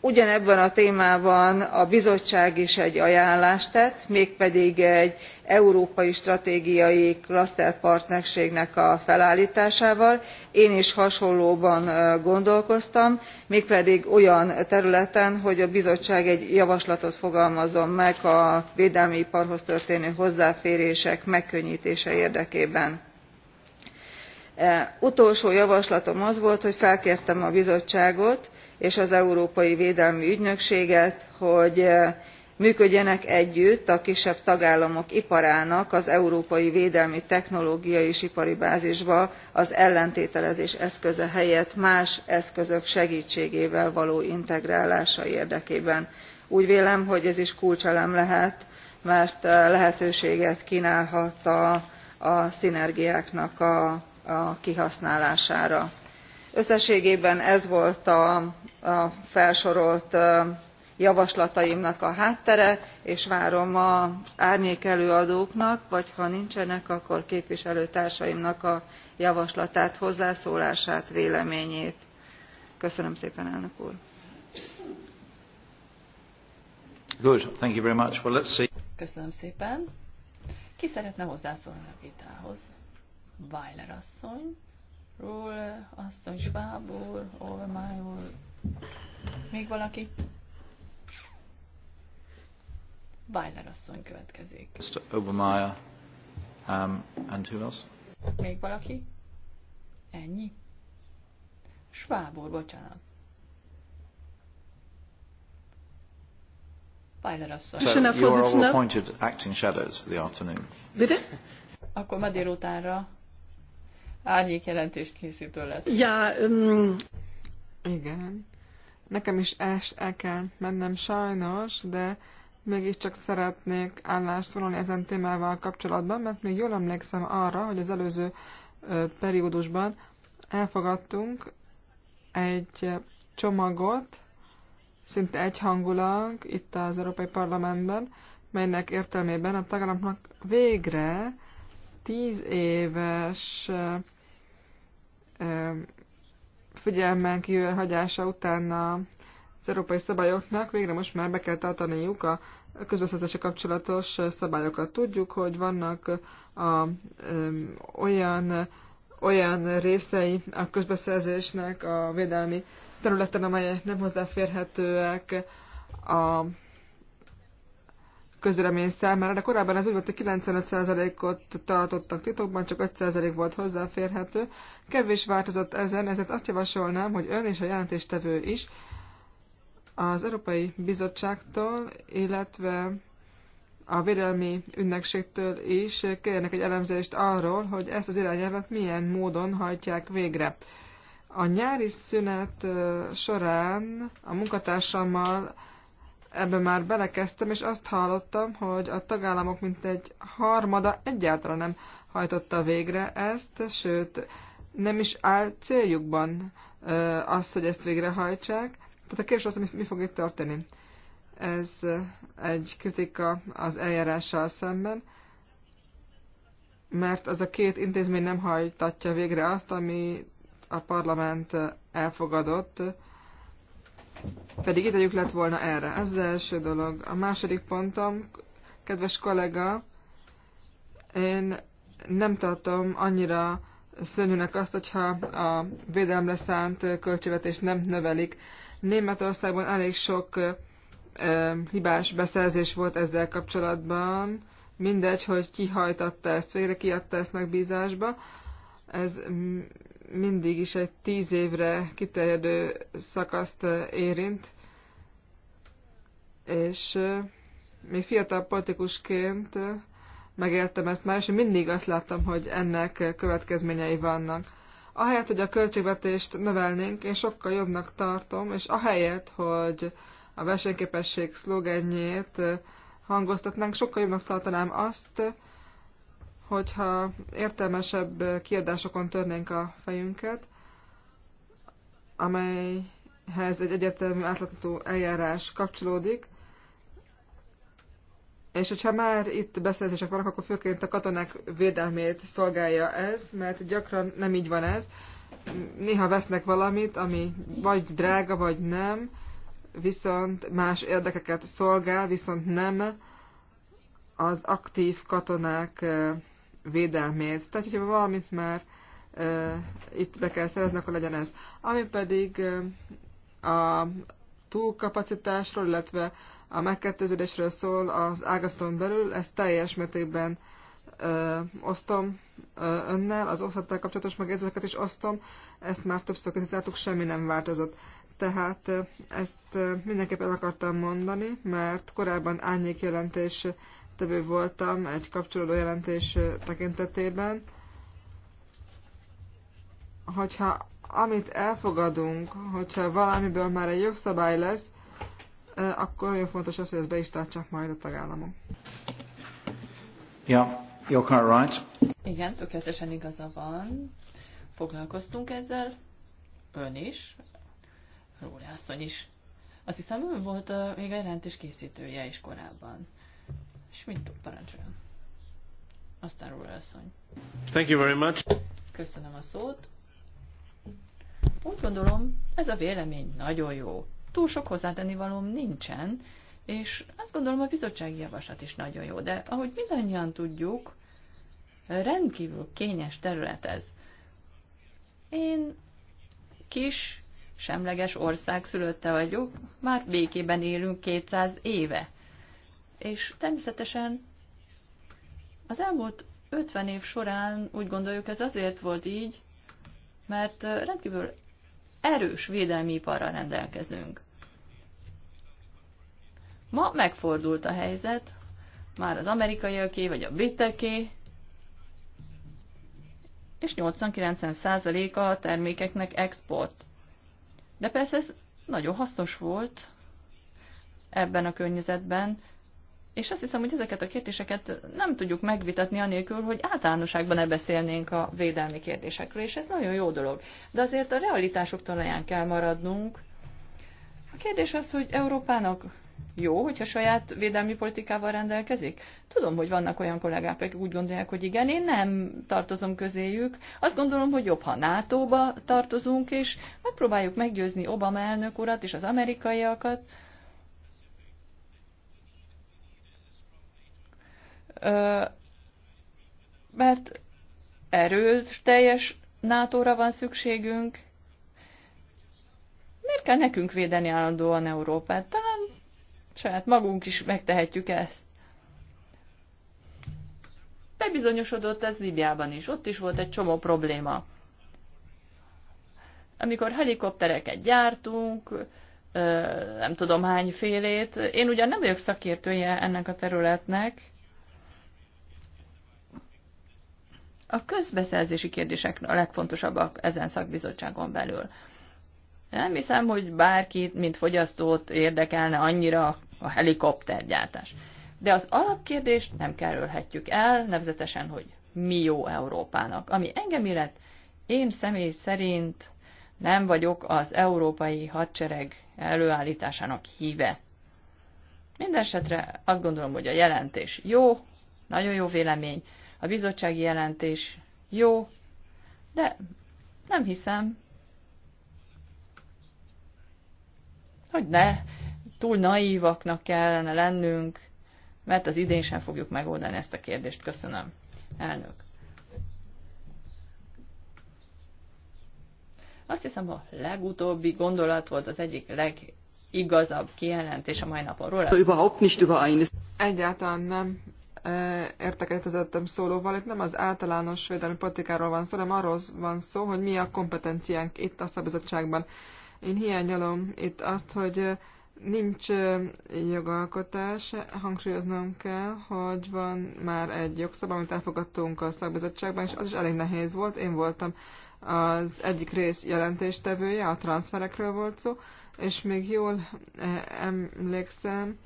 [SPEAKER 5] ugyanebben a témában a bizottság is egy ajánlást tett mégpedig egy európai stratégiai klaszterpartnerség a felálltásával én is hasonlóban gondolkoztam mégpedig olyan területen hogy a bizottság egy javaslatot fogalmazzon meg a védelmi iparhoz történő hozzáférések megkönnytése érdekében utolsó javaslatom az volt hogy felkértem a bizottságot és az európai védelmi ügynökséget hogy eh, működjenek együtt a kisebb tagállamok iparának az európai védelmi technológiai és ipari bázisba az ellentételezés eszköze helyett más eszközök segtségével való integrálása érdekében. úgy vélem hogy ez is kulcselem lehet mert eh, lehetőséget knálhat a szinergiáknak a kihasználására összességében ez volt a felsorolt javaslataimnak a háttere és várom az árnyékelőadóknak vagy ha nincsenek akkor képviselőtársaimnak a javaslatát hozzászólását véleményét. köszönöm szépen elnök úr!
[SPEAKER 1] Good. Thank you very much. Well, let's see.
[SPEAKER 4] Köszönöm szépen. Ki szeretne hozzászólni a vitához? Weiler asszony. Ról, asszony Schwab úr, még valaki? Weiler asszony következik.
[SPEAKER 1] Mr. Obermeyer, um, and who else?
[SPEAKER 4] Még valaki? Ennyi? Schwab bocsánat. Weiler asszony. So are all appointed
[SPEAKER 1] acting shadows for the afternoon.
[SPEAKER 4] Bitte? Akkor ma délutánra árnyék jelentést készítő lesz. Ja,
[SPEAKER 3] um... Igen. Nekem is es el kell mennem sajnos, de mégiscsak szeretnék állást vonulni ezen témával kapcsolatban, mert még jól emlékszem arra, hogy az előző periódusban elfogadtunk egy csomagot, szinte egyhangulag itt az Európai Parlamentben, melynek értelmében a tagállamnak végre tíz éves figyelmen kívül hagyása után az európai szabályoknak végre most már be kell tartaniuk a közbeszerzése kapcsolatos szabályokat. Tudjuk, hogy vannak a, ö, olyan, olyan részei a közbeszerzésnek a védelmi területen, amelyek nem hozzáférhetőek a közvélemény számára, de korábban ez úgy volt, hogy 95%-ot tartottak titokban, csak 5% volt hozzáférhető. Kevés változott ezen, ezért azt javasolnám, hogy ön és a jelentéstevő is az Európai Bizottságtól, illetve a Védelmi Ünnepségtől is kérnek egy elemzést arról, hogy ezt az irányelvet milyen módon hajtják végre. A nyári szünet során a munkatársammal ebbe már belekezdtem, és azt hallottam, hogy a tagállamok mintegy harmada egyáltalán nem hajtotta végre ezt, sőt, nem is áll céljukban az, hogy ezt végrehajtsák. Tehát a kérdés az, hogy mi fog itt történni. Ez egy kritika az eljárással szemben, mert az a két intézmény nem hajtatja végre azt, ami a parlament elfogadott, pedig idejük lett volna erre. Ez az első dolog. A második pontom, kedves kollega, én nem tartom annyira szörnyűnek azt, hogyha a védelemre szánt költségvetést nem növelik. Németországban elég sok ö, hibás beszerzés volt ezzel kapcsolatban. Mindegy, hogy kihajtatta ezt, végre kiadta ezt megbízásba. Ez mindig is egy tíz évre kiterjedő szakaszt eh, érint, és eh, még fiatal politikusként eh, megértem ezt már, és mindig azt láttam, hogy ennek következményei vannak. Ahelyett, hogy a költségvetést növelnénk, én sokkal jobbnak tartom, és ahelyett, hogy a versenyképesség szlogenjét hangoztatnánk, sokkal jobbnak tartanám azt, hogyha értelmesebb kiadásokon törnénk a fejünket, amelyhez egy egyértelmű átlátható eljárás kapcsolódik, és hogyha már itt beszerzések vannak, akkor főként a katonák védelmét szolgálja ez, mert gyakran nem így van ez. Néha vesznek valamit, ami vagy drága, vagy nem, viszont más érdekeket szolgál, viszont nem az aktív katonák eh, védelmét. Tehát, hogyha valamit már uh, itt be kell szerezni, akkor legyen ez. Ami pedig uh, a túlkapacitásról, illetve a megkettőződésről szól az ágazaton belül, ezt teljes mértékben ö, osztom ö, önnel, az osztattal kapcsolatos megjegyzéseket is osztom, ezt már többször kritizáltuk, semmi nem változott. Tehát ezt mindenképpen el akartam mondani, mert korábban árnyék jelentés tevő voltam egy kapcsolódó jelentés tekintetében. Hogyha amit elfogadunk, hogyha valamiből már egy jogszabály lesz, akkor nagyon fontos az, hogy ezt be is tartsák majd a tagállamok.
[SPEAKER 1] Yeah, you're right.
[SPEAKER 3] Igen, tökéletesen
[SPEAKER 4] igaza van. Foglalkoztunk ezzel, ön is, Róli asszony is. Azt hiszem, ön volt a, még a jelentés készítője is korábban mit tud parancsoljon. Aztán róla asszony.
[SPEAKER 2] Thank you very much.
[SPEAKER 4] Köszönöm a szót. Úgy gondolom, ez a vélemény nagyon jó. Túl sok hozzátenni valóm nincsen, és azt gondolom a bizottsági javaslat is nagyon jó, de ahogy mindannyian tudjuk, rendkívül kényes terület ez. Én kis, semleges ország szülötte vagyok, már békében élünk 200 éve. És természetesen az elmúlt 50 év során úgy gondoljuk, ez azért volt így, mert rendkívül erős védelmi iparral rendelkezünk. Ma megfordult a helyzet, már az amerikaiaké vagy a briteké, és 80-90%-a a termékeknek export. De persze ez nagyon hasznos volt ebben a környezetben, és azt hiszem, hogy ezeket a kérdéseket nem tudjuk megvitatni anélkül, hogy általánosságban ne beszélnénk a védelmi kérdésekről, és ez nagyon jó dolog. De azért a realitások talaján kell maradnunk. A kérdés az, hogy Európának jó, hogyha saját védelmi politikával rendelkezik? Tudom, hogy vannak olyan kollégák, akik úgy gondolják, hogy igen, én nem tartozom közéjük. Azt gondolom, hogy jobb, ha NATO-ba tartozunk, és megpróbáljuk meggyőzni Obama elnök urat és az amerikaiakat, mert erős, teljes NATO-ra van szükségünk. Miért kell nekünk védeni állandóan Európát? Talán saját magunk is megtehetjük ezt. Bebizonyosodott ez Libiában is. Ott is volt egy csomó probléma. Amikor helikoptereket gyártunk, nem tudom hány félét, én ugyan nem vagyok szakértője ennek a területnek, A közbeszerzési kérdések a legfontosabbak ezen szakbizottságon belül. Nem hiszem, hogy bárkit, mint fogyasztót érdekelne annyira a helikoptergyártás. De az alapkérdést nem kerülhetjük el, nevezetesen, hogy mi jó Európának. Ami engem illet, én személy szerint nem vagyok az európai hadsereg előállításának híve. Mindenesetre azt gondolom, hogy a jelentés jó, nagyon jó vélemény, a bizottsági jelentés jó, de nem hiszem, hogy ne túl naívaknak kellene lennünk, mert az idén sem fogjuk megoldani ezt a kérdést. Köszönöm, elnök. Azt hiszem, a legutóbbi gondolat volt az egyik legigazabb kijelentés a mai napon róla.
[SPEAKER 3] Egyáltalán nem értekezettem szólóval. Itt nem az általános védelmi politikáról van szó, hanem arról van szó, hogy mi a kompetenciánk itt a szabizottságban. Én hiányolom itt azt, hogy nincs jogalkotás, hangsúlyoznom kell, hogy van már egy jogszab, amit elfogadtunk a szakbizottságban, és az is elég nehéz volt. Én voltam az egyik rész jelentéstevője, a transferekről volt szó, és még jól emlékszem,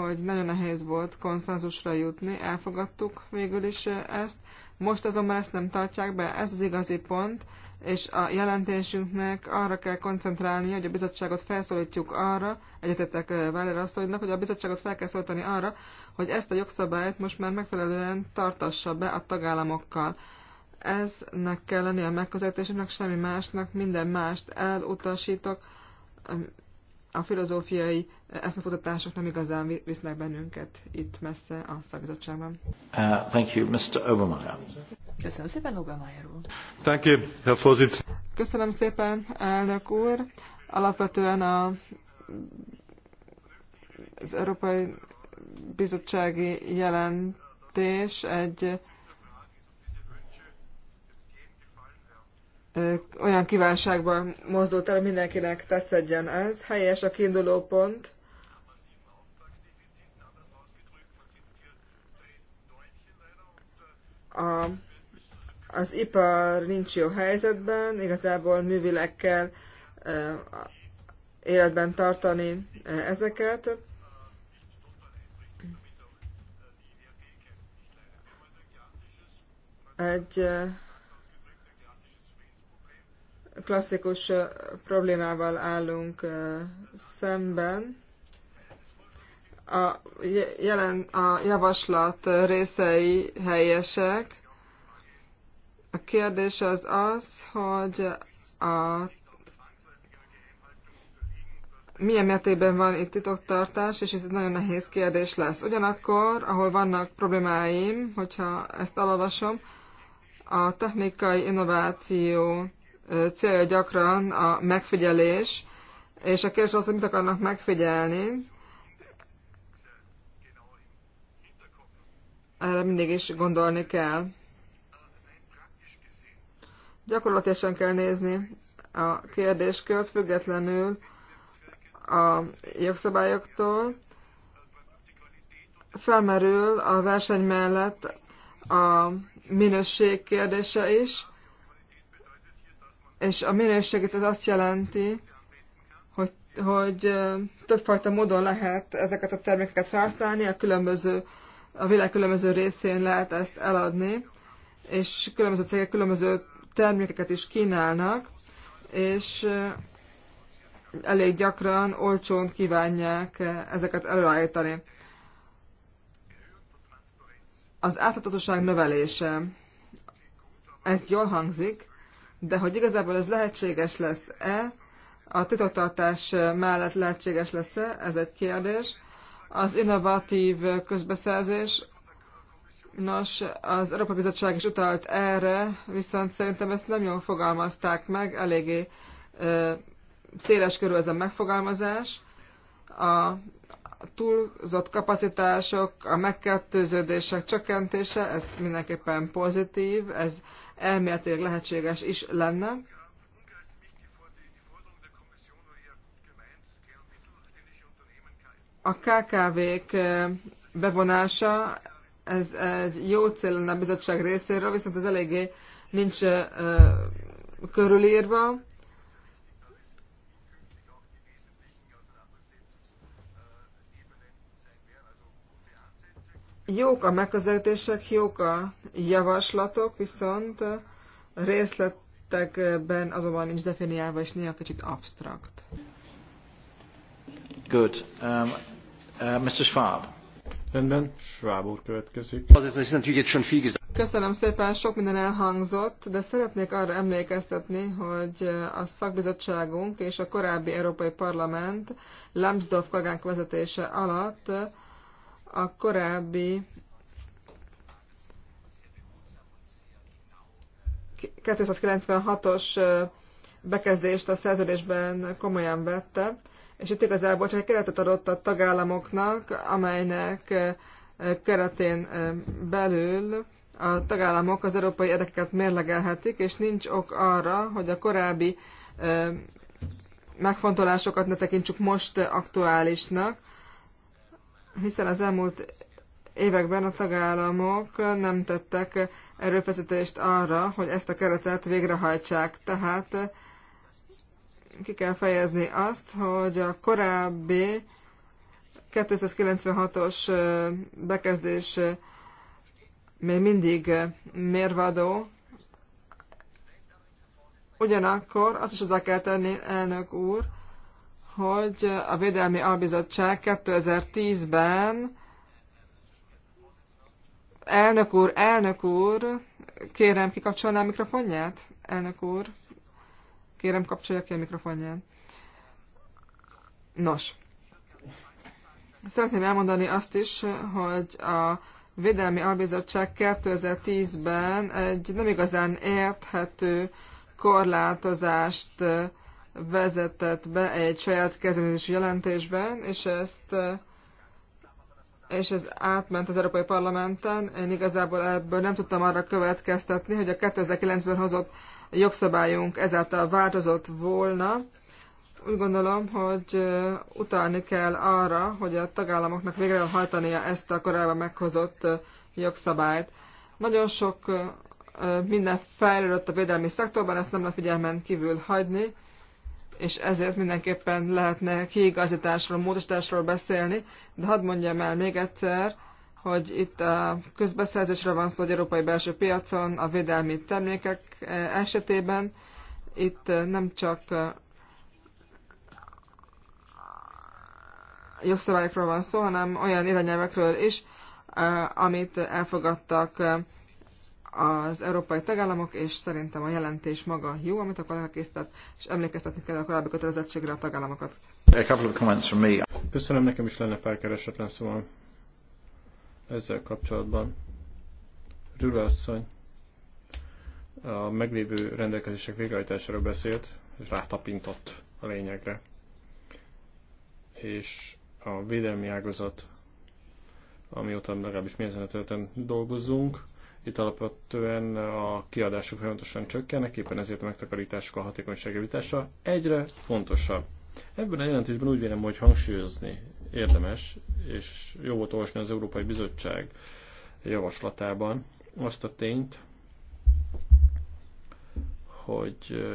[SPEAKER 3] hogy nagyon nehéz volt konszenzusra jutni, elfogadtuk végül is ezt. Most azonban ezt nem tartják be, ez az igazi pont, és a jelentésünknek arra kell koncentrálni, hogy a bizottságot felszólítjuk arra, egyetetek eh, Váler asszonynak, hogy a bizottságot fel kell szólítani arra, hogy ezt a jogszabályt most már megfelelően tartassa be a tagállamokkal. Eznek kell lenni a megközelítésünknek, semmi másnak, minden mást elutasítok, a filozófiai eszmefutatások nem igazán visznek bennünket itt messze a szakbizottságban.
[SPEAKER 1] Uh, thank you, Mr. Obermeier.
[SPEAKER 3] Köszönöm szépen, Obermeier úr.
[SPEAKER 1] Thank you, Herr Vorsitz.
[SPEAKER 3] Köszönöm szépen, elnök úr. Alapvetően a, az Európai Bizottsági Jelentés egy olyan kívánságban mozdult el, mindenkinek tetszedjen ez. Helyes a kiinduló pont. A, az ipar nincs jó helyzetben, igazából művilekkel e, életben tartani ezeket. Egy e, klasszikus problémával állunk szemben. A, jelen, a javaslat részei helyesek. A kérdés az az, hogy a milyen mértékben van itt titoktartás, és ez egy nagyon nehéz kérdés lesz. Ugyanakkor, ahol vannak problémáim, hogyha ezt elolvasom, a technikai innováció célja gyakran a megfigyelés, és a kérdés az, hogy mit akarnak megfigyelni. Erre mindig is gondolni kell. Gyakorlatilag kell nézni a kérdéskört, függetlenül a jogszabályoktól. Felmerül a verseny mellett a minőség kérdése is és a minőséget az azt jelenti, hogy, hogy többfajta módon lehet ezeket a termékeket felhasználni, a különböző, a világ különböző részén lehet ezt eladni, és különböző cégek különböző termékeket is kínálnak, és elég gyakran olcsón kívánják ezeket előállítani. Az átláthatóság növelése. Ez jól hangzik, de hogy igazából ez lehetséges lesz-e, a titoktartás mellett lehetséges lesz-e, ez egy kérdés. Az innovatív közbeszerzés, nos, az Európa Bizottság is utalt erre, viszont szerintem ezt nem jól fogalmazták meg, eléggé széles körül ez a megfogalmazás. A, túlzott kapacitások, a megkettőződések csökkentése, ez mindenképpen pozitív, ez elméletileg lehetséges is lenne. A KKV-k eh, bevonása, ez egy jó cél lenne a bizottság részéről, viszont ez eléggé nincs eh, körülírva Jók a megközelítések, jók a javaslatok, viszont részletekben azonban nincs definiálva, és néha kicsit absztrakt.
[SPEAKER 1] Good. Um, uh, Mr. Schwab. Rendben, Schwab úr következik.
[SPEAKER 3] Köszönöm szépen, sok minden elhangzott, de szeretnék arra emlékeztetni, hogy a szakbizottságunk és a korábbi Európai Parlament Lambsdorff kagánk vezetése alatt a korábbi 296-os bekezdést a szerződésben komolyan vette, és itt igazából csak egy keretet adott a tagállamoknak, amelynek keretén belül a tagállamok az európai érdekeket mérlegelhetik, és nincs ok arra, hogy a korábbi megfontolásokat ne tekintsük most aktuálisnak, hiszen az elmúlt években a tagállamok nem tettek erőfeszítést arra, hogy ezt a keretet végrehajtsák. Tehát ki kell fejezni azt, hogy a korábbi 296-os bekezdés még mindig mérvadó. Ugyanakkor azt is hozzá kell tenni, elnök úr, hogy a Védelmi Albizottság 2010-ben elnök úr, elnök úr, kérem, kikapcsolná a mikrofonját? Elnök úr, kérem, kapcsolja ki a mikrofonját. Nos, szeretném elmondani azt is, hogy a Védelmi Albizottság 2010-ben egy nem igazán érthető korlátozást vezetett be egy saját kezdeményezési jelentésben, és ezt és ez átment az Európai Parlamenten. Én igazából ebből nem tudtam arra következtetni, hogy a 2009-ben hozott jogszabályunk ezáltal változott volna. Úgy gondolom, hogy utalni kell arra, hogy a tagállamoknak végre hajtania ezt a korábban meghozott jogszabályt. Nagyon sok minden fejlődött a védelmi szektorban, ezt nem lehet figyelmen kívül hagyni, és ezért mindenképpen lehetne kiigazításról, módosításról beszélni, de hadd mondjam el még egyszer, hogy itt a közbeszerzésről van szó, hogy európai belső piacon, a védelmi termékek eh, esetében, itt eh, nem csak eh, jogszabályokról van szó, hanem olyan irányelvekről is, amit elfogadtak az európai tagállamok, és szerintem a jelentés maga jó, amit a kollega készített, és emlékeztetni kell a korábbi kötelezettségre a tagállamokat.
[SPEAKER 1] Köszönöm, nekem is lenne pár keresetlen szóval
[SPEAKER 2] ezzel kapcsolatban. Rüle asszony a meglévő rendelkezések végrehajtásáról beszélt, és rátapintott a lényegre. És a védelmi ágazat, amióta legalábbis mi ezen a területen dolgozunk, itt alapvetően a kiadások folyamatosan csökkennek, éppen ezért a megtakarítások a hatékonyság javítása egyre fontosabb. Ebben a jelentésben úgy vélem, hogy hangsúlyozni érdemes, és jó volt olvasni az Európai Bizottság javaslatában azt a tényt, hogy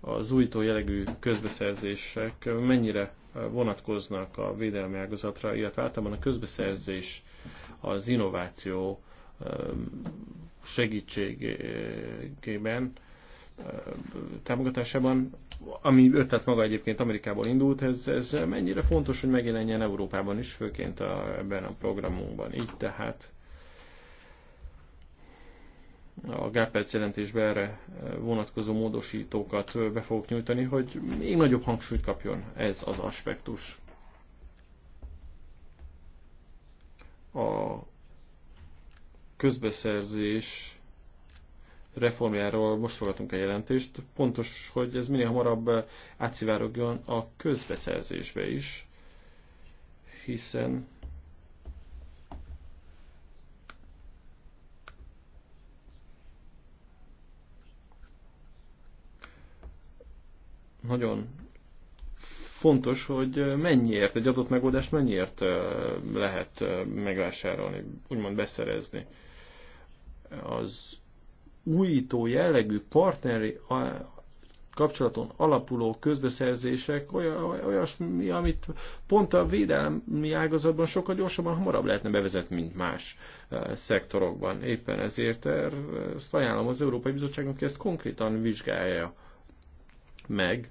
[SPEAKER 2] az újtó jellegű közbeszerzések mennyire vonatkoznak a védelmi ágazatra, illetve általában a közbeszerzés az innováció segítségében, támogatásában, ami ötlet maga egyébként Amerikából indult, ez, ez mennyire fontos, hogy megjelenjen Európában is, főként a, ebben a programunkban. Így tehát a Gáperc jelentésben erre vonatkozó módosítókat be fogok nyújtani, hogy még nagyobb hangsúlyt kapjon ez az aspektus. A közbeszerzés reformjáról most fogadtunk egy jelentést. Pontos, hogy ez minél hamarabb átszivárogjon a közbeszerzésbe is, hiszen nagyon fontos, hogy mennyiért, egy adott megoldást mennyiért lehet megvásárolni, úgymond beszerezni az újító jellegű partneri kapcsolaton alapuló közbeszerzések olyasmi, amit pont a védelmi ágazatban sokkal gyorsabban, hamarabb lehetne bevezetni, mint más e, szektorokban. Éppen ezért er, ezt ajánlom az Európai Bizottságnak, hogy ezt konkrétan vizsgálja meg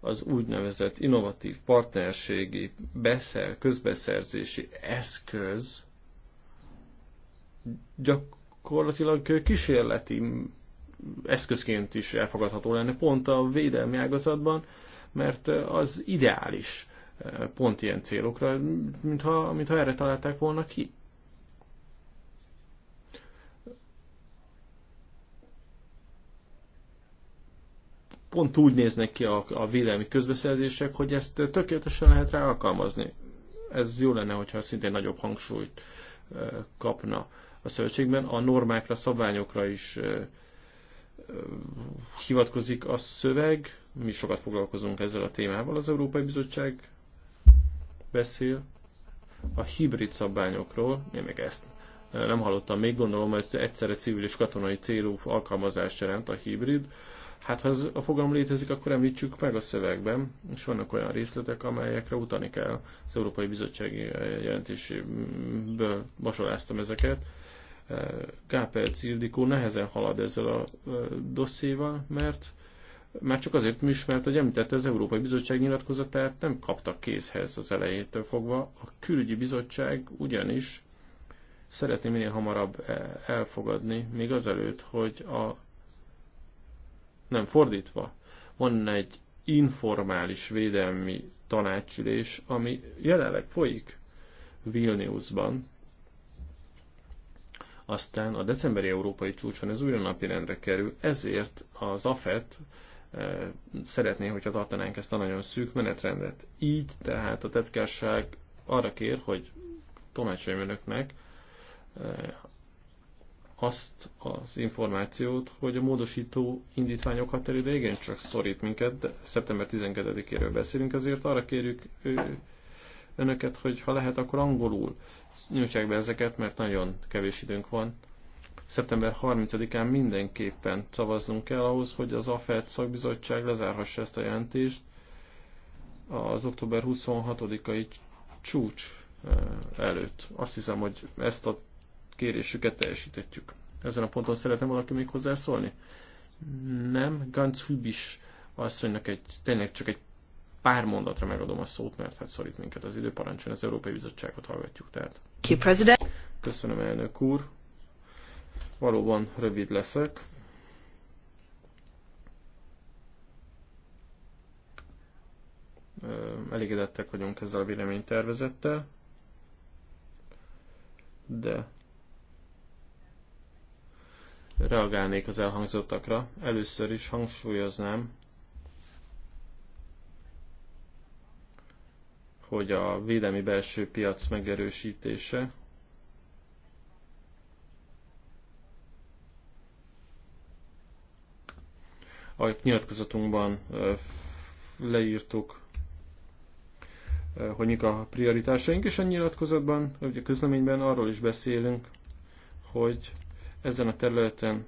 [SPEAKER 2] az úgynevezett innovatív partnerségi beszer, közbeszerzési eszköz gyak, gyakorlatilag kísérleti eszközként is elfogadható lenne pont a védelmi ágazatban, mert az ideális eh, pont ilyen célokra, mintha, mintha erre találták volna ki. Pont úgy néznek ki a, a védelmi közbeszerzések, hogy ezt tökéletesen lehet rá alkalmazni. Ez jó lenne, hogyha szintén nagyobb hangsúlyt eh, kapna a szövetségben, a normákra, szabványokra is hivatkozik a szöveg, mi sokat foglalkozunk ezzel a témával, az Európai Bizottság beszél a hibrid szabványokról, én még ezt nem hallottam még, gondolom ez egyszerre civil és katonai célú alkalmazást jelent a hibrid. Hát ha ez a fogalom létezik, akkor említsük meg a szövegben, és vannak olyan részletek, amelyekre utani kell. Az Európai Bizottság jelentéséből vasoláztam ezeket. Gápelc Ildikó nehezen halad ezzel a dosszéval, mert már csak azért is, mert, hogy említette, az Európai Bizottság nyilatkozatát nem kaptak kézhez az elejétől fogva. A külügyi bizottság ugyanis szeretné minél hamarabb e, elfogadni, még azelőtt, hogy a nem fordítva, van egy informális védelmi tanácsülés, ami jelenleg folyik Vilniusban, aztán a decemberi európai csúcson ez újra napirendre kerül, ezért az AFET eh, szeretné, hogyha tartanánk ezt a nagyon szűk menetrendet. Így tehát a tetkárság arra kér, hogy tanácsoljon önöknek eh, azt az információt, hogy a módosító indítványok határideje igencsak szorít minket, de szeptember 12-éről beszélünk, ezért arra kérjük ő, önöket, hogy ha lehet, akkor angolul nyújtsák be ezeket, mert nagyon kevés időnk van. Szeptember 30-án mindenképpen szavaznunk kell ahhoz, hogy az AFED szakbizottság lezárhassa ezt a jelentést az október 26-ai csúcs eh, előtt. Azt hiszem, hogy ezt a kérésüket teljesítetjük. Ezen a ponton szeretne valaki még hozzászólni? Nem, Gantz Hübis asszonynak egy, tényleg csak egy pár mondatra megadom a szót, mert hát szorít minket az időparancson, az Európai Bizottságot hallgatjuk. Tehát. Köszönöm, elnök úr. Valóban rövid leszek. Elégedettek vagyunk ezzel a véleménytervezettel, de reagálnék az elhangzottakra. Először is hangsúlyoznám, hogy a védelmi belső piac megerősítése a nyilatkozatunkban leírtuk, hogy mik a prioritásaink, és a nyilatkozatban, ugye a közleményben arról is beszélünk, hogy ezen a területen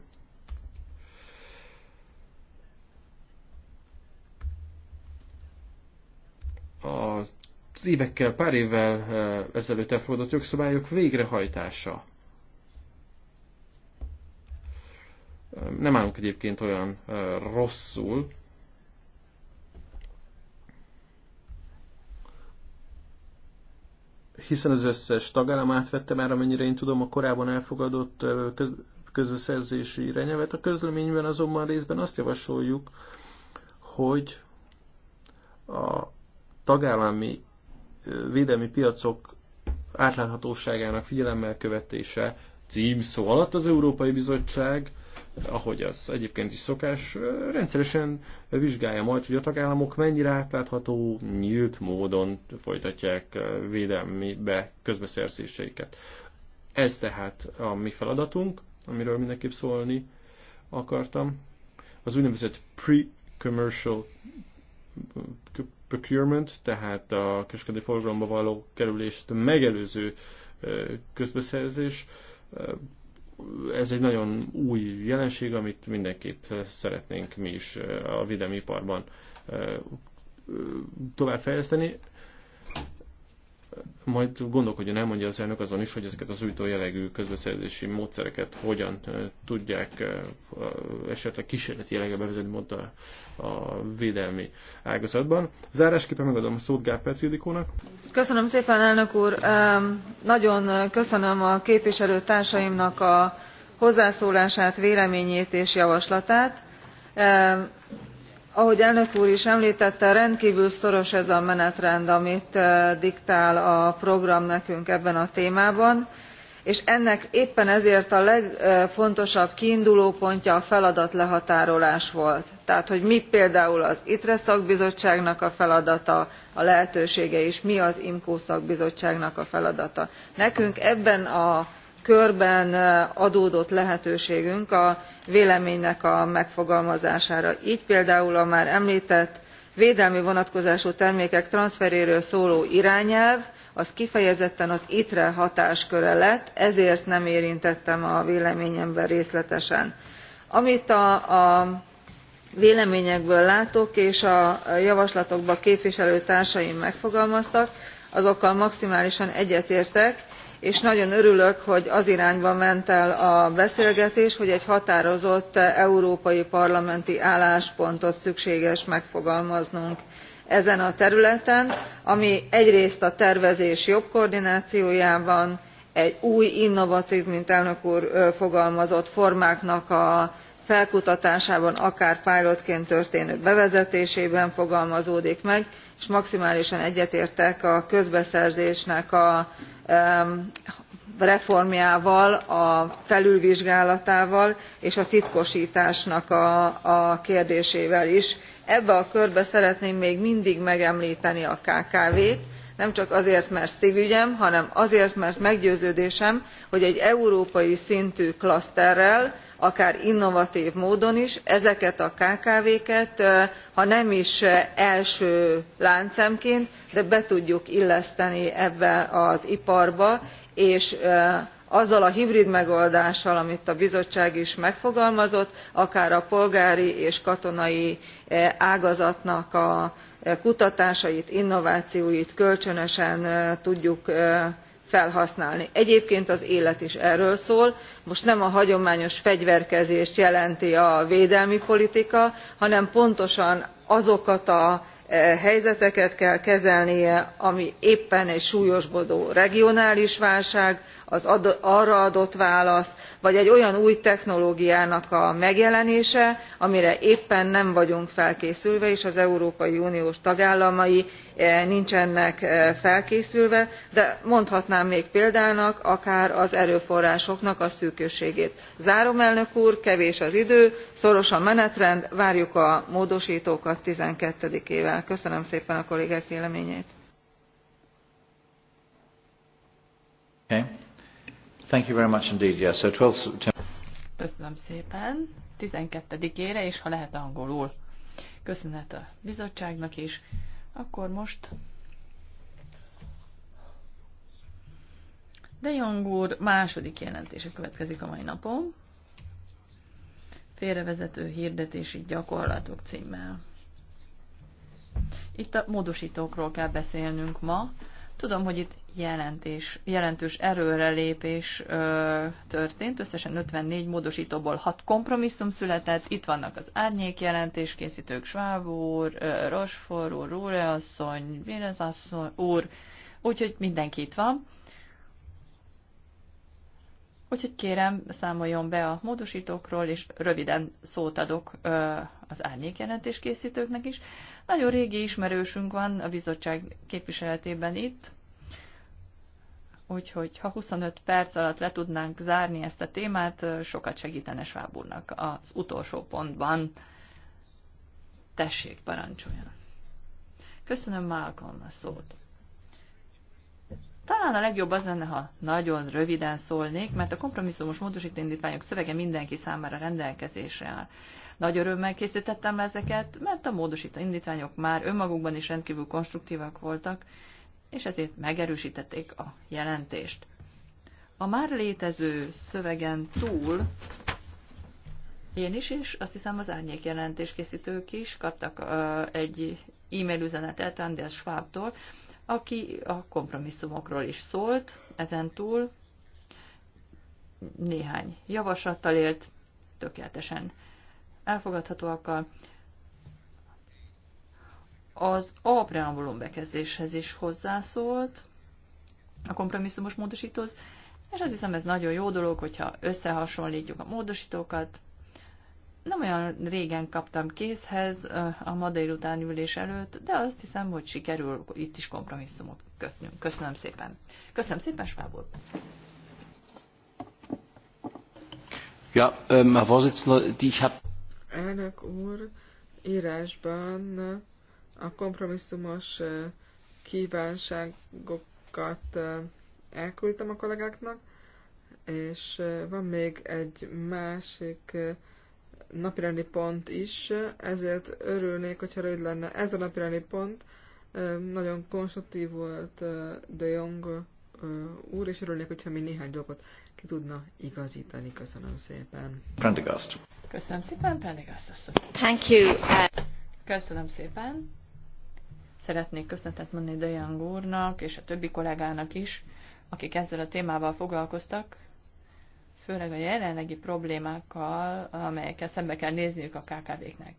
[SPEAKER 2] az évekkel, pár évvel eh, ezelőtt elfogadott jogszabályok végrehajtása. Eh, nem állunk egyébként olyan eh, rosszul. Hiszen az összes tagállam átvette már, amennyire én tudom, a korábban elfogadott közbeszerzési irányelvet. A közleményben azonban részben azt javasoljuk, hogy a tagállami védelmi piacok átláthatóságának figyelemmel követése szó alatt az Európai Bizottság, ahogy az egyébként is szokás, rendszeresen vizsgálja majd, hogy a tagállamok mennyire átlátható, nyílt módon folytatják védelmi be közbeszerzéseiket. Ez tehát a mi feladatunk, amiről mindenképp szólni akartam. Az úgynevezett pre-commercial procurement, tehát a kereskedő forgalomba való kerülést megelőző közbeszerzés. Ez egy nagyon új jelenség, amit mindenképp szeretnénk mi is a videmiparban továbbfejleszteni majd gondolkodjon, elmondja az elnök azon is, hogy ezeket az újtó jellegű közbeszerzési módszereket hogyan tudják esetleg kísérleti jelleggel bevezetni, mondta a védelmi ágazatban. Zárásképpen megadom a szót Gárperc Ildikónak.
[SPEAKER 5] Köszönöm szépen, elnök úr! Nagyon köszönöm a képviselőtársaimnak a hozzászólását, véleményét és javaslatát ahogy elnök úr is emltette rendkvül szoros ez a menetrend amit eh, diktál a program nekünk ebben a témában és ennek éppen ezért a legfontosabb kiindulópontja a feladatlehatárolás volt tehát hogy mi például az itre szakbizottságnak a feladata a lehetősége és mi az imco szakbizottságnak a feladata. nekünk ebben a körben adódott lehetőségünk a véleménynek a megfogalmazására gy például a már emltett védelmi vonatkozású termékek tranzferjéről szóló irányelv az kifejezetten az itre hatásköre lett ezért nem érintettem a véleményemben részletesen. amit a, a véleményekből látok és a javaslatokban képviselőtársaim megfogalmaztak azokkal maximálisan egyetértek és nagyon örülök hogy az irányba ment el a beszélgetés hogy egy határozott európai parlamenti álláspontot szükséges megfogalmaznunk ezen a területen ami egyrészt a tervezés jobb koordinációjában egy új innovatv mint elnök úr fogalmazott formáknak a felkutatásában akár pilotként történő bevezetésében fogalmazódik meg és maximálisan egyetértek a közbeszerzésnek a Um, reformjával a felülvizsgálatával és a titkostásnak a, kérdésével is. ebbe a körbe szeretném még mindig megemlteni a kkv t nem csak azért mert szvügyem hanem azért mert meggyőződésem hogy egy európai szintű klaszterrel akár innovatv módon is ezeket a kkv ket ha nem is első láncszemként de be tudjuk illeszteni ebbe az iparba és azzal a hibrid megoldással amit a bizottság is megfogalmazott akár a polgári és katonai ágazatnak a kutatásait innovációit kölcsönösen tudjuk felhasználni. egyébként az élet is erről szól most nem a hagyományos fegyverkezést jelenti a védelmi politika hanem pontosan azokat a e, helyzeteket kell kezelnie ami éppen egy súlyosbodó regionális válság az arra adott válasz vagy egy olyan új technológiának a megjelenése amire éppen nem vagyunk felkészülve és az európai unió tagállamai eh, nincsenek eh, felkészülve de mondhatnám még példának akár az erőforrásoknak a szűkösségét. zárom elnök úr kevés az idő szoros a menetrend várjuk a módostókat twelve ével. köszönöm szépen a kollégák véleményét.
[SPEAKER 1] Thank you very much indeed. so 12 September.
[SPEAKER 5] Köszönöm szépen.
[SPEAKER 4] 12-ére, és ha lehet angolul. Köszönet a bizottságnak is. Akkor most De Jong úr második jelentése következik a mai napon. Félrevezető hirdetési gyakorlatok címmel. Itt a módosítókról kell beszélnünk ma. Tudom, hogy itt jelentés, jelentős erőrelépés ö, történt, összesen 54 módosítóból 6 kompromisszum született, itt vannak az árnyék készítők Schwab úr, ö, Rosfor úr, Rúre asszony, asszony úr, úgyhogy mindenki itt van. Úgyhogy kérem, számoljon be a módosítókról, és röviden szót adok ö, az árnyékjelentés készítőknek is. Nagyon régi ismerősünk van a bizottság képviseletében itt, Úgyhogy ha 25 perc alatt le tudnánk zárni ezt a témát, sokat segítene Schwab úrnak az utolsó pontban. Tessék, parancsoljon. Köszönöm Malcolm a szót. Talán a legjobb az lenne, ha nagyon röviden szólnék, mert a kompromisszumos módosítindítványok szövege mindenki számára rendelkezésre áll. Nagy örömmel készítettem ezeket, mert a módosító indítványok már önmagukban is rendkívül konstruktívak voltak, és ezért megerősítették a jelentést. A már létező szövegen túl én is, és azt hiszem az árnyék készítők is kaptak uh, egy e-mail üzenetet András Schwabtól, aki a kompromisszumokról is szólt, ezen túl néhány javaslattal élt, tökéletesen elfogadhatóakkal az A preambulum bekezdéshez is hozzászólt, a kompromisszumos módosítóz, és azt hiszem ez nagyon jó dolog, hogyha összehasonlítjuk a módosítókat. Nem olyan régen kaptam kézhez a ma délután ülés előtt, de azt hiszem, hogy sikerül itt is kompromisszumot kötnünk. Köszönöm szépen. Köszönöm szépen, Svábor.
[SPEAKER 1] Ja, ähm, Herr Vorsitzender, die ich habe...
[SPEAKER 3] Elnök úr, írásban a kompromisszumos kívánságokat elküldtem a kollégáknak, és van még egy másik napirendi pont is, ezért örülnék, hogyha rövid lenne. Ez a napirendi pont nagyon konstruktív volt De Jong úr, és örülnék, hogyha mi néhány dolgot ki tudna igazítani. Köszönöm szépen.
[SPEAKER 1] Prendergast.
[SPEAKER 4] Köszönöm szépen, Prendergast Thank you. Köszönöm szépen. Szeretnék köszönetet mondani Dejan úrnak és a többi kollégának is, akik ezzel a témával foglalkoztak, főleg a jelenlegi problémákkal, amelyekkel szembe kell nézniük a KKV-knek.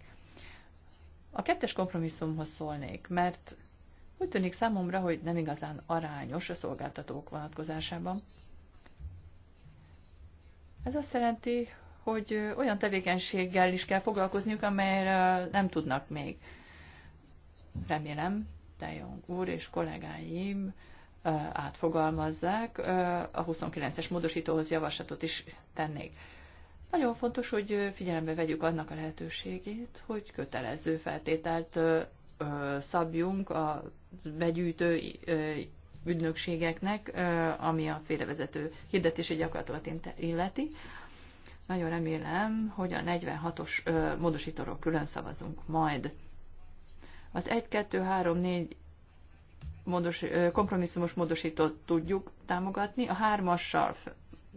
[SPEAKER 4] A kettes kompromisszumhoz szólnék, mert úgy tűnik számomra, hogy nem igazán arányos a szolgáltatók vonatkozásában. Ez azt jelenti, hogy olyan tevékenységgel is kell foglalkozniuk, amelyre nem tudnak még remélem, Dejong úr és kollégáim átfogalmazzák, a 29-es módosítóhoz javaslatot is tennék. Nagyon fontos, hogy figyelembe vegyük annak a lehetőségét, hogy kötelező feltételt szabjunk a begyűjtő ügynökségeknek, ami a félrevezető hirdetési gyakorlatot illeti. Nagyon remélem, hogy a 46-os módosítóról külön szavazunk majd. Az 1, 2, 3, 4 módos, kompromisszumos módosítót tudjuk támogatni, a 3-assal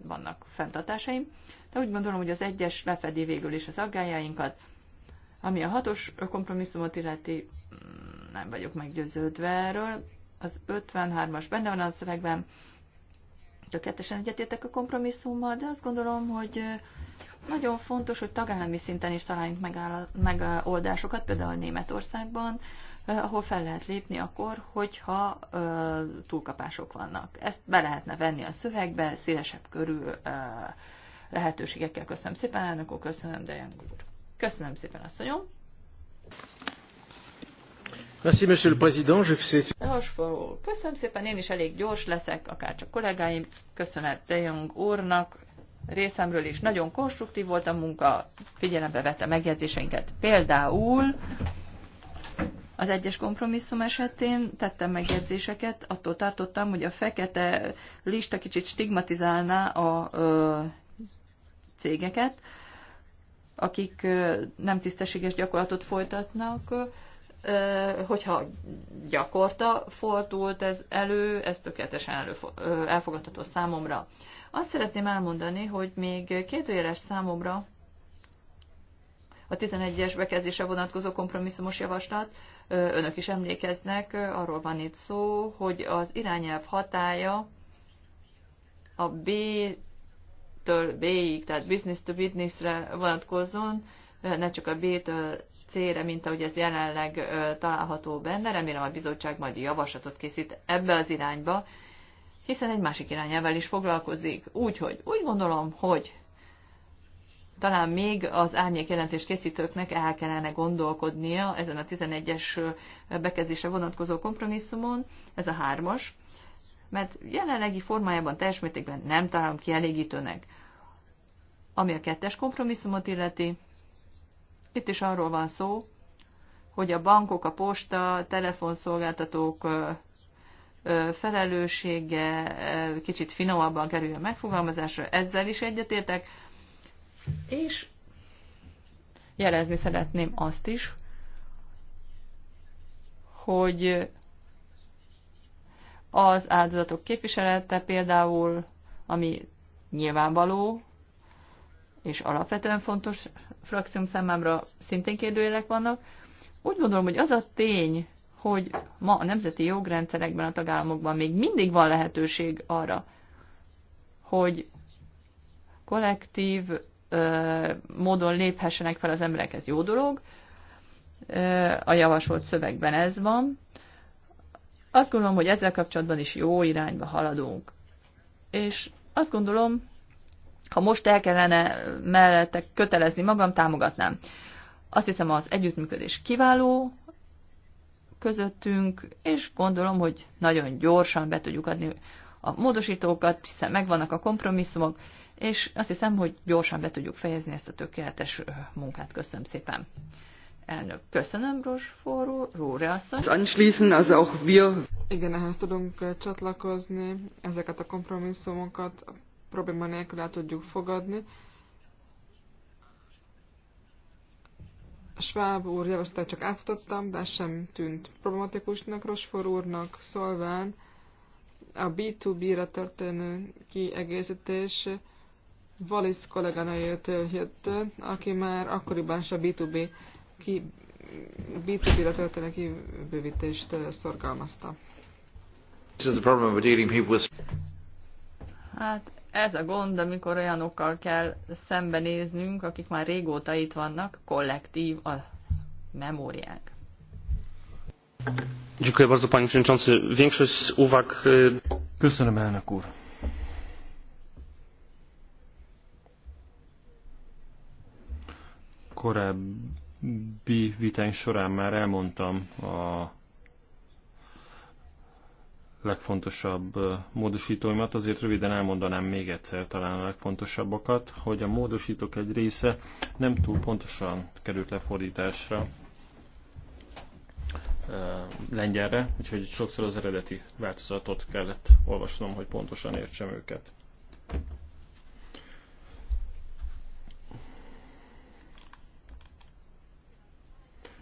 [SPEAKER 4] vannak fenntartásaim, de úgy gondolom, hogy az 1-es lefedi végül is az aggájainkat, ami a 6-os kompromisszumot illeti, mm, nem vagyok meggyőződve erről, az 53-as benne van a szövegben, tökéletesen egyetértek a kompromisszummal, de azt gondolom, hogy nagyon fontos, hogy tagállami szinten is találjunk megoldásokat, például Németországban, ahol fel lehet lépni akkor, hogyha ö, túlkapások vannak. Ezt be lehetne venni a szövegbe, szélesebb körül ö, lehetőségekkel. Köszönöm szépen, elnök úr, köszönöm, Dejan úr. Köszönöm szépen, asszonyom.
[SPEAKER 5] Merci, monsieur le président. Je fais...
[SPEAKER 4] Köszönöm szépen, én is elég gyors leszek, akár csak kollégáim. Köszönet Dejong úrnak részemről is nagyon konstruktív volt a munka, figyelembe vette megjegyzéseinket. Például az egyes kompromisszum esetén tettem megjegyzéseket, attól tartottam, hogy a fekete lista kicsit stigmatizálná a ö, cégeket, akik ö, nem tisztességes gyakorlatot folytatnak. Ö, hogyha gyakorta fordult ez elő, ez tökéletesen elő, ö, elfogadható számomra. Ö, azt szeretném elmondani, hogy még kérdőjeles számomra a 11-es bekezdése vonatkozó kompromisszumos javaslat, önök is emlékeznek, arról van itt szó, hogy az irányelv hatája a B-től B-ig, tehát business to business-re vonatkozzon, ne csak a B-től C-re, mint ahogy ez jelenleg található benne. Remélem a bizottság majd javaslatot készít ebbe az irányba, hiszen egy másik irányával is foglalkozik. Úgyhogy úgy gondolom, hogy talán még az árnyék jelentés készítőknek el kellene gondolkodnia ezen a 11-es bekezdésre vonatkozó kompromisszumon, ez a hármas, mert jelenlegi formájában teljes mértékben nem találom kielégítőnek. Ami a kettes kompromisszumot illeti, itt is arról van szó, hogy a bankok, a posta, telefonszolgáltatók felelőssége kicsit finomabban kerül a megfogalmazásra, ezzel is egyetértek, és jelezni szeretném azt is, hogy az áldozatok képviselete például, ami nyilvánvaló, és alapvetően fontos frakcióm számára szintén kérdőjelek vannak. Úgy gondolom, hogy az a tény, hogy ma a nemzeti jogrendszerekben, a tagállamokban még mindig van lehetőség arra, hogy kollektív ö, módon léphessenek fel az emberek, ez jó dolog. Ö, a javasolt szövegben ez van. Azt gondolom, hogy ezzel kapcsolatban is jó irányba haladunk. És azt gondolom, ha most el kellene mellette kötelezni magam, támogatnám. Azt hiszem, az együttműködés kiváló, közöttünk, és gondolom, hogy nagyon gyorsan be tudjuk adni a módosítókat, hiszen megvannak a kompromisszumok, és azt hiszem, hogy gyorsan be tudjuk fejezni ezt a tökéletes munkát. Köszönöm szépen. Elnök, köszönöm, Rósforó, Róre Az Anschließen, also auch wir.
[SPEAKER 3] Igen, ehhez tudunk csatlakozni, ezeket a kompromisszumokat probléma nélkül el tudjuk fogadni, sváb úr javaslatát csak áfutottam, de sem tűnt problematikusnak Rosfor úrnak, szólván a B2B-ra történő kiegészítés Valisz kolléganőjétől jött, aki már akkoriban is a B2B ki, B2B-ra történő kibővítést szorgalmazta.
[SPEAKER 4] Hát ez a gond, amikor olyanokkal kell szembenéznünk, akik már régóta itt vannak, kollektív a memóriánk.
[SPEAKER 2] Dziękuję bardzo, panie przewodniczący. Większość z uwag... E, Köszönöm, elnök úr. Korábbi vitány során már elmondtam a legfontosabb módosítóimat, azért röviden elmondanám még egyszer talán a legfontosabbakat, hogy a módosítók egy része nem túl pontosan került lefordításra lengyelre, úgyhogy sokszor az eredeti változatot kellett olvasnom, hogy pontosan értsem őket.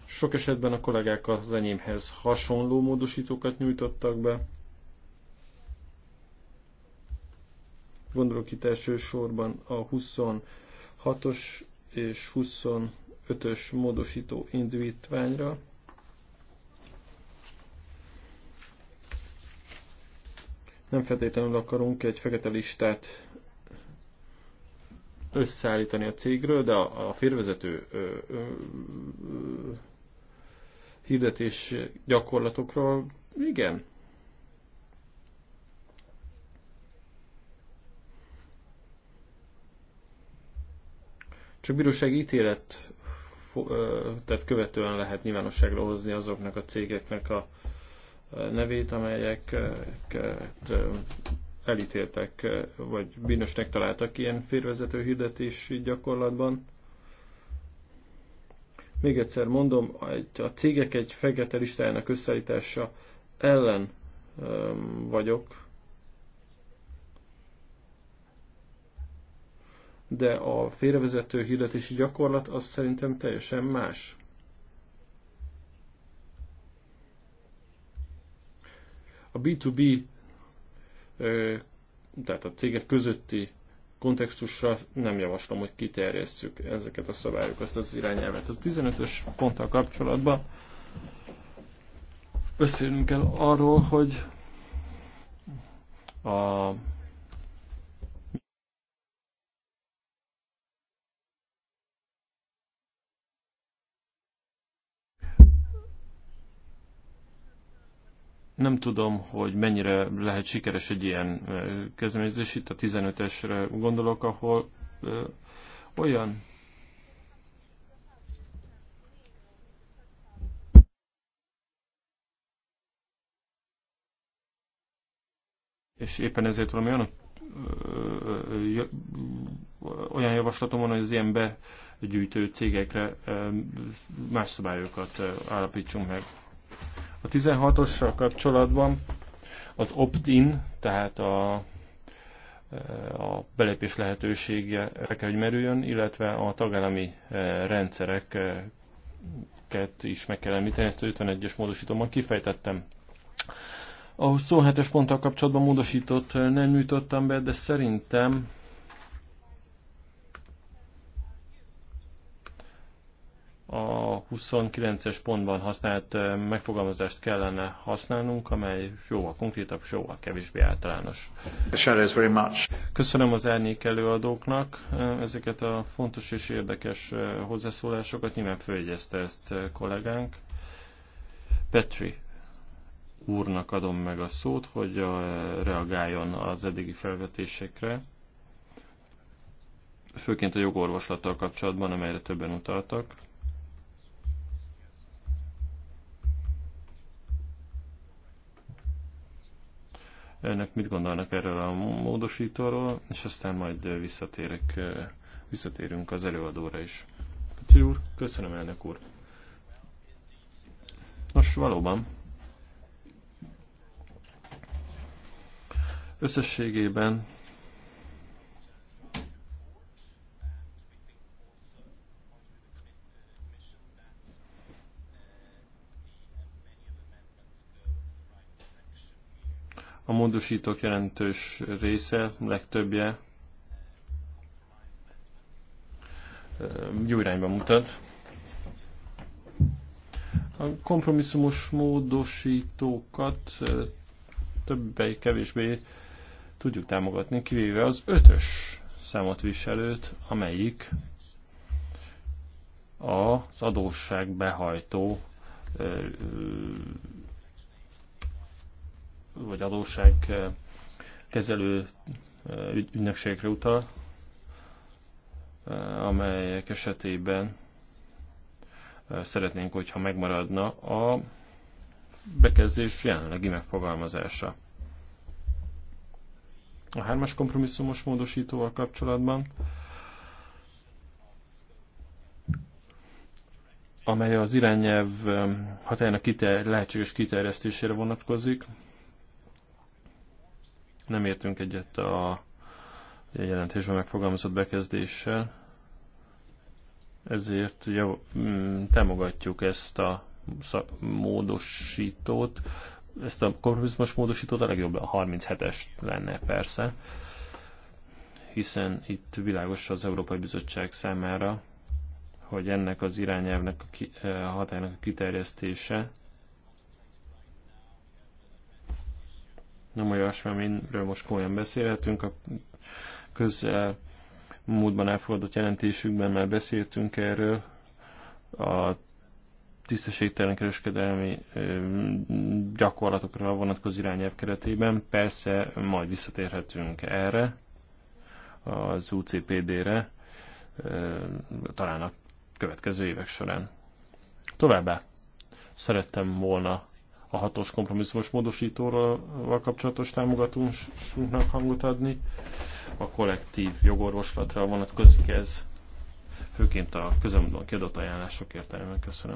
[SPEAKER 2] Sok esetben a kollégák az enyémhez hasonló módosítókat nyújtottak be, Gondolok itt elsősorban a 26-os és 25-ös módosító indítványra. Nem feltétlenül akarunk egy fekete listát összeállítani a cégről, de a, férvezető hirdetés gyakorlatokról igen, Csak bíróság ítélet tehát követően lehet nyilvánosságra hozni azoknak a cégeknek a nevét, amelyeket elítéltek, vagy bűnösnek találtak ilyen férvezető hirdetés gyakorlatban. Még egyszer mondom, a cégek egy fegete listájának összeállítása ellen vagyok, de a félrevezető hirdetési gyakorlat az szerintem teljesen más. A B2B, tehát a cégek közötti kontextusra nem javaslom, hogy kiterjesszük ezeket a szabályokat, ezt az irányelvet. Az 15-ös ponttal kapcsolatban beszélnünk kell arról, hogy a Nem tudom, hogy mennyire lehet sikeres egy ilyen kezdeményezés, itt a 15-esre gondolok, ahol olyan és éppen ezért valami olyan, olyan javaslatom van, hogy az ilyen begyűjtő cégekre más szabályokat állapítsunk meg. A 16-osra kapcsolatban az opt-in, tehát a, e, a belépés lehetősége kell, hogy merüljön, illetve a tagállami e, rendszereket is meg kell említeni, ezt a 51-es módosítóban kifejtettem. A 27-es ponttal kapcsolatban módosított e, nem nyújtottam be, de szerintem a 29-es pontban használt megfogalmazást kellene használnunk, amely jóval konkrétabb, jóval kevésbé általános. Köszönöm az árnyék előadóknak ezeket a fontos és érdekes hozzászólásokat, nyilván följegyezte ezt kollégánk. Petri úrnak adom meg a szót, hogy reagáljon az eddigi felvetésekre, főként a jogorvoslattal kapcsolatban, amelyre többen utaltak önök mit gondolnak erről a módosítóról, és aztán majd visszatérek, visszatérünk az előadóra is. Petri úr, köszönöm elnök úr. Nos, valóban. Összességében A módosítók jelentős része, legtöbbje jó irányba mutat. A kompromisszumos módosítókat többé, kevésbé tudjuk támogatni, kivéve az ötös számot viselőt, amelyik az adósság behajtó vagy adósság kezelő ügynökségre utal, amelyek esetében szeretnénk, hogyha megmaradna a bekezdés jelenlegi megfogalmazása. A hármas kompromisszumos módosítóval kapcsolatban, amely az irányelv hatájának kiter, lehetséges kiterjesztésére vonatkozik, nem értünk egyet a jelentésben megfogalmazott bekezdéssel, ezért ugye, mm, temogatjuk ezt a módosítót, ezt a kompromisszumos módosítót a legjobb a 37-es lenne persze, hiszen itt világos az Európai Bizottság számára, hogy ennek az irányelvnek a eh, hatálynak a kiterjesztése nem olyasmi, amiről most komolyan beszélhetünk. A közel múltban elfogadott jelentésükben már beszéltünk erről. A tisztességtelen kereskedelmi gyakorlatokra vonatkozó irányelv keretében. Persze majd visszatérhetünk erre, az UCPD-re, talán a következő évek során. Továbbá szerettem volna a hatos kompromisszumos módosítóval kapcsolatos támogatásunknak hangot adni. A kollektív jogorvoslatra vonatkozik ez, főként a közömben kiadott ajánlások értelmében. Köszönöm.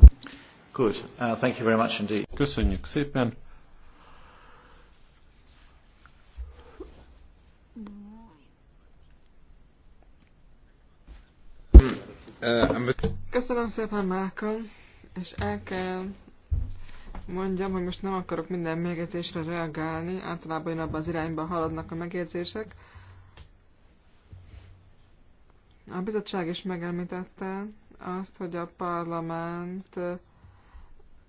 [SPEAKER 2] Good. Uh, thank you very much indeed. Köszönjük szépen.
[SPEAKER 3] Köszönöm szépen, Malcolm, és el kell mondjam, hogy most nem akarok minden megjegyzésre reagálni, általában én abban az irányban haladnak a megjegyzések. A bizottság is megemlítette azt, hogy a parlament eh,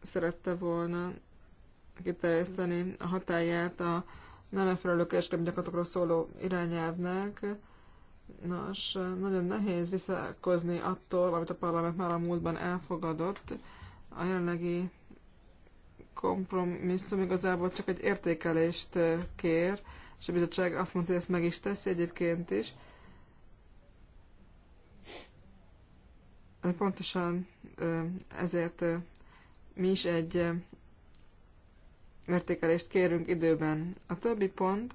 [SPEAKER 3] szerette volna kiterjeszteni a hatáját a nem megfelelő kereskedelmi gyakorlatokról szóló irányelvnek. Nos, eh, nagyon nehéz visszakozni attól, amit a parlament már a múltban elfogadott. A jelenlegi kompromisszum igazából csak egy értékelést kér, és a bizottság azt mondta, hogy ezt meg is teszi egyébként is. Pontosan ezért mi is egy értékelést kérünk időben. A többi pont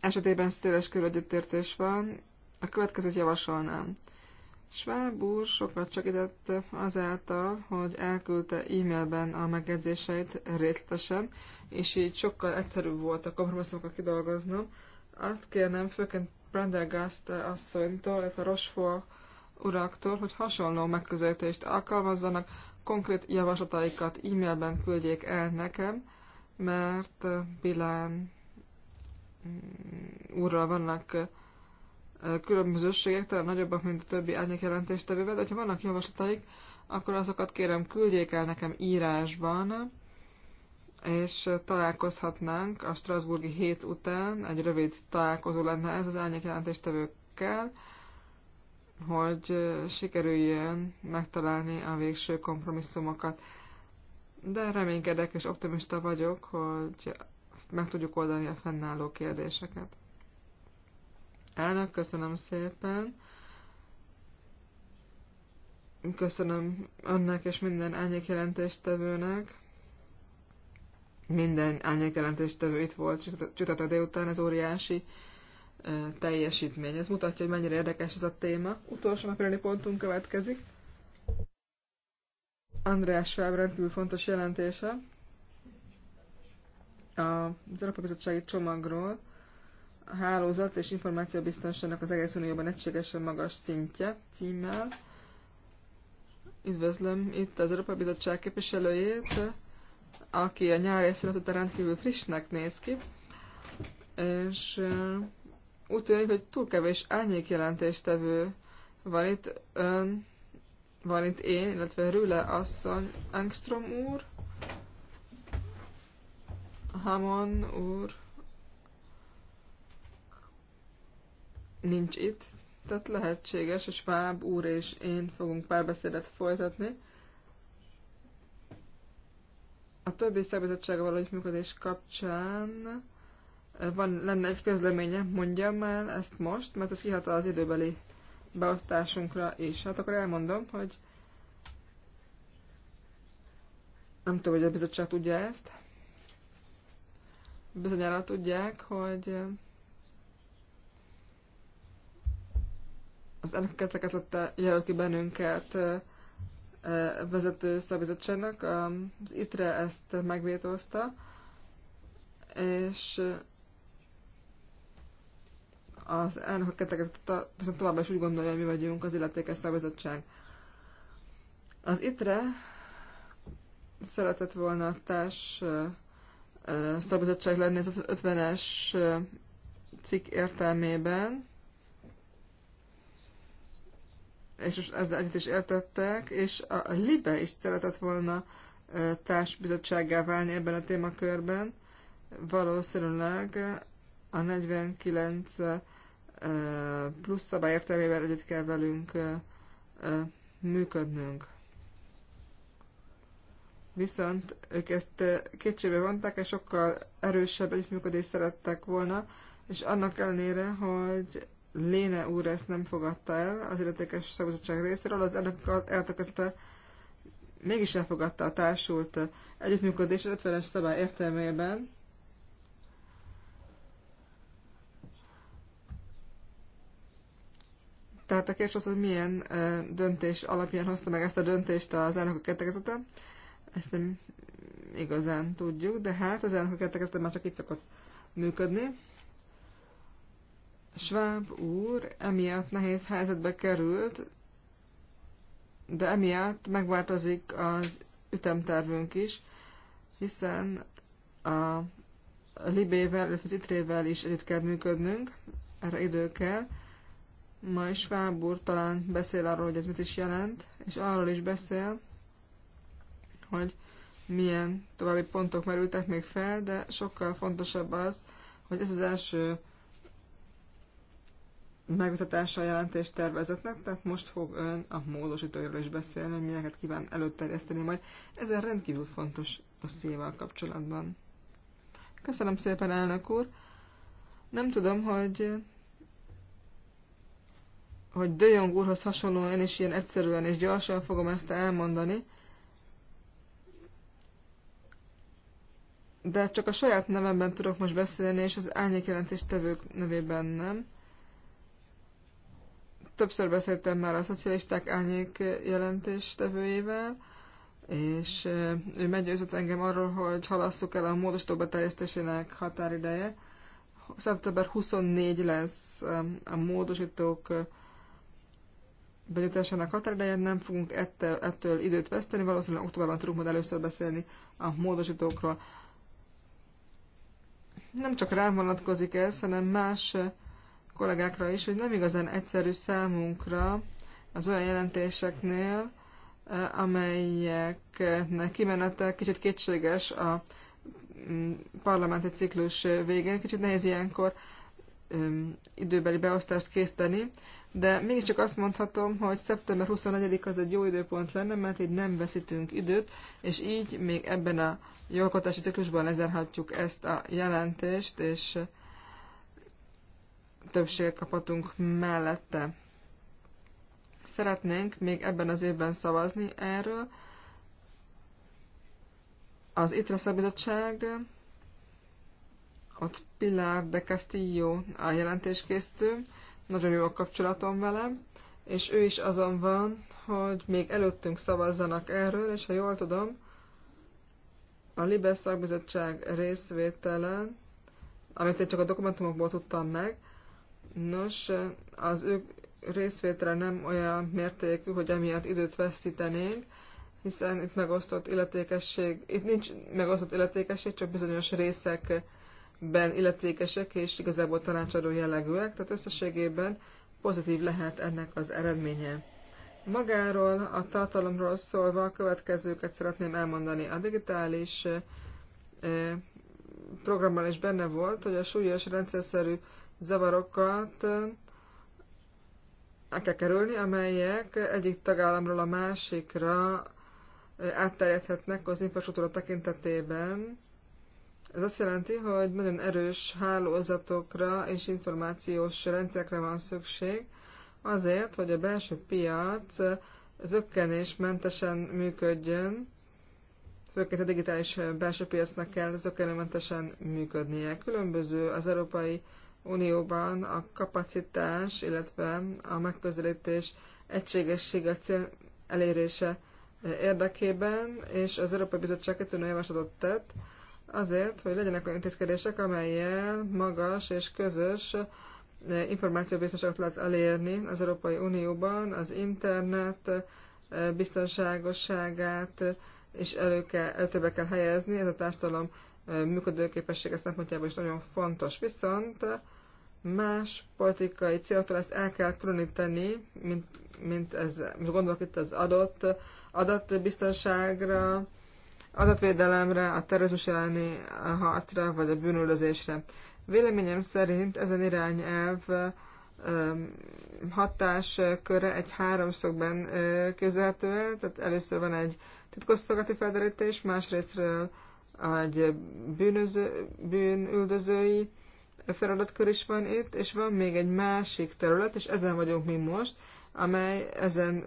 [SPEAKER 3] esetében széles körű egyetértés van, a következőt javasolnám. Schwab úr sokat segített azáltal, hogy elküldte e-mailben a megjegyzéseit részletesen, és így sokkal egyszerűbb volt a kompromisszumokat kidolgoznom. Azt kérnem főként Prendergast asszonytól, illetve Rosfor uraktól, hogy hasonló megközelítést alkalmazzanak, konkrét javaslataikat e-mailben küldjék el nekem, mert Bilán mm, úrral vannak különbözőségek talán nagyobbak, mint a többi árnyék jelentéstevővel, de ha vannak javaslataik, akkor azokat kérem küldjék el nekem írásban, és találkozhatnánk a Strasburgi hét után, egy rövid találkozó lenne ez az árnyék jelentéstevőkkel, hogy sikerüljön megtalálni a végső kompromisszumokat. De reménykedek és optimista vagyok, hogy meg tudjuk oldani a fennálló kérdéseket. Elnök, köszönöm szépen. Köszönöm önnek és minden árnyékjelentéstevőnek. Minden árnyékjelentéstevő itt volt csütörtök délután, ez óriási teljesítmény. Ez mutatja, hogy mennyire érdekes ez a téma. Utolsó napi pontunk következik. András Fáb rendkívül fontos jelentése az Európa Bizottsági Csomagról, hálózat és információbiztonságnak az egész unióban egységesen magas szintje címmel. Üdvözlöm itt az Európai Bizottság képviselőjét, aki a nyári szület után rendkívül frissnek néz ki, és uh, úgy tűnik, hogy túl kevés árnyékjelentéstevő van itt ön, van itt én, illetve Rüle asszony, Angstrom úr, Hamon úr, nincs itt, tehát lehetséges, és Fáb úr és én fogunk párbeszédet folytatni. A többi szervezettsága való működés kapcsán eh, van, lenne egy közleménye, mondjam el ezt most, mert ez kihat az időbeli beosztásunkra is. Hát akkor elmondom, hogy nem tudom, hogy a bizottság tudja ezt. Bizonyára tudják, hogy eh, az elkezdett jelöl ki bennünket vezető szabizottságnak, az ITRE ezt megvétózta, és az elnök ketteket viszont továbbá is úgy gondolja, hogy mi vagyunk az illetékes szabizottság. Az ITRE szeretett volna társ szabizottság lenni az 50-es cikk értelmében, és ezzel együtt is értettek, és a LIBE is szeretett volna társbizottsággá válni ebben a témakörben. Valószínűleg a 49 plusz szabály értelmével együtt kell velünk működnünk. Viszont ők ezt kétségbe vonták, és sokkal erősebb együttműködést szerettek volna, és annak ellenére, hogy Léne úr ezt nem fogadta el az illetékes szakbizottság részéről, az elnök eltökezete mégis elfogadta a társult együttműködés 50-es szabály értelmében. Tehát a kérdés az, hogy milyen döntés alapján hozta meg ezt a döntést az elnökök kettekezete, Ezt nem igazán tudjuk, de hát az elnökök kettekezete már csak itt szokott működni. Schwab úr emiatt nehéz helyzetbe került, de emiatt megváltozik az ütemtervünk is, hiszen a Libével, illetve az Itrével is együtt kell működnünk, erre idő kell. Majd Schwab úr talán beszél arról, hogy ez mit is jelent, és arról is beszél, hogy milyen további pontok merültek még fel, de sokkal fontosabb az, hogy ez az első megvitatása a jelentés tervezetnek, tehát most fog ön a módosítóiról is beszélni, hogy milyeneket kíván előterjeszteni majd ezen rendkívül fontos a kapcsolatban. Köszönöm szépen, elnök úr! Nem tudom, hogy hogy Döjong úrhoz hasonlóan én is ilyen egyszerűen és gyorsan fogom ezt elmondani, de csak a saját nevemben tudok most beszélni, és az jelentéstevők nevében nem. Többször beszéltem már a szocialisták jelentés jelentéstevőjével, és ő meggyőzött engem arról, hogy halasszuk el a módosító beteljesztésének határideje. Szeptember 24 lesz a módosítók benyújtásának határideje, nem fogunk ettől, ettől időt veszteni, valószínűleg októberben tudunk majd először beszélni a módosítókról. Nem csak rám vonatkozik ez, hanem más kollégákra is, hogy nem igazán egyszerű számunkra az olyan jelentéseknél, eh, amelyeknek kimenete kicsit kétséges a mm, parlamenti ciklus végén. Kicsit nehéz ilyenkor mm, időbeli beosztást készteni, de mégiscsak azt mondhatom, hogy szeptember 24 az egy jó időpont lenne, mert így nem veszítünk időt, és így még ebben a jogkotási ciklusban lezárhatjuk ezt a jelentést, és többséget kaphatunk mellette. Szeretnénk még ebben az évben szavazni erről. Az ITRA Szabizottság, ott Pilar de Castillo a jelentéskésztő, nagyon jó a kapcsolatom vele, és ő is azon van, hogy még előttünk szavazzanak erről, és ha jól tudom, a Libes szakbizottság részvételen, amit én csak a dokumentumokból tudtam meg, Nos, az ő részvétre nem olyan mértékű, hogy emiatt időt veszítenénk, hiszen itt megosztott illetékesség, itt nincs megosztott illetékesség, csak bizonyos részekben illetékesek, és igazából tanácsadó jellegűek, tehát összességében pozitív lehet ennek az eredménye. Magáról, a tartalomról szólva a következőket szeretném elmondani. A digitális eh, programban is benne volt, hogy a súlyos rendszerszerű zavarokat el kell kerülni, amelyek egyik tagállamról a másikra eh, átterjedhetnek az infrastruktúra tekintetében. Ez azt jelenti, hogy nagyon erős hálózatokra és információs rendszerekre van szükség, azért, hogy a belső piac zökkenésmentesen működjön, főként a digitális belső piacnak kell zökkenőmentesen működnie. Különböző az európai Unióban a kapacitás, illetve a megközelítés egységessége cél elérése érdekében, és az Európai Bizottság kitűnő javaslatot tett azért, hogy legyenek olyan intézkedések, amelyel magas és közös eh, információbiztonságot lehet elérni az Európai Unióban, az internet eh, biztonságosságát és előke, előtérbe kell helyezni, ez a társadalom működőképessége szempontjából is nagyon fontos. Viszont más politikai céltól ezt el kell különíteni, mint, mint ez, most gondolok itt az adott adatbiztonságra, adatvédelemre, a terrorizmus elleni harcra, vagy a bűnöldözésre. Véleményem szerint ezen irányelv hatásköre egy háromszögben képzelhető el, tehát először van egy titkosszolgati felderítés, másrésztről egy bűnöző, bűnüldözői feladatkör is van itt, és van még egy másik terület, és ezen vagyunk mi most, amely ezen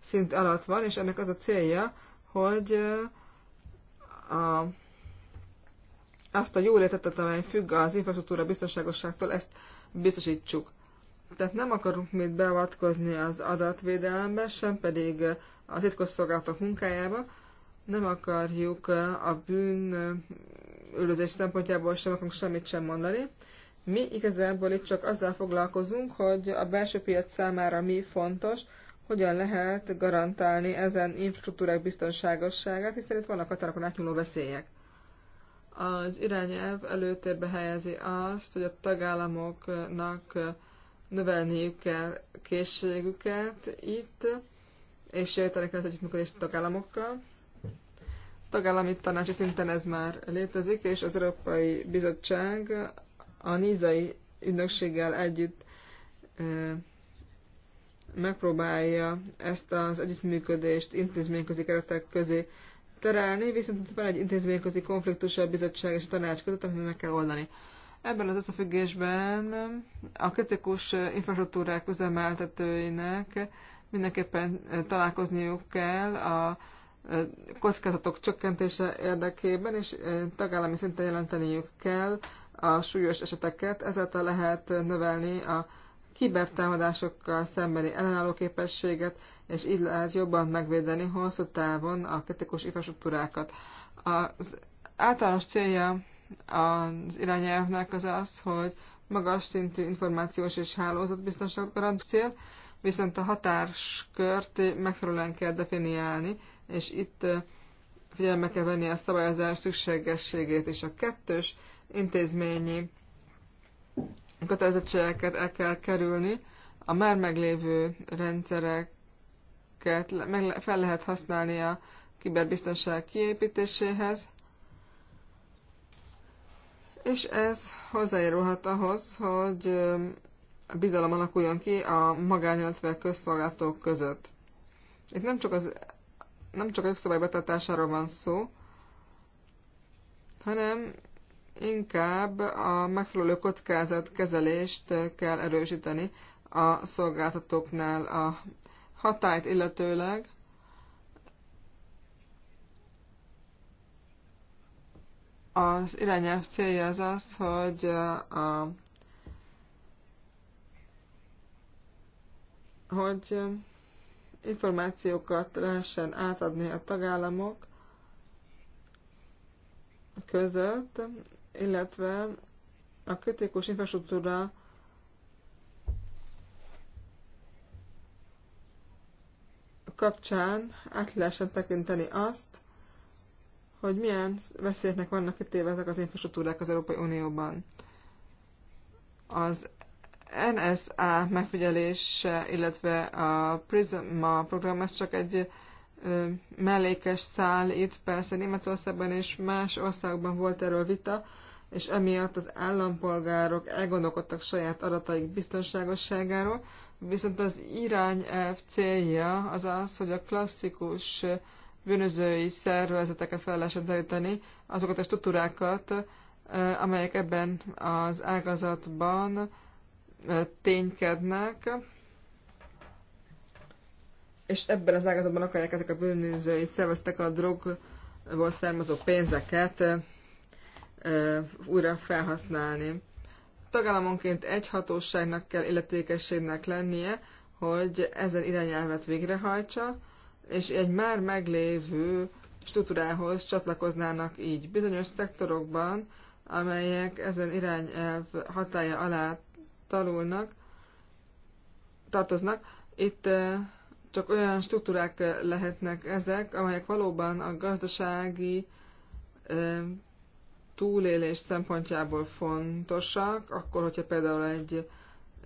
[SPEAKER 3] szint alatt van, és ennek az a célja, hogy a, azt a jólétetet, amely függ az infrastruktúra biztonságosságtól, ezt biztosítsuk. Tehát nem akarunk mit beavatkozni az adatvédelembe, sem pedig a titkosszolgálatok munkájába, nem akarjuk a bűn üldözés szempontjából sem akarunk semmit sem mondani. Mi igazából itt csak azzal foglalkozunk, hogy a belső piac számára mi fontos, hogyan lehet garantálni ezen infrastruktúrák biztonságosságát, hiszen itt vannak határokon átnyúló veszélyek. Az irányelv előtérbe helyezi azt, hogy a tagállamoknak növelniük kell készségüket itt, és javítani kell az együttműködést a tagállamokkal tagállami tanácsi szinten ez már létezik, és az Európai Bizottság a nízai ügynökséggel együtt megpróbálja ezt az együttműködést intézményközi keretek közé terelni, viszont van egy intézményközi konfliktus a bizottság és a tanács között, amit meg kell oldani. Ebben az összefüggésben a kritikus infrastruktúrák üzemeltetőinek mindenképpen találkozniuk kell a kockázatok csökkentése érdekében, és tagállami szinten jelenteniük kell a súlyos eseteket, ezáltal lehet növelni a kibertámadásokkal szembeni ellenálló képességet, és így lehet jobban megvédeni hosszú távon a kritikus infrastruktúrákat. Az általános célja az irányelvnek az az, hogy magas szintű információs és hálózatbiztonságot garantál, viszont a határskört megfelelően kell definiálni, és itt figyelme kell venni a szabályozás szükségességét, és a kettős intézményi kötelezettségeket el kell kerülni, a már meglévő rendszereket fel lehet használni a kiberbiztonság kiépítéséhez, és ez hozzájárulhat ahhoz, hogy a bizalom alakuljon ki a magányeltve közszolgáltók között. Itt nem csak az nem csak a jogszabály betartásáról van szó, hanem inkább a megfelelő kockázatkezelést kell erősíteni a szolgáltatóknál a hatályt illetőleg. Az irányelv célja az az, hogy a hogy információkat lehessen átadni a tagállamok között, illetve a kritikus infrastruktúra kapcsán át lehessen tekinteni azt, hogy milyen veszélyeknek vannak kitéve ezek az infrastruktúrák az Európai Unióban. Az NSA megfigyelés, illetve a Prisma program, ez csak egy mellékes szál itt, persze Németországban és más országban volt erről vita, és emiatt az állampolgárok elgondolkodtak saját adataik biztonságosságáról, viszont az irány célja az az, hogy a klasszikus bűnözői szervezeteket fel lehessen teríteni, azokat a struktúrákat, amelyek ebben az ágazatban ténykednek, és ebben az ágazatban akarják ezek a bűnözői szerveztek a drogból származó pénzeket újra felhasználni. Tagállamonként egy hatóságnak kell illetékességnek lennie, hogy ezen irányelvet végrehajtsa, és egy már meglévő struktúrához csatlakoznának így bizonyos szektorokban, amelyek ezen irányelv hatája alá tanulnak, tartoznak. Itt csak olyan struktúrák lehetnek ezek, amelyek valóban a gazdasági túlélés szempontjából fontosak, akkor, hogyha például egy,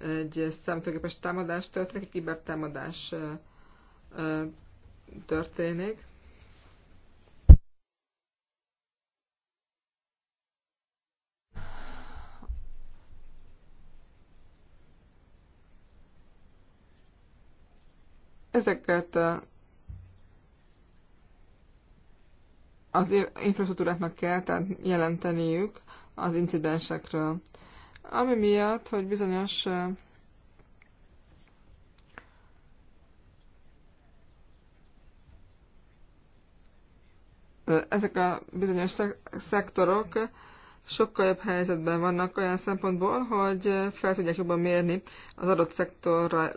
[SPEAKER 3] egy számítógépes támadás történik, egy kibertámadás történik. Ezeket az infrastruktúráknak kell tehát jelenteniük az incidensekről. Ami miatt, hogy bizonyos ezek a bizonyos szektorok sokkal jobb helyzetben vannak olyan szempontból, hogy fel tudják jobban mérni az adott szektorra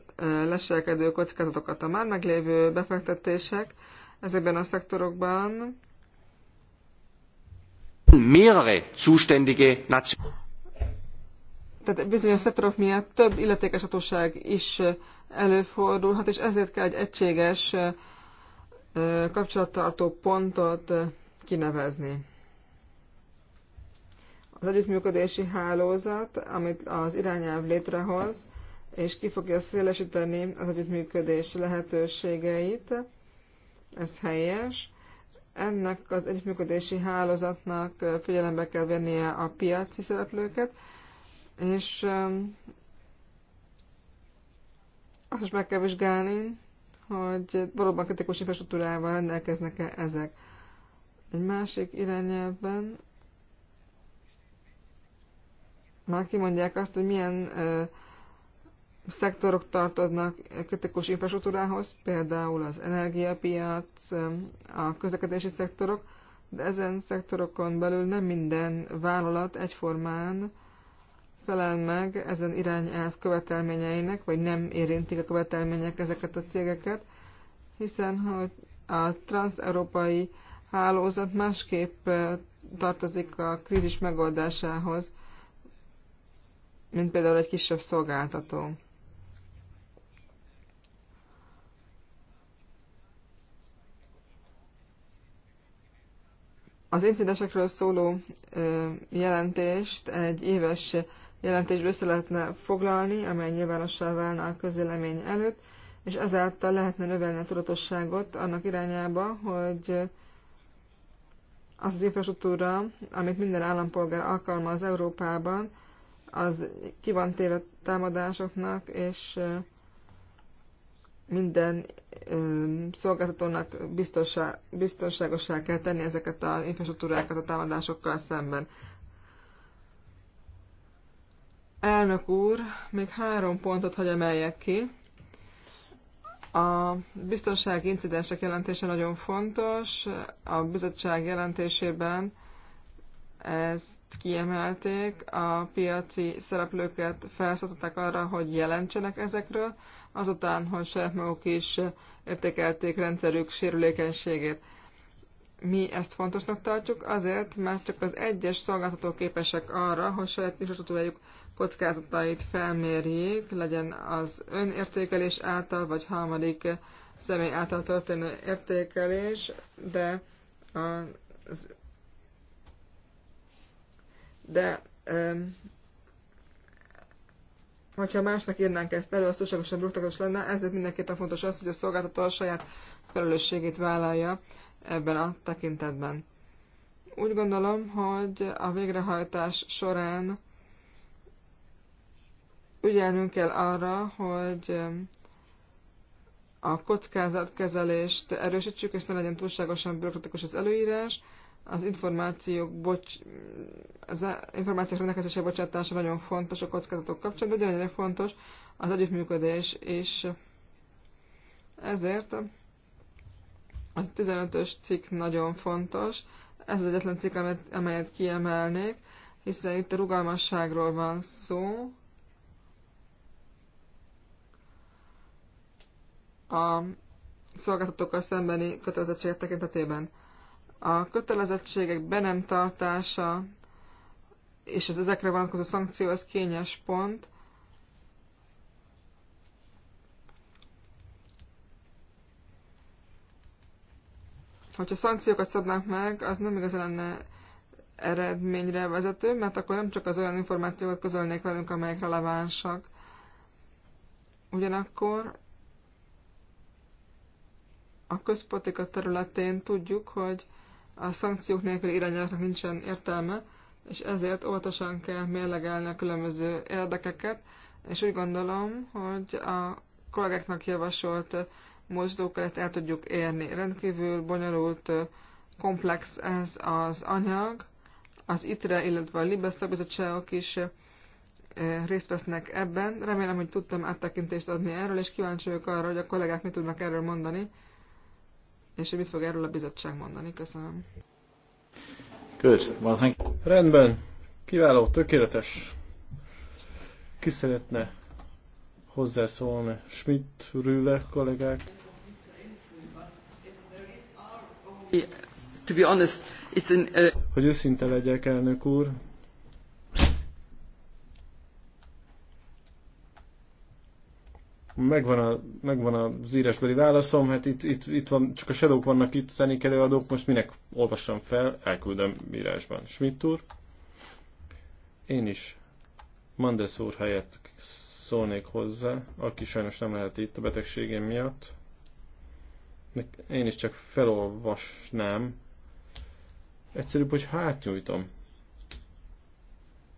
[SPEAKER 3] leselkedő kockázatokat. A már meglévő befektetések ezekben a szektorokban Mérre zuständige tehát bizonyos szektorok miatt több illetékes hatóság is előfordulhat, és ezért kell egy egységes kapcsolattartó pontot kinevezni az együttműködési hálózat, amit az irányelv létrehoz, és ki fogja szélesíteni az együttműködés lehetőségeit. Ez helyes. Ennek az együttműködési hálózatnak figyelembe kell vennie a piaci szereplőket, és um, azt is meg kell vizsgálni, hogy valóban kritikus infrastruktúrával rendelkeznek-e ezek. Egy másik irányelvben már kimondják azt, hogy milyen ö, szektorok tartoznak kritikus infrastruktúrához, például az energiapiac, a közlekedési szektorok, de ezen szektorokon belül nem minden vállalat egyformán felel meg ezen irányelv követelményeinek, vagy nem érintik a követelmények ezeket a cégeket, hiszen hogy a transeurópai hálózat másképp tartozik a krízis megoldásához mint például egy kisebb szolgáltató. Az incidensekről szóló jelentést egy éves jelentésből össze lehetne foglalni, amely nyilvánossá válna a közvélemény előtt, és ezáltal lehetne növelni a tudatosságot annak irányába, hogy az az infrastruktúra, amit minden állampolgár alkalmaz Európában, az ki van téve támadásoknak, és minden szolgáltatónak biztonságosá kell tenni ezeket a infrastruktúrákat a támadásokkal szemben. Elnök úr, még három pontot hagy emeljek ki. A biztonsági incidensek jelentése nagyon fontos. A bizottság jelentésében ezt kiemelték, a piaci szereplőket felszatották arra, hogy jelentsenek ezekről, azután, hogy saját maguk is értékelték rendszerük sérülékenységét. Mi ezt fontosnak tartjuk azért, mert csak az egyes szolgáltató képesek arra, hogy saját infrastruktúrájuk kockázatait felmérjék, legyen az önértékelés által, vagy harmadik személy által történő értékelés, de az de hogyha másnak írnánk ezt elő, az túlságosan bruktakos lenne, ezért mindenképpen fontos az, hogy a szolgáltató a saját felelősségét vállalja ebben a tekintetben. Úgy gondolom, hogy a végrehajtás során ügyelnünk kell arra, hogy a kockázatkezelést erősítsük, és ne legyen túlságosan bürokratikus az előírás, az információk, bocs, az információk rendelkezésre bocsátása nagyon fontos a kockázatok kapcsán, de ugyanannyira fontos az együttműködés, és ezért az 15-ös cikk nagyon fontos. Ez az egyetlen cikk, amelyet, amelyet kiemelnék, hiszen itt a rugalmasságról van szó. A szolgáltatókkal szembeni kötelezettségek tekintetében. A kötelezettségek be nem tartása és az ezekre vonatkozó szankció, ez kényes pont. Hogyha szankciókat szabnánk meg, az nem igazán lenne eredményre vezető, mert akkor nem csak az olyan információkat közölnék velünk, amelyek relevánsak. Ugyanakkor a közpolitika területén tudjuk, hogy a szankciók nélküli irányelvnek nincsen értelme, és ezért óvatosan kell mérlegelni a különböző érdekeket, és úgy gondolom, hogy a kollégáknak javasolt mozdókkal ezt el tudjuk érni. Rendkívül bonyolult, komplex ez az anyag, az ITRE, illetve a LIBE szabizottságok is eh, részt vesznek ebben. Remélem, hogy tudtam áttekintést adni erről, és kíváncsi vagyok arra, hogy a kollégák mit tudnak erről mondani, és hogy mit fog erről a bizottság mondani. Köszönöm.
[SPEAKER 1] Good. Well, thank you. Rendben. Kiváló, tökéletes.
[SPEAKER 2] Ki szeretne hozzászólni? Schmidt, Rühle kollégák? To be honest, it's an, uh... Hogy őszinte legyek, elnök úr, Megvan, a, megvan az írásbeli válaszom, hát itt, itt, itt van, csak a shadow vannak itt, zenék előadók, most minek olvassam fel, elküldöm írásban. Schmidt úr, én is Mandelsz úr helyett szólnék hozzá, aki sajnos nem lehet itt a betegségem miatt. Én is csak felolvasnám. Egyszerűbb, hogy hátnyújtom.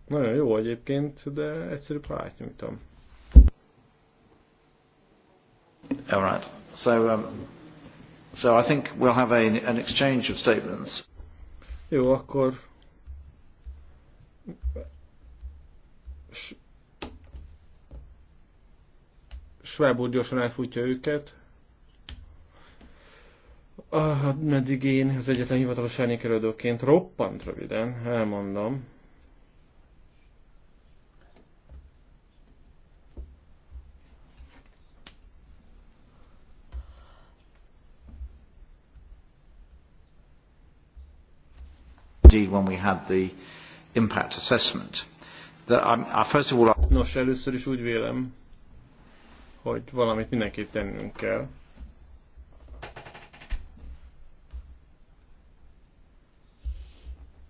[SPEAKER 2] Nagyon jó egyébként, de egyszerűbb, ha átnyújtom.
[SPEAKER 1] All right. So, um, so I think we'll have a, an exchange of statements.
[SPEAKER 2] Jó, akkor Schwab úr gyorsan elfújtja őket. Ah, hát meddig én az egyetlen hivatalos elnékelődőként roppant röviden, elmondom,
[SPEAKER 1] when we had the impact assessment. That I, I first of all... Nos, először is úgy vélem, hogy valamit mindenképp tennünk kell.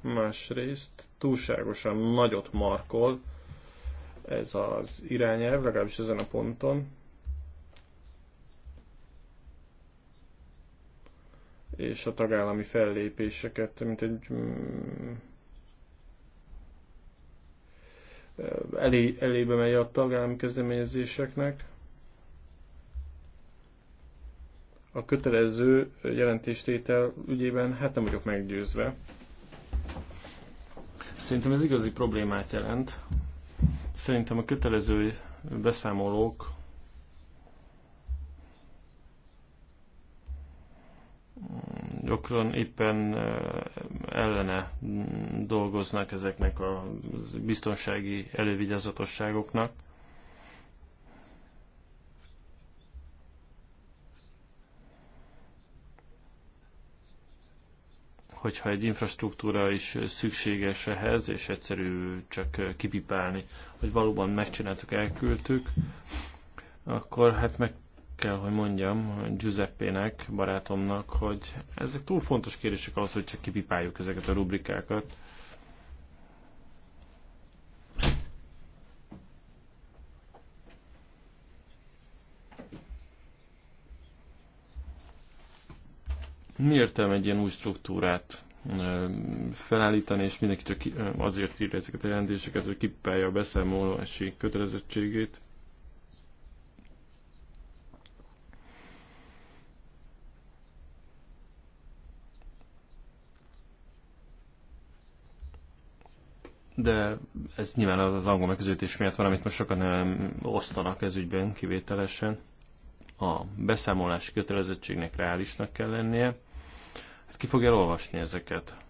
[SPEAKER 2] Másrészt túlságosan nagyot markol ez az irányelv, legalábbis ezen a ponton, és a tagállami fellépéseket, mint egy mm, elé, elébe megy a tagállami kezdeményezéseknek. A kötelező jelentéstétel ügyében hát nem vagyok meggyőzve. Szerintem ez igazi problémát jelent. Szerintem a kötelező beszámolók gyakran éppen ellene dolgoznak ezeknek a biztonsági elővigyázatosságoknak. hogyha egy infrastruktúra is szükséges ehhez, és egyszerű csak kipipálni, hogy valóban megcsináltuk, elküldtük, akkor hát meg kell, hogy mondjam Giuseppének, barátomnak, hogy ezek túl fontos kérdések ahhoz, hogy csak kipipáljuk ezeket a rubrikákat. Mi értelme egy ilyen új struktúrát felállítani, és mindenki csak azért írja ezeket a jelentéseket, hogy kipipálja a beszámolási kötelezettségét. de ez nyilván az angol megközelítés miatt van, amit most sokan nem osztanak ez ügyben kivételesen. A beszámolási kötelezettségnek reálisnak kell lennie. Hát ki fogja olvasni ezeket?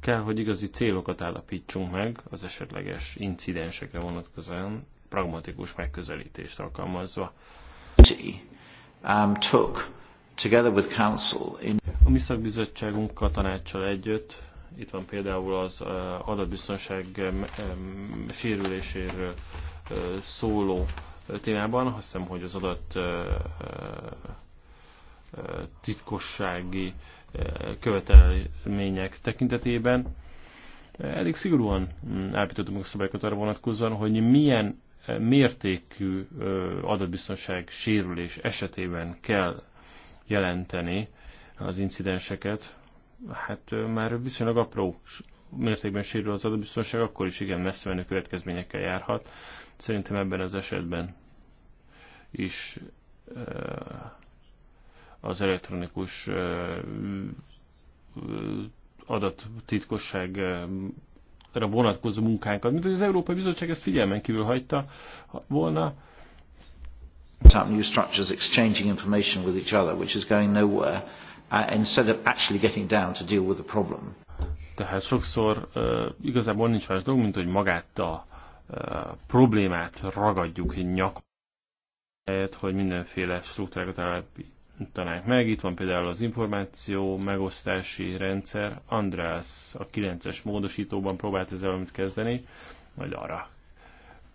[SPEAKER 2] kell, hogy igazi célokat állapítsunk meg az esetleges incidensekre vonatkozóan pragmatikus megközelítést alkalmazva
[SPEAKER 1] um, took together with council in
[SPEAKER 2] a mi tanácssal együtt, itt van például az uh, adatbiztonság um, um, sérüléséről uh, szóló uh, témában, azt hiszem, hogy az adat titkossági követelmények tekintetében elég szigorúan mm, állapítottunk szabályokat arra vonatkozóan, hogy milyen mértékű adatbiztonság sérülés esetében kell jelenteni az incidenseket, hát már viszonylag apró mértékben sérül az adatbiztonság, akkor is igen messze menő következményekkel járhat. Szerintem ebben az esetben is az elektronikus adattitkosság vonatkozó
[SPEAKER 1] munkánkat, mint hogy az Európai Bizottság ezt figyelmen kívül hagyta volna. New structures exchanging information with each other, which is going nowhere, uh, instead of actually getting down to deal with the problem. Tehát sokszor
[SPEAKER 2] uh, igazából nincs más dolog, mint hogy magát a uh, problémát ragadjuk nyakon, hogy mindenféle struktúrákat tanánk meg. Itt van például az információ megosztási rendszer. András a 9-es módosítóban próbált ezzel valamit kezdeni, majd arra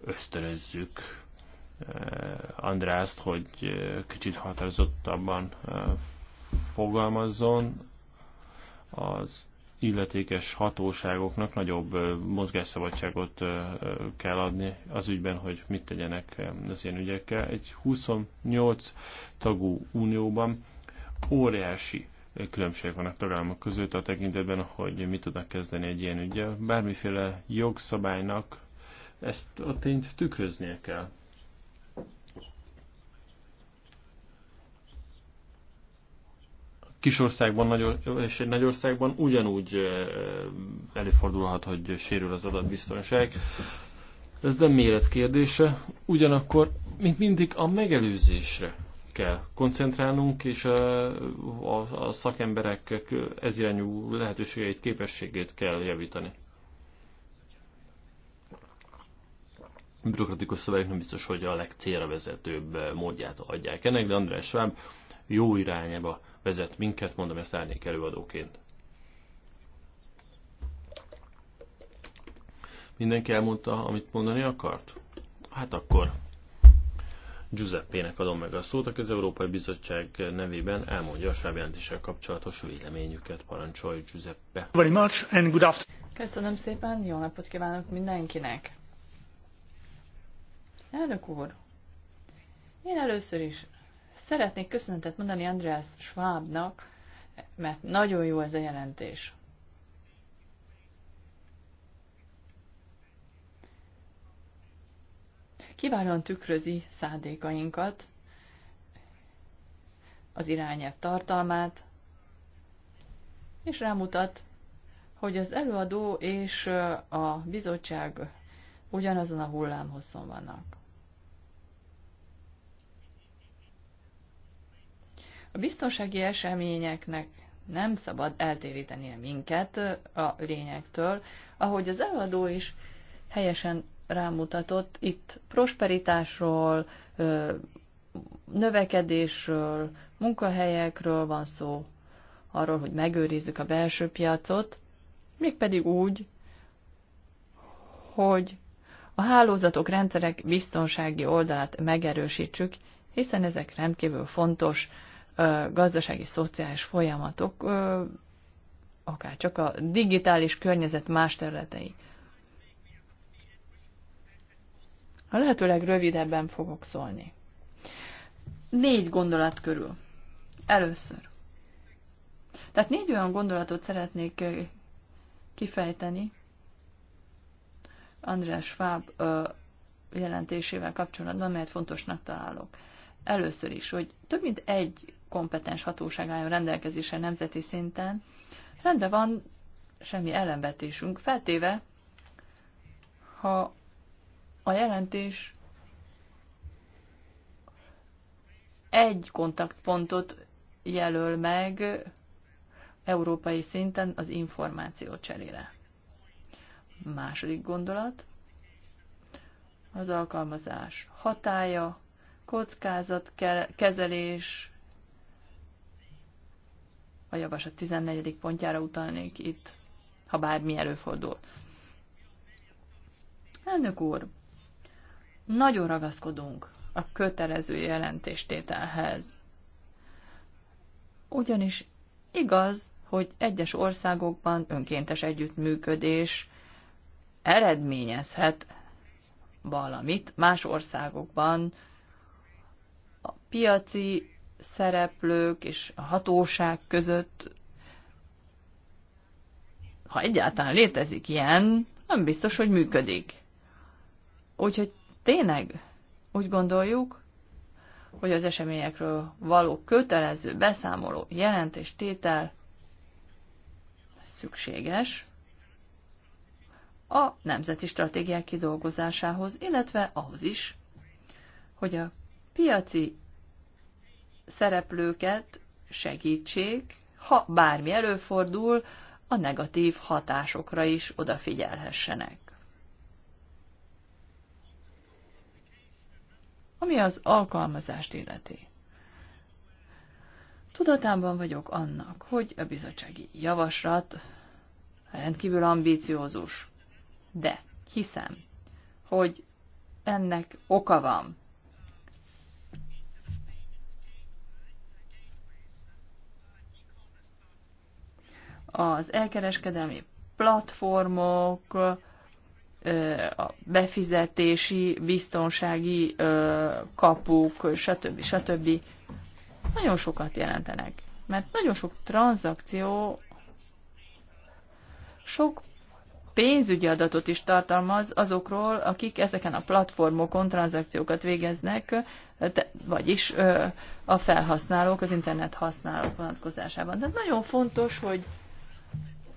[SPEAKER 2] ösztönözzük eh, Andrást, hogy eh, kicsit határozottabban eh, fogalmazzon. Az illetékes hatóságoknak nagyobb mozgásszabadságot kell adni az ügyben, hogy mit tegyenek az ilyen ügyekkel. Egy 28 tagú unióban óriási különbség van a tagállamok között a tekintetben, hogy mit tudnak kezdeni egy ilyen ügyel. Bármiféle jogszabálynak ezt a tényt tükröznie kell. kisországban és egy nagy országban ugyanúgy előfordulhat, hogy sérül az adatbiztonság. Ez nem méret kérdése, ugyanakkor, mint mindig, a megelőzésre kell koncentrálnunk, és a, a, a szakemberek irányú lehetőségeit, képességét kell javítani. A bürokratikus szövegek nem biztos, hogy a legcélra vezetőbb módját adják ennek, de András Schwab jó irányába vezet minket, mondom ezt árnyék előadóként. Mindenki elmondta, amit mondani akart? Hát akkor Giuseppének adom meg a szót, aki az Európai Bizottság nevében elmondja a sávjelentéssel kapcsolatos véleményüket. Parancsolj Giuseppe!
[SPEAKER 5] Very much and good afternoon.
[SPEAKER 4] Köszönöm szépen, jó napot kívánok mindenkinek! Elnök úr, én először is Szeretnék köszönetet mondani András Schwabnak, mert nagyon jó ez a jelentés. Kiválóan tükrözi szándékainkat, az irányelv tartalmát, és rámutat, hogy az előadó és a bizottság ugyanazon a hullámhosszon vannak. A biztonsági eseményeknek nem szabad eltérítenie minket a lényektől, ahogy az előadó is helyesen rámutatott, itt prosperitásról, növekedésről, munkahelyekről van szó, arról, hogy megőrizzük a belső piacot, mégpedig úgy, hogy a hálózatok, rendszerek biztonsági oldalát megerősítsük, hiszen ezek rendkívül fontos gazdasági szociális folyamatok, akár csak a digitális környezet más területei. A lehetőleg rövidebben fogok szólni. Négy gondolat körül. Először. Tehát négy olyan gondolatot szeretnék kifejteni András Schwab jelentésével kapcsolatban, mert fontosnak találok. Először is, hogy több mint egy kompetens hatóság álljon rendelkezésre nemzeti szinten, rendben van, semmi ellenvetésünk, feltéve, ha a jelentés egy kontaktpontot jelöl meg európai szinten az információ cserére. Második gondolat, az alkalmazás hatája, kockázatkezelés, a javaslat 14. pontjára utalnék itt, ha bármi előfordul. Elnök úr, nagyon ragaszkodunk a kötelező jelentéstételhez. Ugyanis igaz, hogy egyes országokban önkéntes együttműködés eredményezhet valamit, más országokban a piaci szereplők és a hatóság között, ha egyáltalán létezik ilyen, nem biztos, hogy működik. Úgyhogy tényleg úgy gondoljuk, hogy az eseményekről való kötelező beszámoló jelentéstétel szükséges a nemzeti stratégiák kidolgozásához, illetve ahhoz is, hogy a piaci szereplőket segítsék, ha bármi előfordul, a negatív hatásokra is odafigyelhessenek. Ami az alkalmazást illeti. Tudatában vagyok annak, hogy a bizottsági javaslat rendkívül ambíciózus, de hiszem, hogy ennek oka van. az elkereskedelmi platformok, a befizetési, biztonsági kapuk, stb. stb. nagyon sokat jelentenek. Mert nagyon sok tranzakció sok pénzügyi adatot is tartalmaz azokról, akik ezeken a platformokon tranzakciókat végeznek, vagyis a felhasználók, az internet használók vonatkozásában. Tehát nagyon fontos, hogy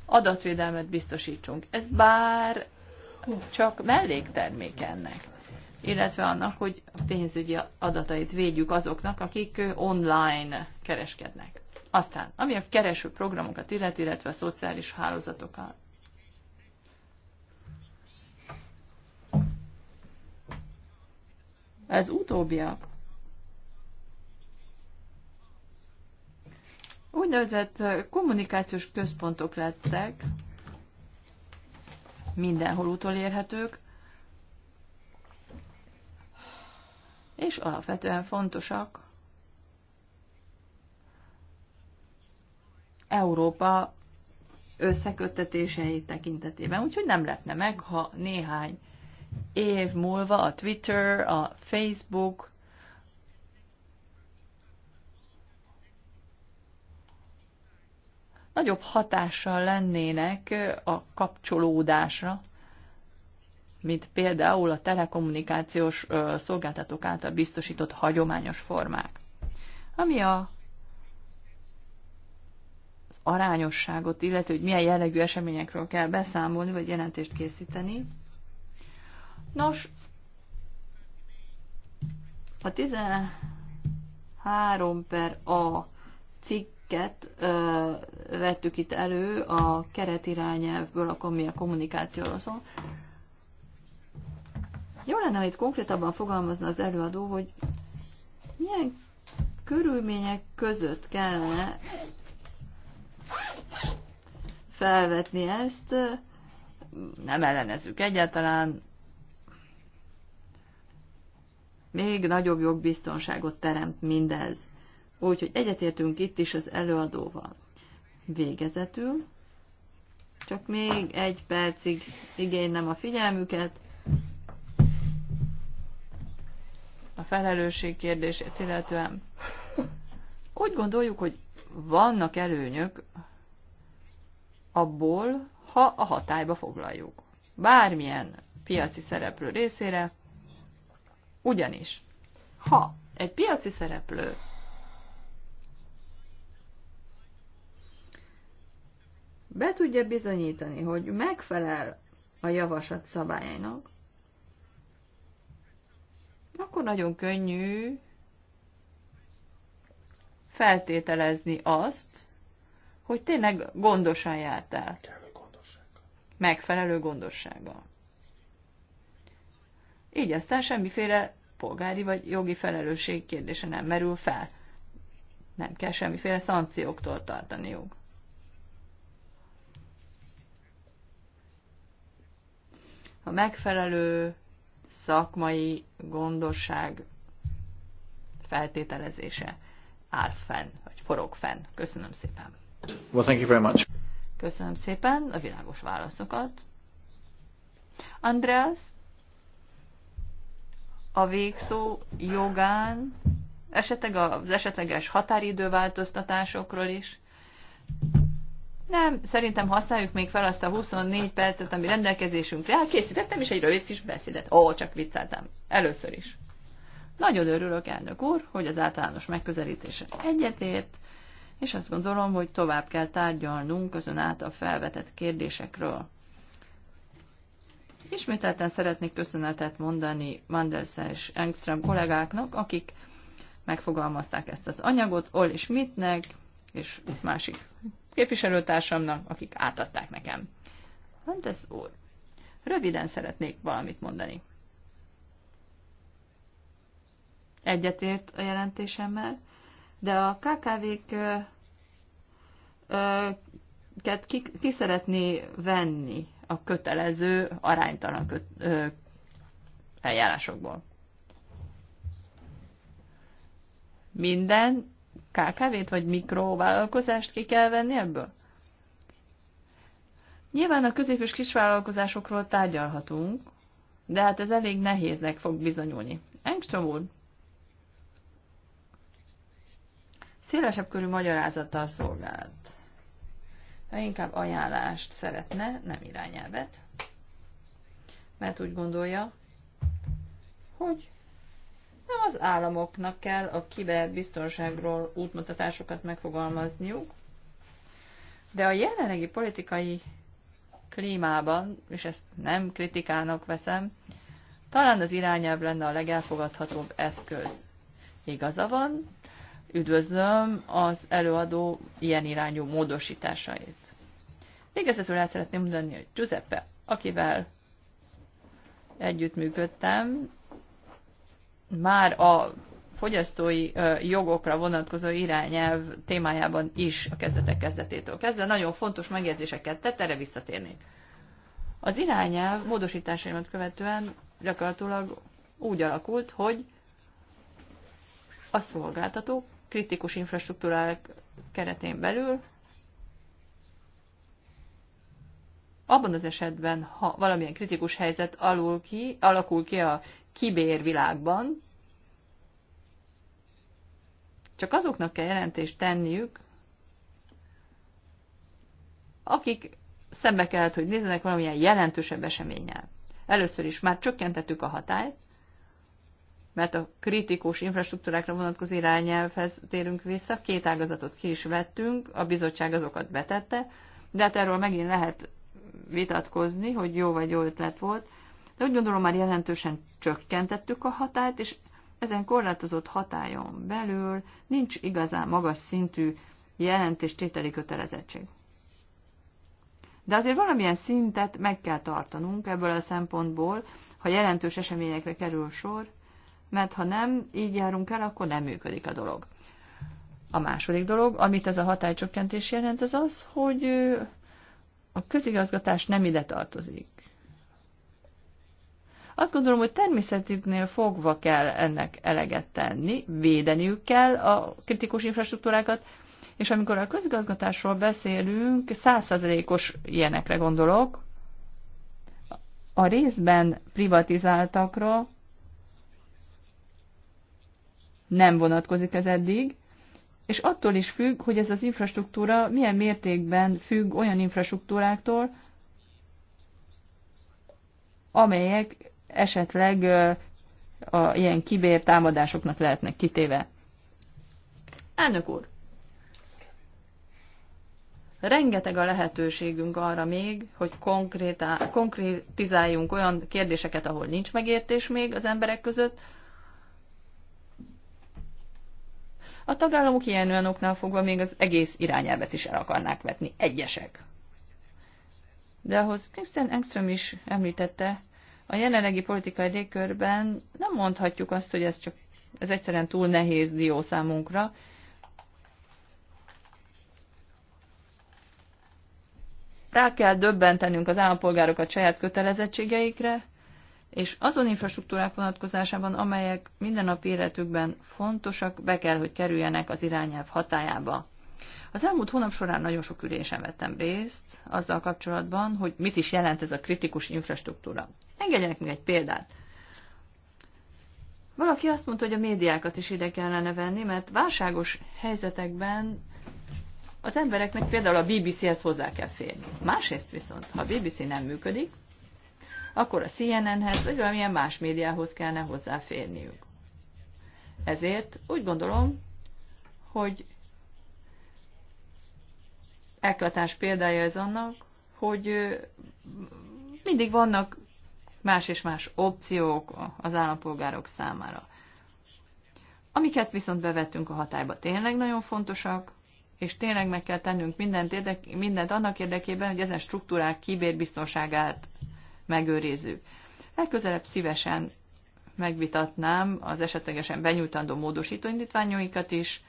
[SPEAKER 4] adatvédelmet biztosítsunk. Ez bár csak melléktermék ennek, illetve annak, hogy a pénzügyi adatait védjük azoknak, akik online kereskednek. Aztán, ami a kereső programokat illet, illetve a szociális hálózatokat. Ez utóbbiak úgynevezett kommunikációs központok lettek, mindenhol utolérhetők, és alapvetően fontosak Európa összeköttetései tekintetében. Úgyhogy nem lepne meg, ha néhány év múlva a Twitter, a Facebook nagyobb hatással lennének a kapcsolódásra, mint például a telekommunikációs szolgáltatók által biztosított hagyományos formák. Ami a arányosságot, illetve hogy milyen jellegű eseményekről kell beszámolni, vagy jelentést készíteni. Nos, a 13 per a cikk cikket ö, vettük itt elő a keretirányelvből, akkor mi a kommunikációról szól. Jó lenne, ha itt konkrétabban fogalmazna az előadó, hogy milyen körülmények között kellene felvetni ezt, nem ellenezzük egyáltalán, még nagyobb jogbiztonságot teremt mindez úgyhogy egyetértünk itt is az előadóval. Végezetül, csak még egy percig igénylem a figyelmüket, a felelősség kérdését illetően. Úgy gondoljuk, hogy vannak előnyök abból, ha a hatályba foglaljuk. Bármilyen piaci szereplő részére, ugyanis, ha egy piaci szereplő be tudja bizonyítani, hogy megfelel a javaslat szabályainak, akkor nagyon könnyű feltételezni azt, hogy tényleg gondosan jártál. Megfelelő gondossággal. Így aztán semmiféle polgári vagy jogi felelősség kérdése nem merül fel. Nem kell semmiféle szankcióktól tartaniuk. a megfelelő szakmai gondosság feltételezése áll fenn, vagy forog fenn. Köszönöm szépen.
[SPEAKER 1] Well, thank you very much.
[SPEAKER 4] Köszönöm szépen a világos válaszokat. Andreas, a végszó jogán, esetleg az esetleges határidőváltoztatásokról is nem, szerintem használjuk még fel azt a 24 percet, ami rendelkezésünkre. áll. készítettem is egy rövid kis beszédet. Ó, csak vicceltem. Először is. Nagyon örülök, elnök úr, hogy az általános megközelítése egyetért, és azt gondolom, hogy tovább kell tárgyalnunk azon által felvetett kérdésekről. Ismételten szeretnék köszönetet mondani Mandelsen és Engström kollégáknak, akik megfogalmazták ezt az anyagot, Ol és Mitnek, és másik képviselőtársamnak, akik átadták nekem. Hát ez úr. Röviden szeretnék valamit mondani. Egyetért a jelentésemmel, de a KKV-k ket ki, ki szeretné venni a kötelező, aránytalan köt, ö, eljárásokból. Minden KKV-t vagy mikrovállalkozást ki kell venni ebből? Nyilván a közép- és kisvállalkozásokról tárgyalhatunk, de hát ez elég nehéznek fog bizonyulni. Engstrom úr, szélesebb körű magyarázattal szolgált. Ha inkább ajánlást szeretne, nem irányelvet, mert úgy gondolja, hogy nem az államoknak kell a kiberbiztonságról útmutatásokat megfogalmazniuk, de a jelenlegi politikai klímában, és ezt nem kritikának veszem, talán az irányelv lenne a legelfogadhatóbb eszköz. Igaza van, üdvözlöm az előadó ilyen irányú módosításait. Végezetül el szeretném mondani, hogy Giuseppe, akivel együttműködtem, már a fogyasztói jogokra vonatkozó irányelv témájában is a kezdetek kezdetétől kezdve nagyon fontos megjegyzéseket tett, erre visszatérnék. Az irányelv módosításaimat követően gyakorlatilag úgy alakult, hogy a szolgáltatók kritikus infrastruktúrák keretén belül abban az esetben, ha valamilyen kritikus helyzet alul ki, alakul ki a kibérvilágban. Csak azoknak kell jelentést tenniük, akik szembe kellett, hogy nézzenek valamilyen jelentősebb eseménnyel. Először is már csökkentettük a hatályt, mert a kritikus infrastruktúrákra vonatkozó irányelvhez térünk vissza, két ágazatot ki is vettünk, a bizottság azokat betette, de hát erről megint lehet vitatkozni, hogy jó vagy jó ötlet volt, de úgy gondolom már jelentősen csökkentettük a hatályt, és ezen korlátozott hatályon belül nincs igazán magas szintű jelentéstételi kötelezettség. De azért valamilyen szintet meg kell tartanunk ebből a szempontból, ha jelentős eseményekre kerül sor, mert ha nem így járunk el, akkor nem működik a dolog. A második dolog, amit ez a hatálycsökkentés jelent, az az, hogy a közigazgatás nem ide tartozik. Azt gondolom, hogy természetüknél fogva kell ennek eleget tenni, védeniük kell a kritikus infrastruktúrákat, és amikor a közgazgatásról beszélünk, százszerzelékos ilyenekre gondolok, a részben privatizáltakra nem vonatkozik ez eddig, és attól is függ, hogy ez az infrastruktúra milyen mértékben függ olyan infrastruktúráktól, amelyek esetleg a ilyen kibér támadásoknak lehetnek kitéve. Elnök úr, rengeteg a lehetőségünk arra még, hogy konkrétizáljunk olyan kérdéseket, ahol nincs megértés még az emberek között. A tagállamok ilyen olyanoknál fogva még az egész irányelvet is el akarnák vetni, egyesek. De ahhoz Christian Engström is említette, a jelenlegi politikai légkörben nem mondhatjuk azt, hogy ez csak ez egyszerűen túl nehéz dió számunkra. Rá kell döbbentenünk az állampolgárokat saját kötelezettségeikre, és azon infrastruktúrák vonatkozásában, amelyek minden nap életükben fontosak, be kell, hogy kerüljenek az irányelv hatájába. Az elmúlt hónap során nagyon sok ülésen vettem részt azzal kapcsolatban, hogy mit is jelent ez a kritikus infrastruktúra. Engedjenek meg egy példát. Valaki azt mondta, hogy a médiákat is ide kellene venni, mert válságos helyzetekben az embereknek például a BBC-hez hozzá kell férni. Másrészt viszont, ha a BBC nem működik, akkor a CNN-hez vagy valamilyen más médiához kellene hozzáférniük. Ezért úgy gondolom, hogy eklatás példája ez annak, hogy mindig vannak más és más opciók az állampolgárok számára. Amiket viszont bevettünk a hatályba, tényleg nagyon fontosak, és tényleg meg kell tennünk mindent, érdek, mindent annak érdekében, hogy ezen struktúrák kibérbiztonságát megőrizzük. Legközelebb szívesen megvitatnám az esetlegesen benyújtandó módosító indítványokat is,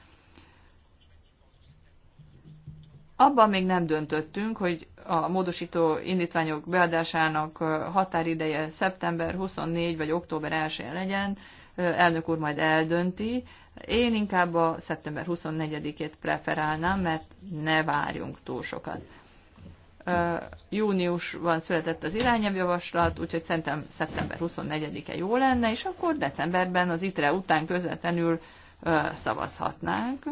[SPEAKER 4] Abban még nem döntöttünk, hogy a módosító indítványok beadásának határideje szeptember 24 vagy október 1-én legyen, elnök úr majd eldönti. Én inkább a szeptember 24-ét preferálnám, mert ne várjunk túl sokat. Júniusban született az irányelvjavaslat, úgyhogy szerintem szeptember 24-e jó lenne, és akkor decemberben az ITRE után közvetlenül szavazhatnánk,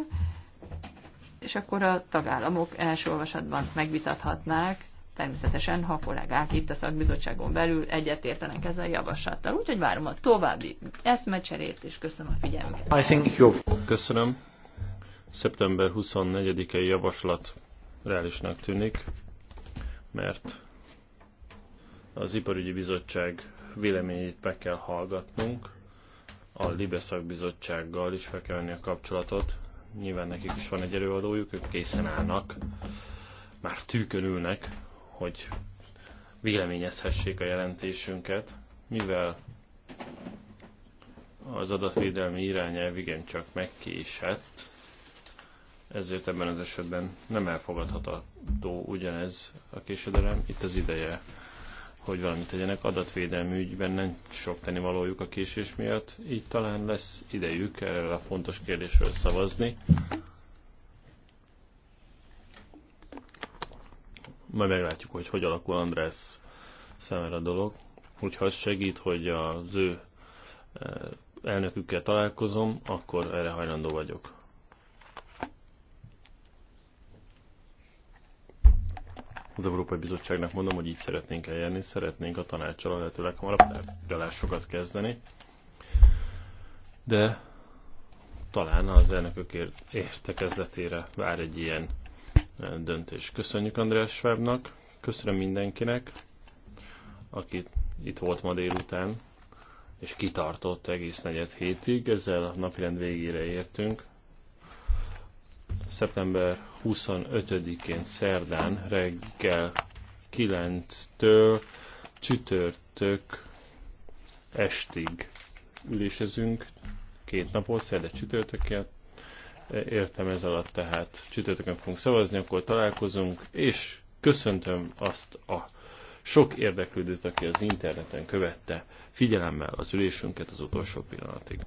[SPEAKER 4] és akkor a tagállamok első olvasatban megvitathatnák, természetesen, ha a kollégák itt a szakbizottságon belül egyetértenek ezzel a javaslattal. Úgyhogy várom a további eszmecserét, és köszönöm a figyelmet. I think
[SPEAKER 2] you're... Köszönöm. Szeptember 24-i javaslat reálisnak tűnik, mert az Iparügyi Bizottság véleményét meg kell hallgatnunk, a Libe szakbizottsággal is fel kell venni a kapcsolatot, Nyilván nekik is van egy előadójuk, ők készen állnak, már tűkön ülnek, hogy véleményezhessék a jelentésünket, mivel az adatvédelmi irányelv igencsak megkésett, ezért ebben az esetben nem elfogadható ugyanez a késedelem. Itt az ideje hogy valamit tegyenek adatvédelmi ügyben, nem sok tennivalójuk a késés miatt, így talán lesz idejük erre a fontos kérdésről szavazni. Majd meglátjuk, hogy hogy alakul András szemére a dolog. Hogyha az segít, hogy az ő eh, elnökükkel találkozom, akkor erre hajlandó vagyok. az Európai Bizottságnak mondom, hogy így szeretnénk eljárni, szeretnénk a tanácssal a lehető leghamarabb tárgyalásokat kezdeni, de talán az elnökök értekezletére vár egy ilyen e, döntés. Köszönjük András Schwabnak, köszönöm mindenkinek, aki itt volt ma délután, és kitartott egész negyed hétig, ezzel a napirend végére értünk. Szeptember 25-én szerdán reggel 9-től csütörtök estig ülésezünk két napot, szerde csütörtöket, értem ez alatt, tehát csütörtökön fogunk szavazni, akkor találkozunk, és köszöntöm azt a sok érdeklődőt, aki az interneten követte figyelemmel az ülésünket az utolsó pillanatig.